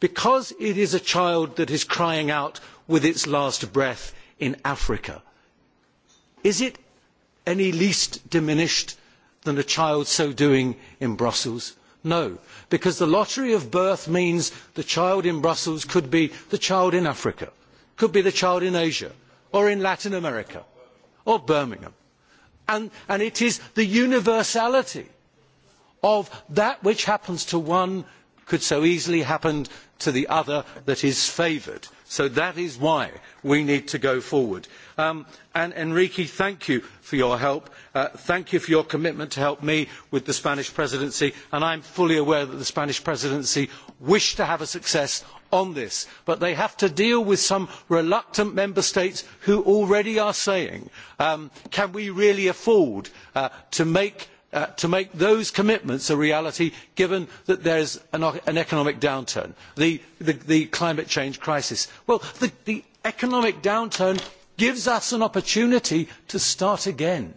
because it is a child that is crying out with its last breath in africa is it any less diminished than a child so doing in brussels? No, because the lottery of birth means the child in Brussels could be the child in Africa, could be the child in Asia, or in Latin America, or Birmingham. And, and it is the universality of that which happens to one could so easily happen to the other that is favoured. So that is why we need to go forward. Um, and Enrique, thank you for your help. Uh, thank you for your commitment to help me with the Spanish presidency. And I'm fully aware that the Spanish presidency wish to have a success on this but they have to deal with some reluctant member states who already are saying um, can we really afford uh, to make uh, to make those commitments a reality given that there is an, an economic downturn, the, the, the climate change crisis? Well, the, the economic downturn gives us an opportunity to start again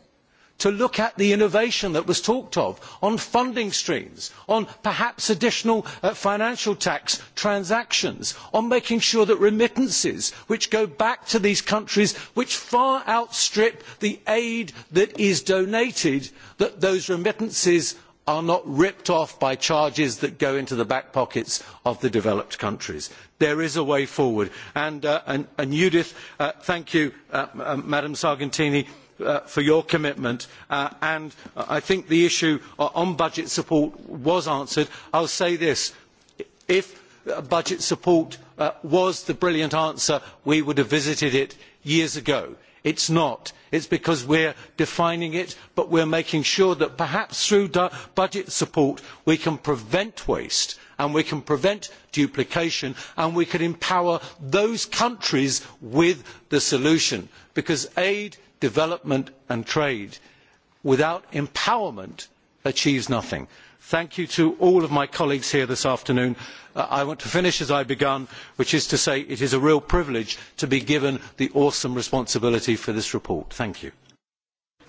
to look at the innovation that was talked of on funding streams on perhaps additional uh, financial tax transactions on making sure that remittances which go back to these countries which far outstrip the aid that is donated that those remittances are not ripped off by charges that go into the back pockets of the developed countries. There is a way forward. And, uh, and, and Judith, uh, thank you, uh, uh, Madam Sargentini uh, for your commitment uh, and uh, I think the issue uh, on budget support was answered. I'll say this, if uh, budget support uh, was the brilliant answer, we would have visited it years ago. It's not. It's because we're defining it, but we're making sure that perhaps through budget support we can prevent waste and we can prevent duplication and we can empower those countries with the solution because aid development and trade without empowerment achieves nothing. thank you to all of my colleagues here this afternoon. Uh, i want to finish as i began which is to say it is a real privilege to be given the awesome responsibility for this report. thank you.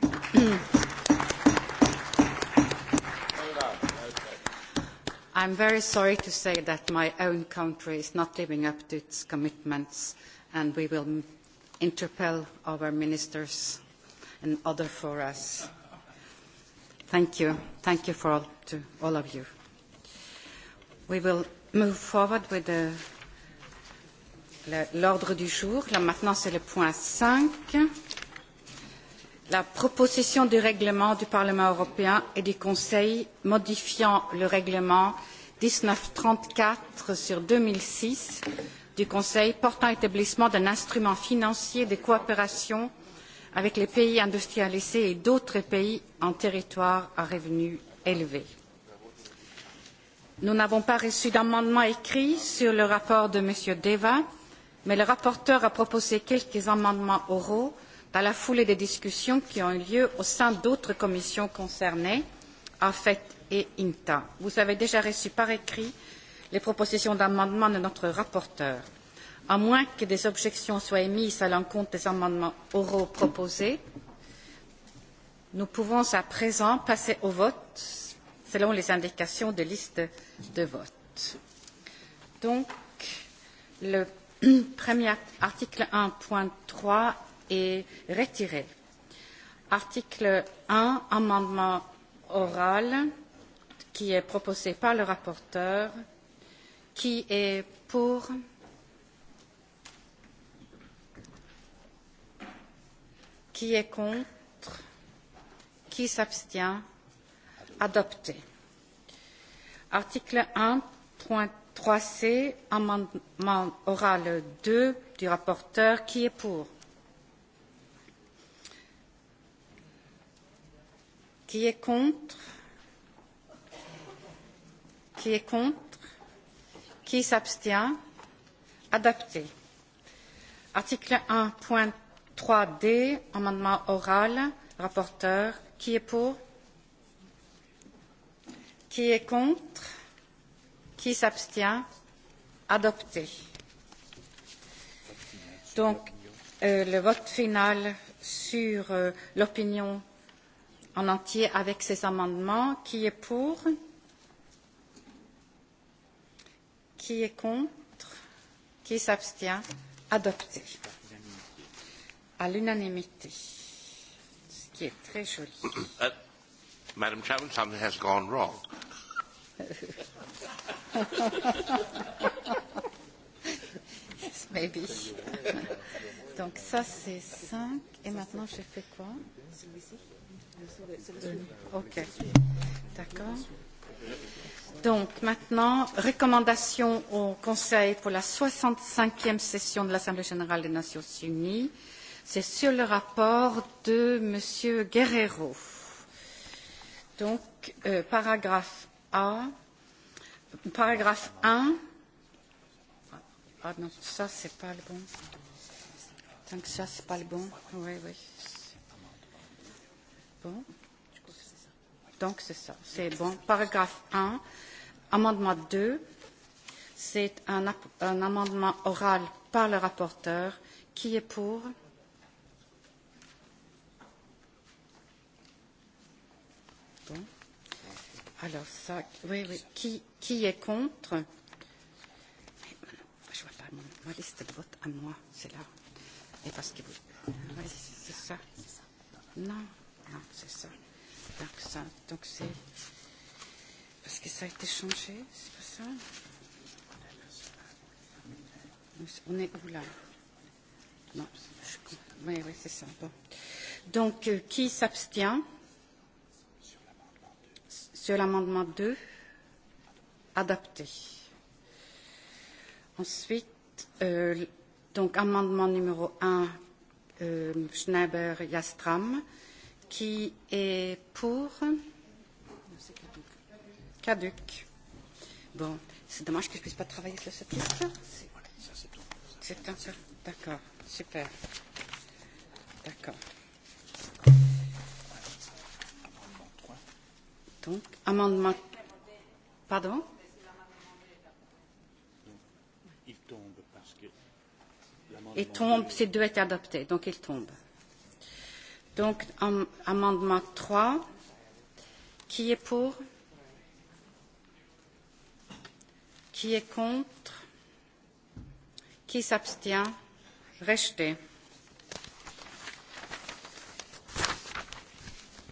i am very sorry to say that my own country is not living up to its commitments and we will interpel our ministers and other forums. Thank you. Thank you for all, to all of you. We will move forward with the l'ordre du jour. Là, maintenant, c'est le point 5. La proposition du règlement du Parlement européen et du Conseil modifiant le règlement 1934 sur 2006 du Conseil portant établissement d'un instrument financier de coopération avec les pays industrialisés et d'autres pays en territoire à revenus élevés. Nous n'avons pas reçu d'amendement écrit sur le rapport de M. Deva, mais le rapporteur a proposé quelques amendements oraux dans la foulée des discussions qui ont eu lieu au sein d'autres commissions concernées, AFET et INTA. Vous avez déjà reçu par écrit les propositions d'amendement de notre rapporteur. À moins que des objections soient émises à l'encontre des amendements oraux proposés, nous pouvons à présent passer au vote selon les indications de liste de vote. Donc, le premier article 1.3 est retiré. Article 1, amendement oral qui est proposé par le rapporteur. Qui est pour Qui est contre Qui s'abstient Adopté. Article 1.3c, amendement oral 2 du rapporteur. Qui est pour Qui est contre Qui est contre Qui s'abstient Adopté. Article 1.3 D, amendement oral, rapporteur. Qui est pour Qui est contre Qui s'abstient Adopté. Donc, euh, le vote final sur euh, l'opinion en entier avec ces amendements. Qui est pour Qui est contre Qui est contre Qui s'abstient Adopté. À l'unanimité. Ce qui est très joli. Uh, Madam Chairman, something has gone wrong. yes, maybe. Donc ça c'est 5 et maintenant je fais quoi Celui-ci euh, Ok. D'accord. Donc maintenant, recommandations au Conseil pour la 65e session de l'Assemblée générale des Nations unies. C'est sur le rapport de M. Guerrero. Donc, euh, paragraphe A, paragraphe 1. Ah non, ça c'est pas le bon. Tant que ça c'est pas le bon. Oui, oui. Bon. Donc, c'est ça. C'est bon. Paragraphe 1. Amendement 2. C'est un, un amendement oral par le rapporteur. Qui est pour Bon. Alors ça, oui, oui. Qui, qui est contre Mais, eh, Je vois pas mon, ma liste de vote à moi, c'est là. Et parce que vous... Oui, c'est ça. Non, non, c'est ça bien que ça. Donc c'est parce que ça a été changé, c'est pas ça On est où là Non, je... oui, oui, c'est ça. Bon. Donc euh, qui s'abstient Sur l'amendement 2, adapté. Ensuite, euh, donc amendement numéro 1, euh, Schneider-Yastram. Euh, Qui est pour Caduc. Bon, c'est dommage que je ne puisse pas travailler sur cette liste. C'est un peu. D'accord, super. D'accord. Donc, amendement. Pardon Il tombe parce que. Il tombe, ces deux étaient adoptés, donc il tombe. Donc, um, amendement 3, qui est pour Qui est contre Qui s'abstient Rejeté.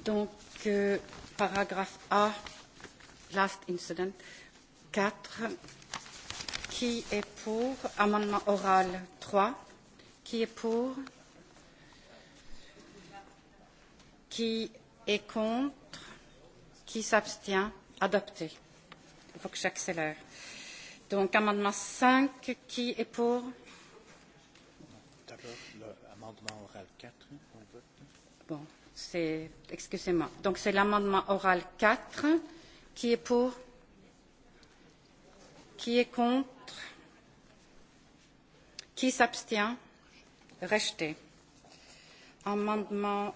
Donc, euh, paragraphe A, last incident, 4. Qui est pour Amendement oral 3. Qui est pour Qui est contre Qui s'abstient Adopté. Il faut que j'accélère. Donc, amendement 5, qui est pour D'abord, l'amendement oral 4, on vote. Bon, c'est. Excusez-moi. Donc, c'est l'amendement oral 4. Qui est pour Qui est contre Qui s'abstient Rejeté. Amendement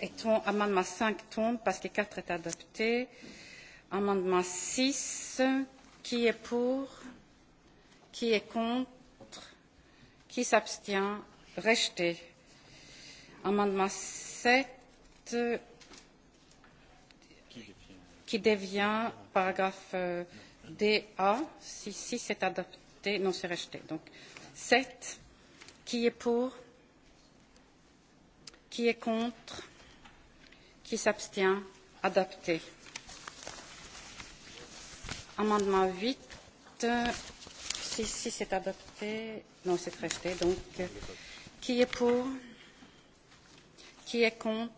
et ton, amendement 5 tombe parce que 4 est adopté. Amendement 6, qui est pour Qui est contre Qui s'abstient Rejeté. Amendement 7, qui devient paragraphe euh, DA, si, si c'est adopté, non, c'est rejeté. Donc, 7, qui est pour Qui est contre Qui s'abstient Adopté. Amendement 8. Si, si c'est adopté, non, c'est resté. Donc, qui est pour Qui est contre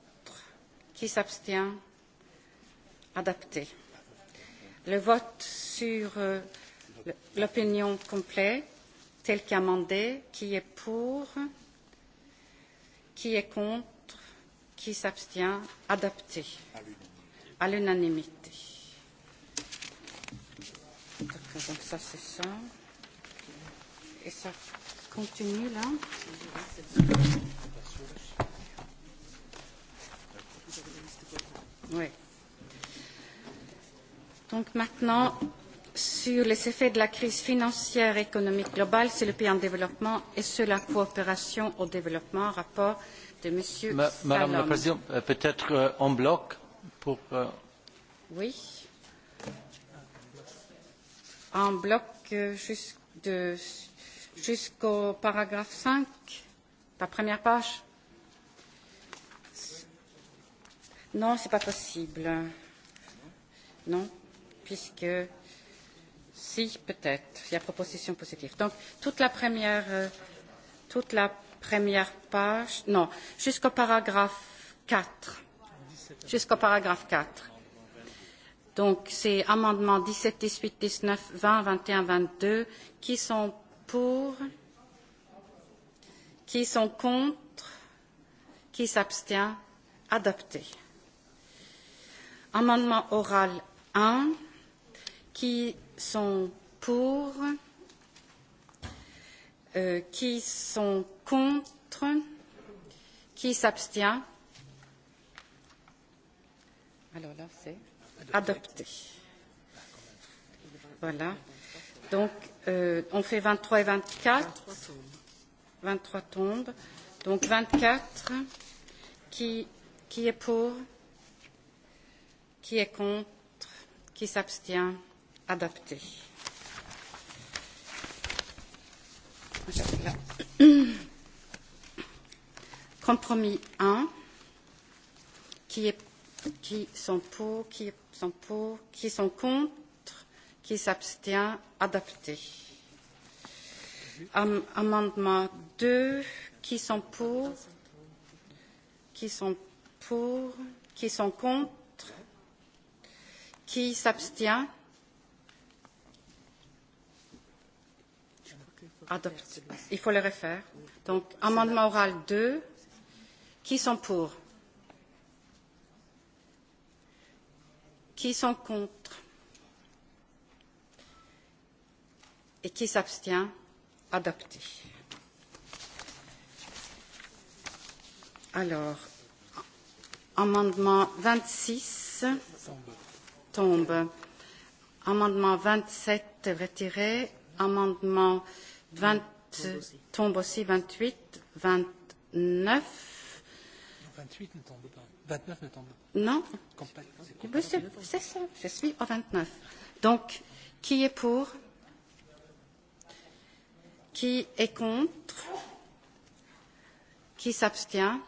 Qui s'abstient Adopté. Le vote sur euh, l'opinion complète, telle qu'amendée, qui est pour Qui est contre Qui s'abstient Adapté. À l'unanimité. Donc ça, c'est ça. Et ça continue là Oui. Donc maintenant, sur les effets de la crise financière et économique globale sur les pays en développement et sur la coopération au développement, rapport 2015 de Monsieur Ma Salom. Madame la Présidente, euh, peut-être euh, en bloc pour. Euh... Oui. En bloc euh, jusqu'au jusqu paragraphe 5, la première page. Non, c'est pas possible. Non, puisque si, peut-être, il y a proposition positive. Donc toute la première, euh, toute la première page, non, jusqu'au paragraphe 4. Jusqu'au paragraphe 4. Donc, c'est amendements 17, 18, 19, 20, 21, 22 qui sont pour, qui sont contre, qui s'abstient, adopté. Amendement oral 1, qui sont pour, qui Euh, qui sont contre Qui s'abstient Alors là, c'est adopté. Voilà. Donc, euh, on fait 23 et 24. 23 tombes. Donc, 24. Qui, qui est pour Qui est contre Qui s'abstient Adopté. Euh, Compromis 1. Qui, est, qui sont pour, qui sont pour, qui sont contre, qui s'abstient, adopté. Am amendement 2. Qui sont pour, qui sont pour, qui sont contre, qui s'abstient, adopté. Il faut le refaire. Donc, amendement oral 2. Qui sont pour Qui sont contre Et qui s'abstient Adopté. Alors, amendement 26 tombe. Amendement 27 retiré. Amendement euh, 20, tombe aussi 28, 29. 28 ne tombe pas. 29 ne tombe pas. Non. Eh c'est ça, je suis au 29. Donc, qui est pour Qui est contre Qui s'abstient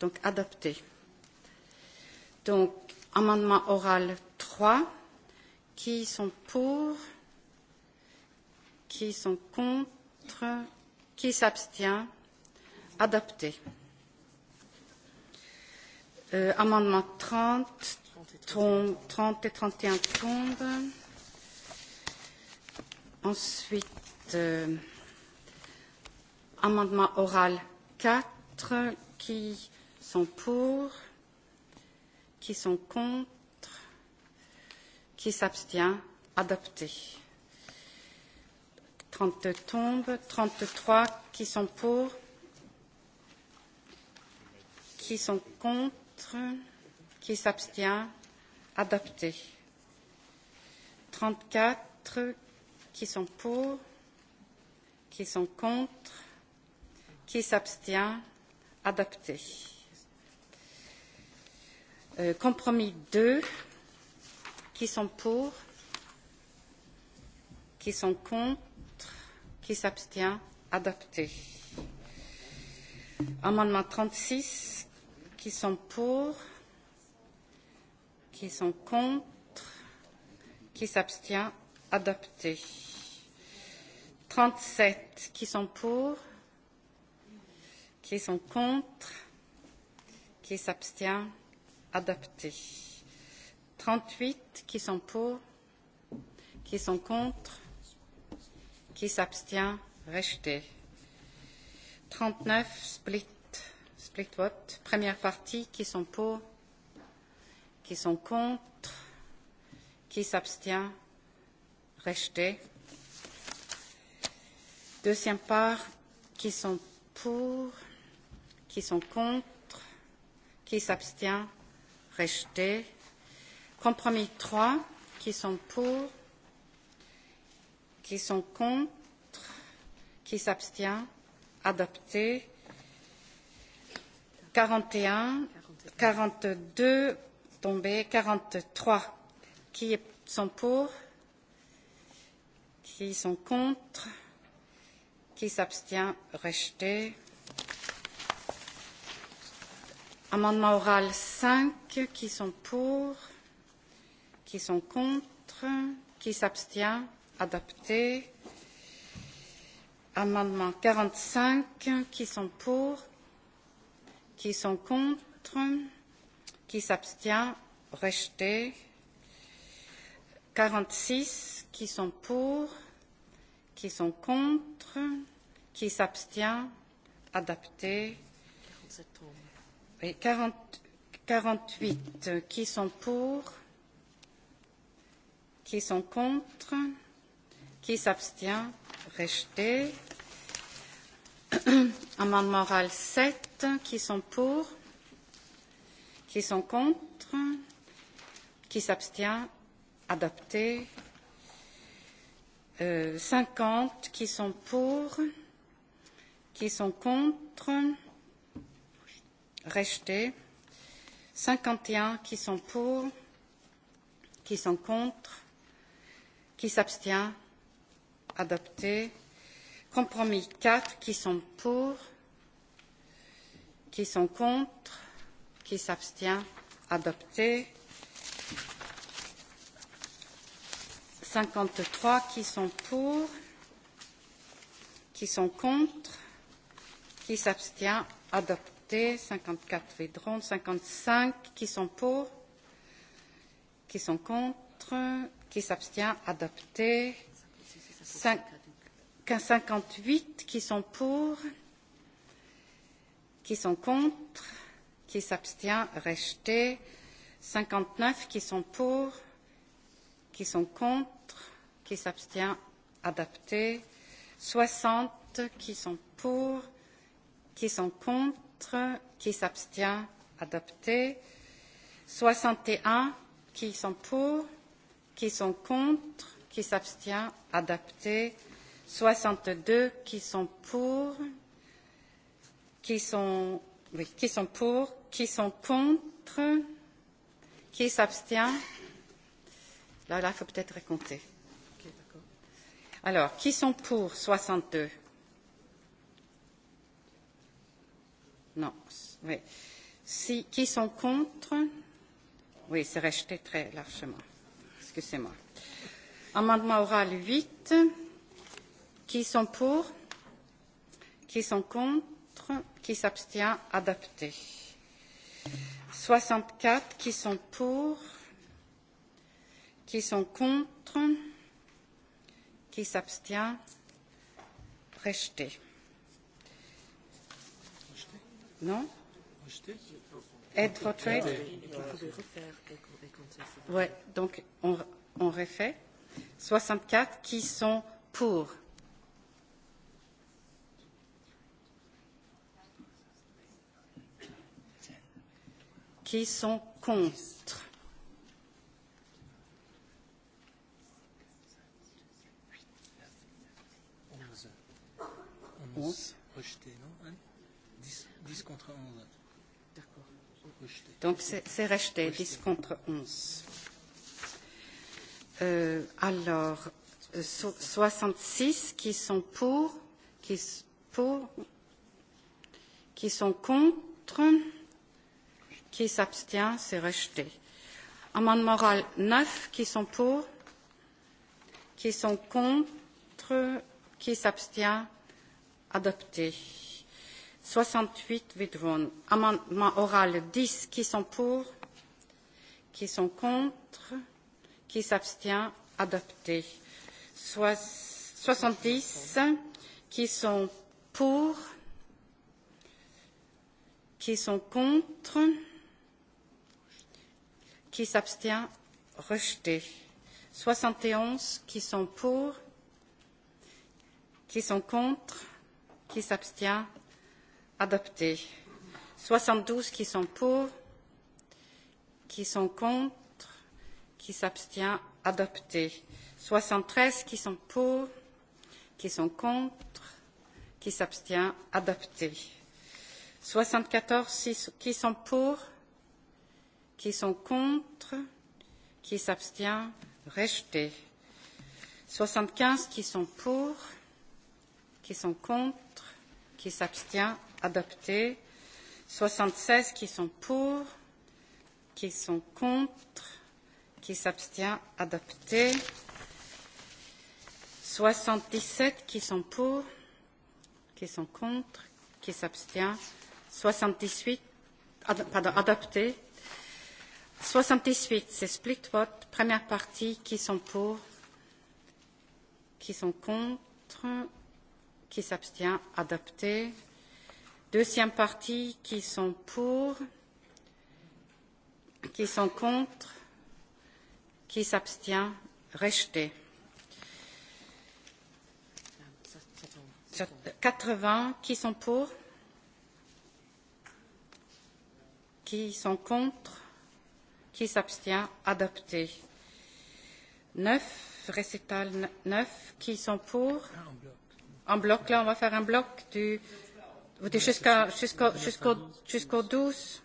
Donc, adopté. Donc, amendement oral 3. Qui sont pour Qui qui sont contre, qui s'abstient, adopté. Euh, amendement 30, 30, 30 et 31 tombent. Ensuite, euh, amendement oral 4, qui sont pour, qui sont contre, qui s'abstient, adopté. 32 tombent. 33 qui sont pour Qui sont contre Qui s'abstient Adopté. 34 qui sont pour Qui sont contre Qui s'abstient Adopté. Euh, compromis 2. Qui sont pour Qui sont contre qui s'abstient adopté amendement trente six qui sont pour qui sont contre qui s'abstient adopté trente sept qui sont pour qui sont contre qui s'abstient adopté trente huit qui sont pour qui sont contre Qui s'abstient Rejeté. 39, split, split vote. Première partie, qui sont pour Qui sont contre Qui s'abstient Rejeté. Deuxième part, qui sont pour Qui sont contre Qui s'abstient Rejeté. Compromis 3, qui sont pour qui sont contre, qui s'abstient, adopté. 41, 42 tombés, 43 qui sont pour, qui sont contre, qui s'abstient, rejeté. Amendement oral 5, qui sont pour, qui sont contre, qui s'abstient, adopté. Amendement 45, qui sont pour, qui sont contre, qui s'abstient, rejeté. 46, qui sont pour, qui sont contre, qui s'abstient, adopté. 47 tombes. Oui, 40, 48, qui sont pour, qui sont contre, qui Qui s'abstient Rejeté. Amendement oral 7. Qui sont pour Qui sont contre Qui s'abstient Adopté. Euh, 50. Qui sont pour Qui sont contre Rejeté. 51. Qui sont pour Qui sont contre Qui s'abstient adopté. Compromis 4, qui sont pour, qui sont contre, qui s'abstient, adopté. 53 qui sont pour, qui sont contre, qui s'abstient, adopté. 54 Védron, 55 qui sont pour, qui sont contre, qui s'abstient, adopté cinquante huit qui sont pour qui sont contre qui s'abstient rejeté cinquante neuf qui sont pour qui sont contre qui s'abstient adopté soixante qui sont pour qui sont contre qui s'abstient adopté soixante et un qui sont pour qui sont contre qui s'abstient adapté soixante deux qui sont pour qui sont oui qui sont pour qui sont contre qui s'abstient là là il faut peut être compter alors qui sont pour soixante deux non oui si qui sont contre oui c'est rejeté très largement excusez moi Amendement oral 8. Qui sont pour Qui sont contre Qui s'abstient Adopté. 64. Qui sont pour Qui sont contre Qui s'abstient Rejeté. Non Être votre trade Ouais, donc on, on refait soixante quatre qui sont pour qui sont contre onze rejeté non dix contre onze d'accord donc c'est rejeté dix contre onze Euh, alors, 66 euh, qui sont pour, qui, pour, qui sont contre, qui s'abstient, c'est rejeté. Amendement moral 9 qui sont pour, qui sont contre, qui s'abstient, adopté. 68 withdrawn. Amendement oral 10 qui sont pour, qui sont contre, qui s'abstient adopté soixante dix qui sont pour qui sont contre qui s'abstient rejeté soixante et onze qui sont pour qui sont contre qui s'abstient adopté soixante douze qui sont pour qui sont contre qui s'abstient adopté. 73 qui sont pour, qui sont contre, qui s'abstient adopté. 74 6, qui sont pour, qui sont contre, qui s'abstient rejeté. 75 qui sont pour, qui sont contre, qui s'abstient adopté. 76 qui sont pour, qui sont contre, qui s'abstient adopté soixante dix sept qui sont pour qui sont contre qui s'abstient soixante dix huit pardon adopté soixante dix huit c'est split vote première partie qui sont pour qui sont contre qui s'abstient adopté deuxième partie qui sont pour qui sont contre qui s'abstient rejeté 80 qui sont pour qui sont contre qui s'abstient adopté 9 récital 9 qui sont pour en bloc là on va faire un bloc du jusqu'à jusqu'au jusqu'au jusqu'au 12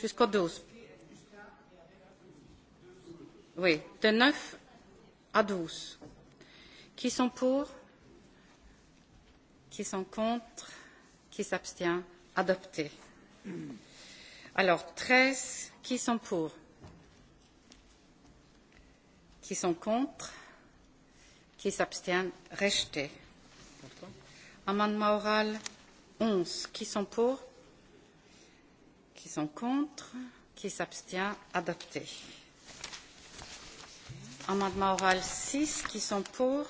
jusqu'au 12 oui, de 9 à 12. Qui sont pour Qui sont contre Qui s'abstient Adopté. Alors, 13, qui sont pour Qui sont contre Qui s'abstient Rejeté. Amendement oral 11, qui sont pour Qui sont contre Qui s'abstient Adopté. Amendement oral 6, qui sont pour,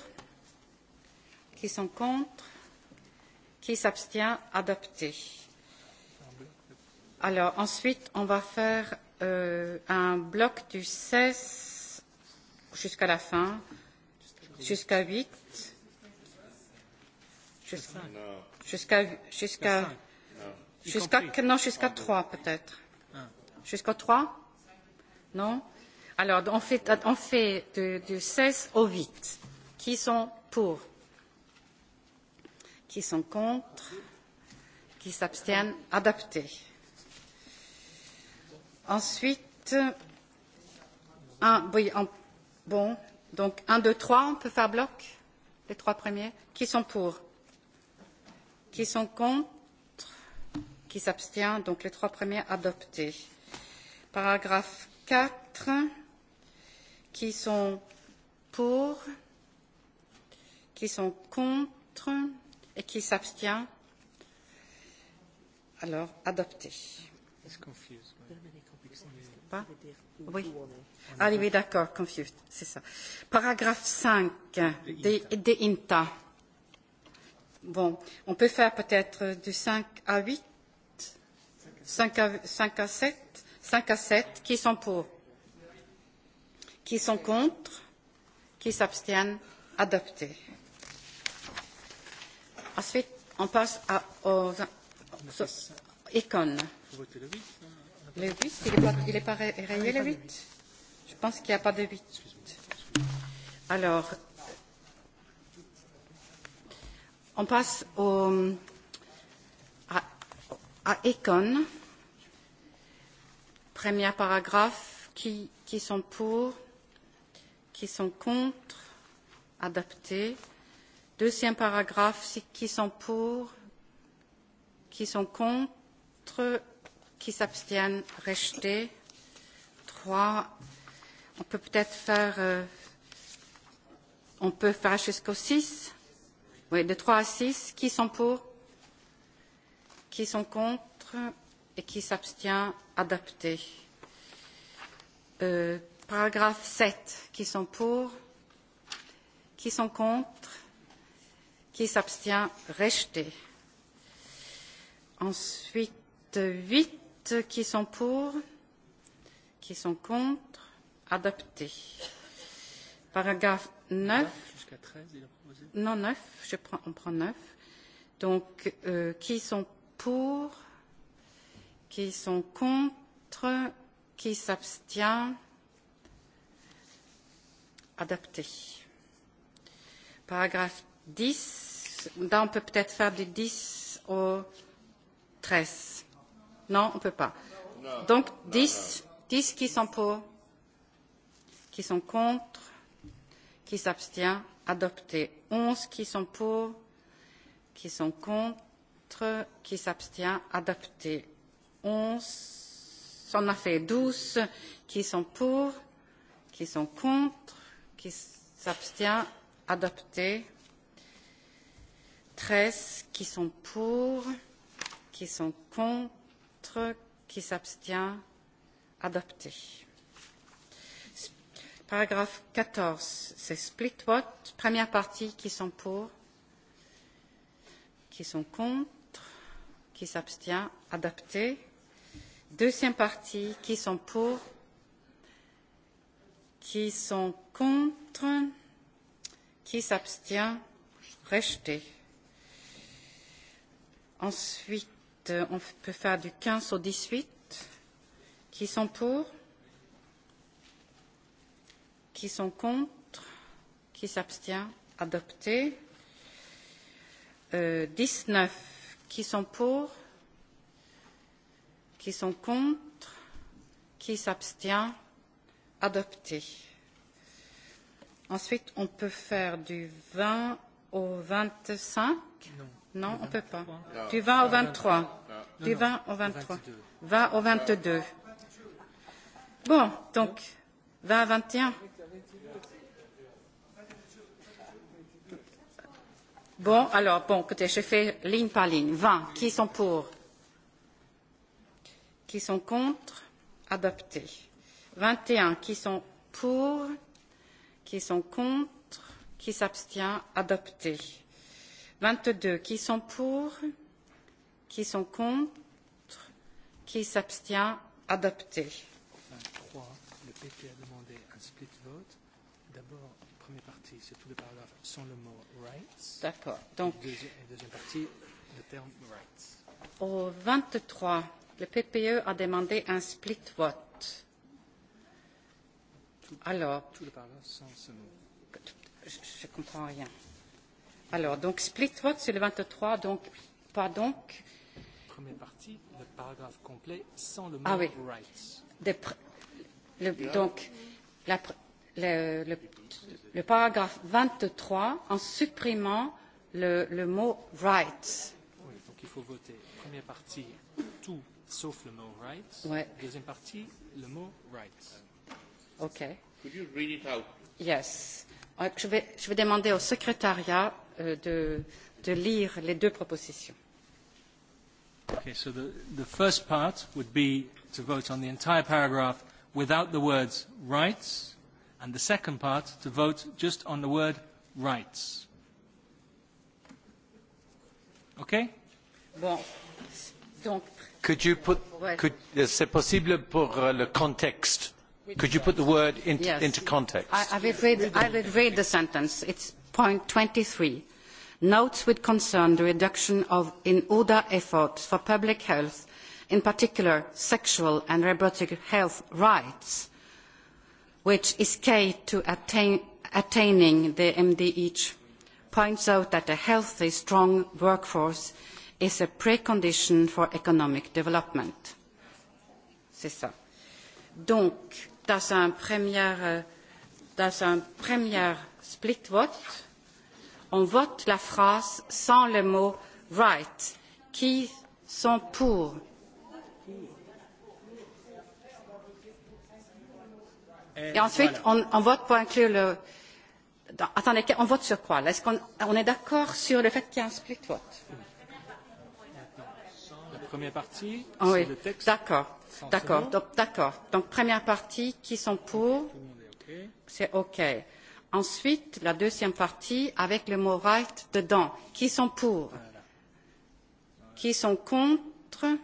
qui sont contre, qui s'abstient, adopté. Alors ensuite, on va faire euh, un bloc du 16 jusqu'à la fin, jusqu'à 8, jusqu'à jusqu'à jusqu'à jusqu'à non jusqu'à 3 peut-être. Jusqu'à 3 Non Alors, on fait, on fait du, du 16 au 8. Qui sont pour Qui sont contre Qui s'abstiennent Adapté. Ensuite, un, oui, un, bon, donc 1, 2, 3, on peut faire bloc Les trois premiers Qui sont pour Qui sont contre Qui s'abstient Donc les trois premiers adoptés. Paragraphe 4 qui sont pour, qui sont contre et qui s'abstient. Alors, adopté. Pas oui. Ah oui, d'accord, confused, c'est ça. Paragraphe 5 des de, de INTA. Bon, on peut faire peut-être du 5 à 8, 5 à, 5 à 7, 5 à 7, qui sont pour qui sont contre, qui s'abstiennent, adopté. Ensuite, on passe à, aux icônes. Le 8, il n'est pas, il est pas ré rayé, le 8 Je pense qu'il n'y a pas de 8. Alors, on passe au, à, à Econ. Premier paragraphe, qui, qui sont pour, qui sont contre adopté deuxième paragraphe qui sont pour qui sont contre qui s'abstiennent rejeté trois on peut peut-être faire euh, on peut faire jusqu'au six oui de trois à six qui sont pour qui sont contre et qui s'abstient adopté euh, Paragraphe 7. Qui sont pour Qui sont contre Qui s'abstient Rejeté. Ensuite, 8. Qui sont pour Qui sont contre Adopté. Paragraphe 9. Jusqu'à 13, il a proposé Non, 9. Je prends, on prend 9. Donc, euh, qui sont pour Qui sont contre Qui s'abstient adopté. Paragraphe 10, là on peut peut-être faire du 10 au 13. Non, on ne peut pas. Non, Donc non, 10, non. 10 qui sont pour, qui sont contre, qui s'abstient, adopté. 11 qui sont pour, qui sont contre, qui s'abstient, adopté. 11, on a fait 12 qui sont pour, qui sont contre, qui s'abstient adopté treize qui sont pour qui sont contre qui s'abstient adopté paragraphe quatorze c'est split vote première partie qui sont pour qui sont contre qui s'abstient adopté deuxième partie qui sont pour qui sont contre, qui s'abstient, rejeté. Ensuite, euh, on peut faire du 15 au 18. Qui sont pour Qui sont contre Qui s'abstient Adopté. Euh, 19. Qui sont pour Qui sont contre Qui s'abstient adopté. Ensuite, on peut faire du 20 au 25 Non, non on ne peut pas. Non. Du 20 au 23. Non, non. Du 20 au 23. 20 au 22. Bon, donc 20 à 21. Bon, alors, bon, écoutez, je fais ligne par ligne. 20. Qui sont pour Qui sont contre Adopté. 21 qui sont pour, qui sont contre, qui s'abstient, adopté. 22 qui sont pour, qui sont contre, qui s'abstient, adopté. 23, le PP a demandé un split vote. D'abord, première partie, c'est tout le paragraphe sans le mot rights. D'accord. Donc, et deuxi et deuxième partie, le terme rights. Au 23, le PPE a demandé un split vote. Alors, je ne comprends rien. Alors, donc, split vote, c'est le 23, donc, pas donc. Première partie, le paragraphe complet sans le mot ah, oui. rights. De pr... le, donc, la, le, le, le paragraphe 23 en supprimant le, le mot rights. Oui, donc il faut voter. Première partie, tout sauf le mot rights. Ouais. Deuxième partie, le mot rights. Okay. Could you read it out? Yes. Euh, je vais, je vais demander au secrétariat euh, de, de lire les deux propositions. Okay, so the, the first part would be to vote on the entire paragraph without the words rights, and the second part to vote just on the word rights. Okay? Bon. Donc, could you put, ouais. could, euh, c'est possible pour uh, le contexte Could you put the word in, yes. into context? I, I, will read, I will read the sentence. It's point 23. Notes with concern the reduction of in ODA efforts for public health, in particular sexual and reproductive health rights, which is key to attain, attaining the MDH, e. points out that a healthy, strong workforce is a precondition for economic development. C'est ça. Donc, das ein premier, euh, das un premier split vote, on vote la phrase sans le mot right. Qui sont pour Et ensuite, voilà. on, on vote pour inclure le. Dans, attendez, on vote sur quoi Est-ce qu'on on est d'accord sur le fait qu'il y a un split vote La première partie, oh, oui. c'est le texte. D'accord. D'accord, donc, d'accord. Donc première partie, qui sont pour C'est OK. Ensuite, la deuxième partie avec le mot right dedans. Qui sont pour voilà. Voilà. Qui sont contre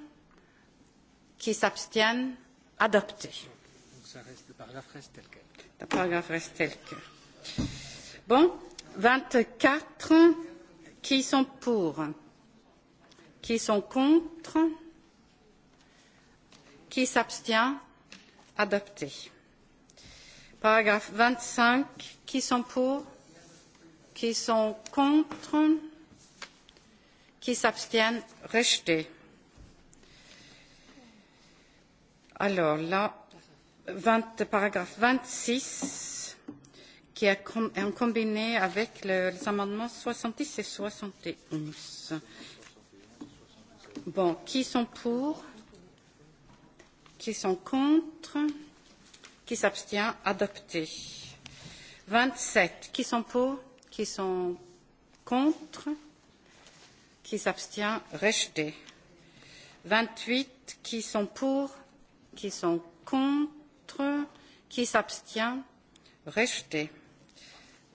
Qui s'abstiennent Adopté. Donc ça reste, le paragraphe reste tel quel. Le paragraphe reste tel quel. Bon, 24. Qui sont pour Qui sont contre Qui s'abstient Adopté. Paragraphe 25. Qui sont pour Qui sont contre Qui s'abstiennent Rejeté. Alors là, 20, paragraphe 26, qui est com en combiné avec le, les amendements 70 et 71. Bon, qui sont pour qui sont contre, qui s'abstient, adopté. 27, qui sont pour, qui sont contre, qui s'abstient, rejeté. 28, qui sont pour, qui sont contre, qui s'abstient, rejeté.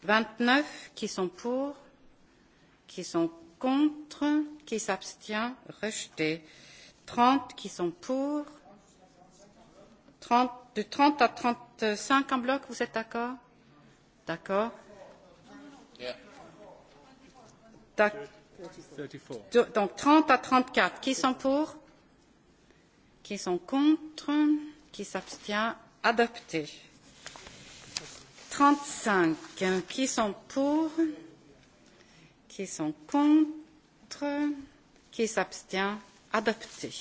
29, qui sont pour, qui sont contre, qui s'abstient, rejeté. 30, qui sont pour, 30, de 30 à 35 en bloc, vous êtes d'accord D'accord. Yeah. Donc 30 à 34. Qui sont pour Qui sont contre Qui s'abstient Adopté. 35. Qui sont pour Qui sont contre Qui s'abstient Adopté.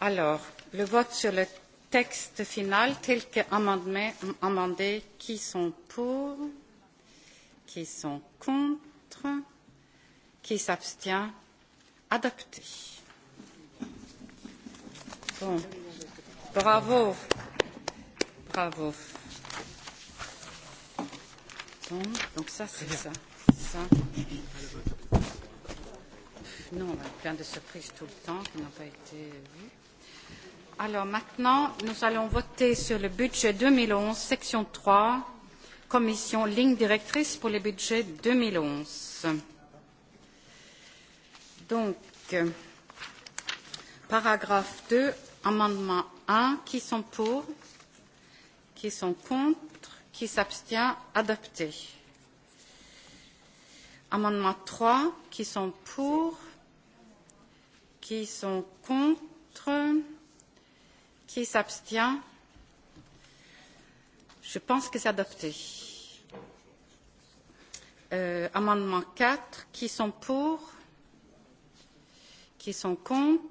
Alors, le vote sur le texte final tel qu'amendé. Amendé. Qui sont pour Qui sont contre Qui s'abstient Adopté. Bon. Bravo. Bravo. Bon, donc ça, c'est ça. ça. Non, on a plein de surprises tout le temps qui n'ont pas été vues. Alors maintenant, nous allons voter sur le budget 2011, section 3, commission ligne directrice pour le budget 2011. Donc, paragraphe 2, amendement 1, qui sont pour, qui sont contre, qui s'abstient, adopté. Amendement 3, qui sont pour, qui sont contre, Qui s'abstient Je pense que c'est adopté. Euh, amendement 4. Qui sont pour Qui sont contre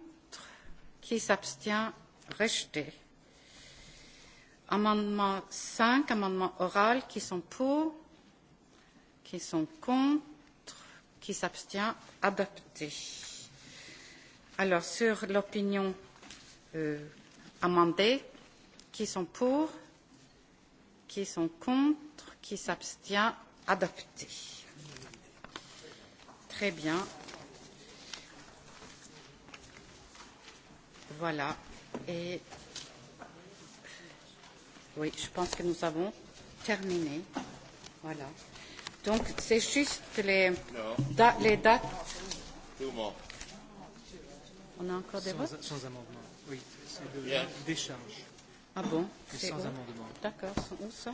Qui s'abstient Rejeté. Amendement 5, amendement oral. Qui sont pour Qui sont contre Qui s'abstient Adopté. Alors, sur l'opinion euh, amendé. Qui sont pour Qui sont contre Qui s'abstient Adopté. Très bien. Voilà. Et oui, je pense que nous avons terminé. Voilà. Donc, c'est juste les, da, les dates. On a encore des sans, votes Sans amendement, oui c'est de yes. la décharge. Ah bon C'est sans bon. amendement. D'accord, où ça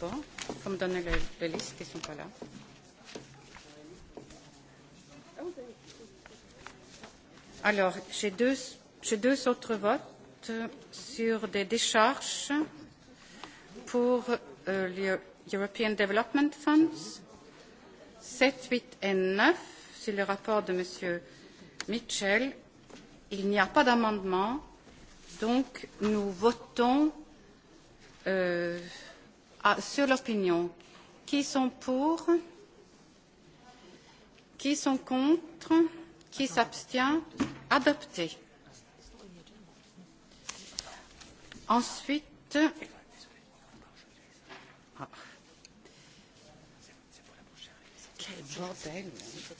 Bon, il faut me donner les, les listes qui ne sont pas là. Alors, j'ai deux, deux autres votes sur des décharges pour euh, le European Development Funds, 7, 8 et 9, sur le rapport de Monsieur Mitchell. Il n'y a pas d'amendement, donc nous votons euh, à, sur l'opinion. Qui sont pour Qui sont contre Qui s'abstient Adopté. Ensuite, ah. quel bordel. Hein.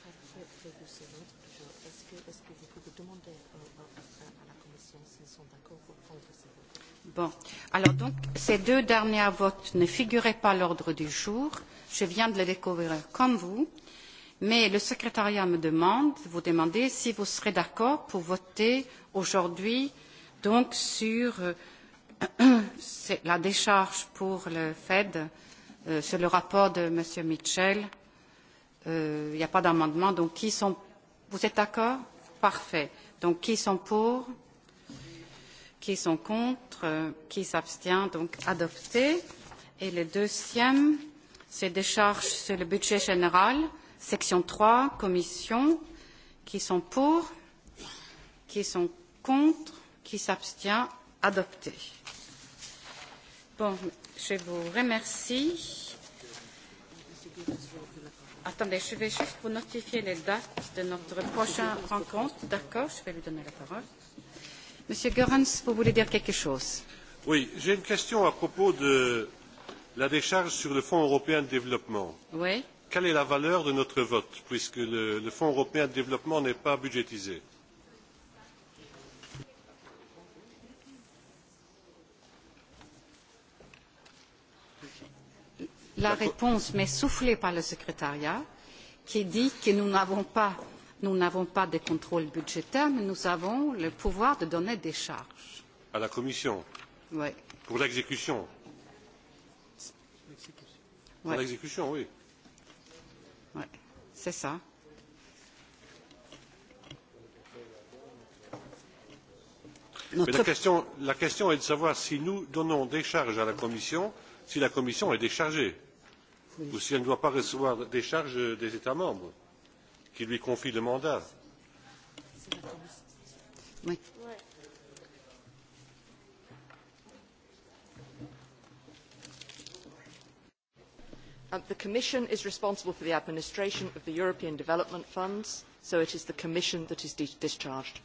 Bon. Alors donc, ces deux derniers votes ne figuraient pas à l'ordre du jour. Je viens de les découvrir comme vous. Mais le secrétariat me demande, vous demandez si vous serez d'accord pour voter aujourd'hui donc sur euh, la décharge pour le Fed, euh, sur le rapport de M. Mitchell. Euh, il euh, n'y a pas d'amendement, donc qui sont... Vous êtes d'accord Parfait. Donc qui sont pour qui sont contre, euh, qui s'abstient, donc adopté. Et le deuxième, c'est des charges sur le budget général, section 3, commission, qui sont pour, qui sont contre, qui s'abstient, adopté. Bon, je vous remercie. Attendez, je vais juste vous notifier les dates de notre prochaine rencontre. D'accord, je vais lui donner la parole. Monsieur Goerens, vous voulez dire quelque chose Oui, j'ai une question à propos de la décharge sur le Fonds européen de développement. Oui. Quelle est la valeur de notre vote, puisque le, le Fonds européen de développement n'est pas budgétisé La réponse m'est soufflée par le secrétariat qui dit que nous n'avons pas nous n'avons pas de contrôle budgétaire mais nous avons le pouvoir de donner des charges à la commission oui. pour l'exécution pour oui. l'exécution oui oui c'est ça Notre... Mais la question, la question est de savoir si nous donnons des charges à la Commission, si la Commission est déchargée, oui. ou si elle ne doit pas recevoir des charges des États membres qui lui confie le mandat. Oui. Uh, the commission is responsible for the administration of the european development funds so it is the commission that is discharged.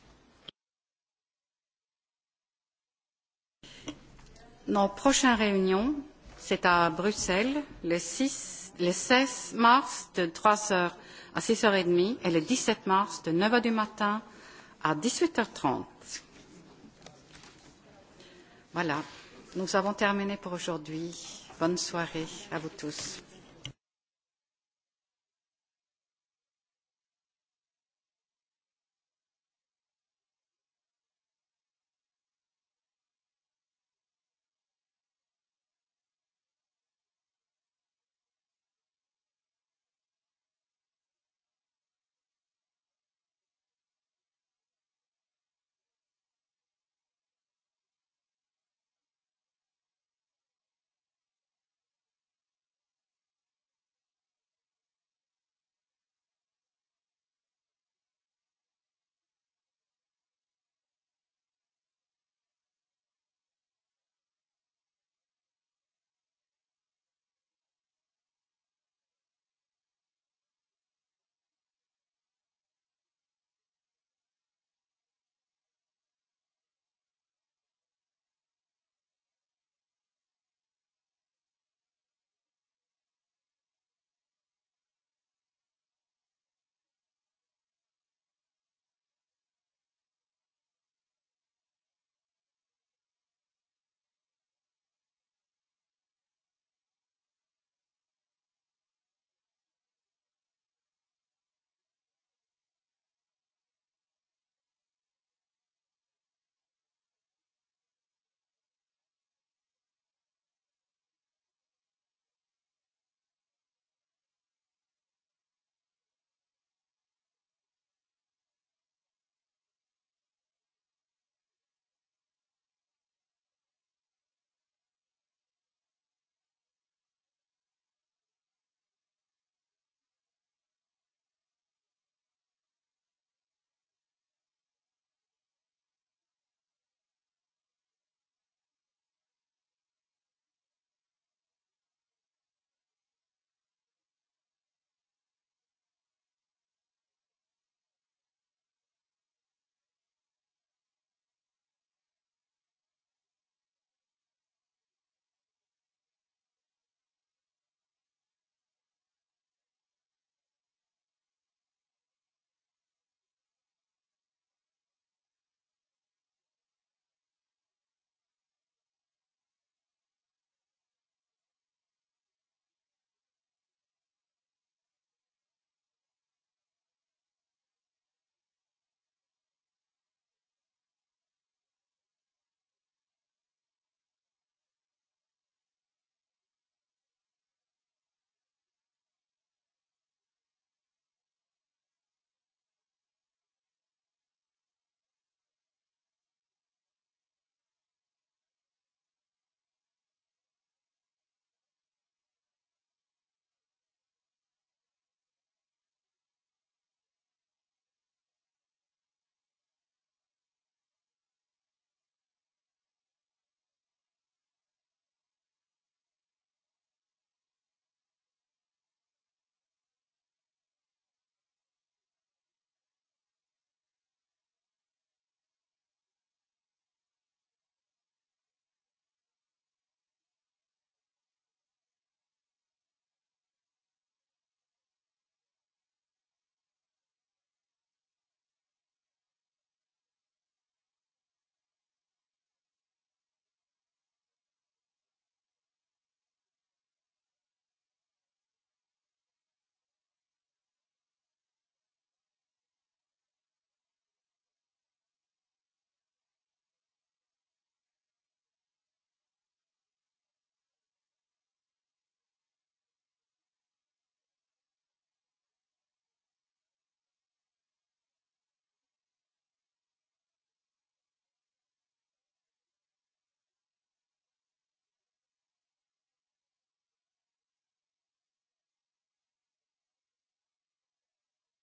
nos prochaines réunions c'est à bruxelles le seize mars de trois heures à 6h30 et le 17 mars de 9h du matin à 18h30. Voilà, nous avons terminé pour aujourd'hui. Bonne soirée à vous tous.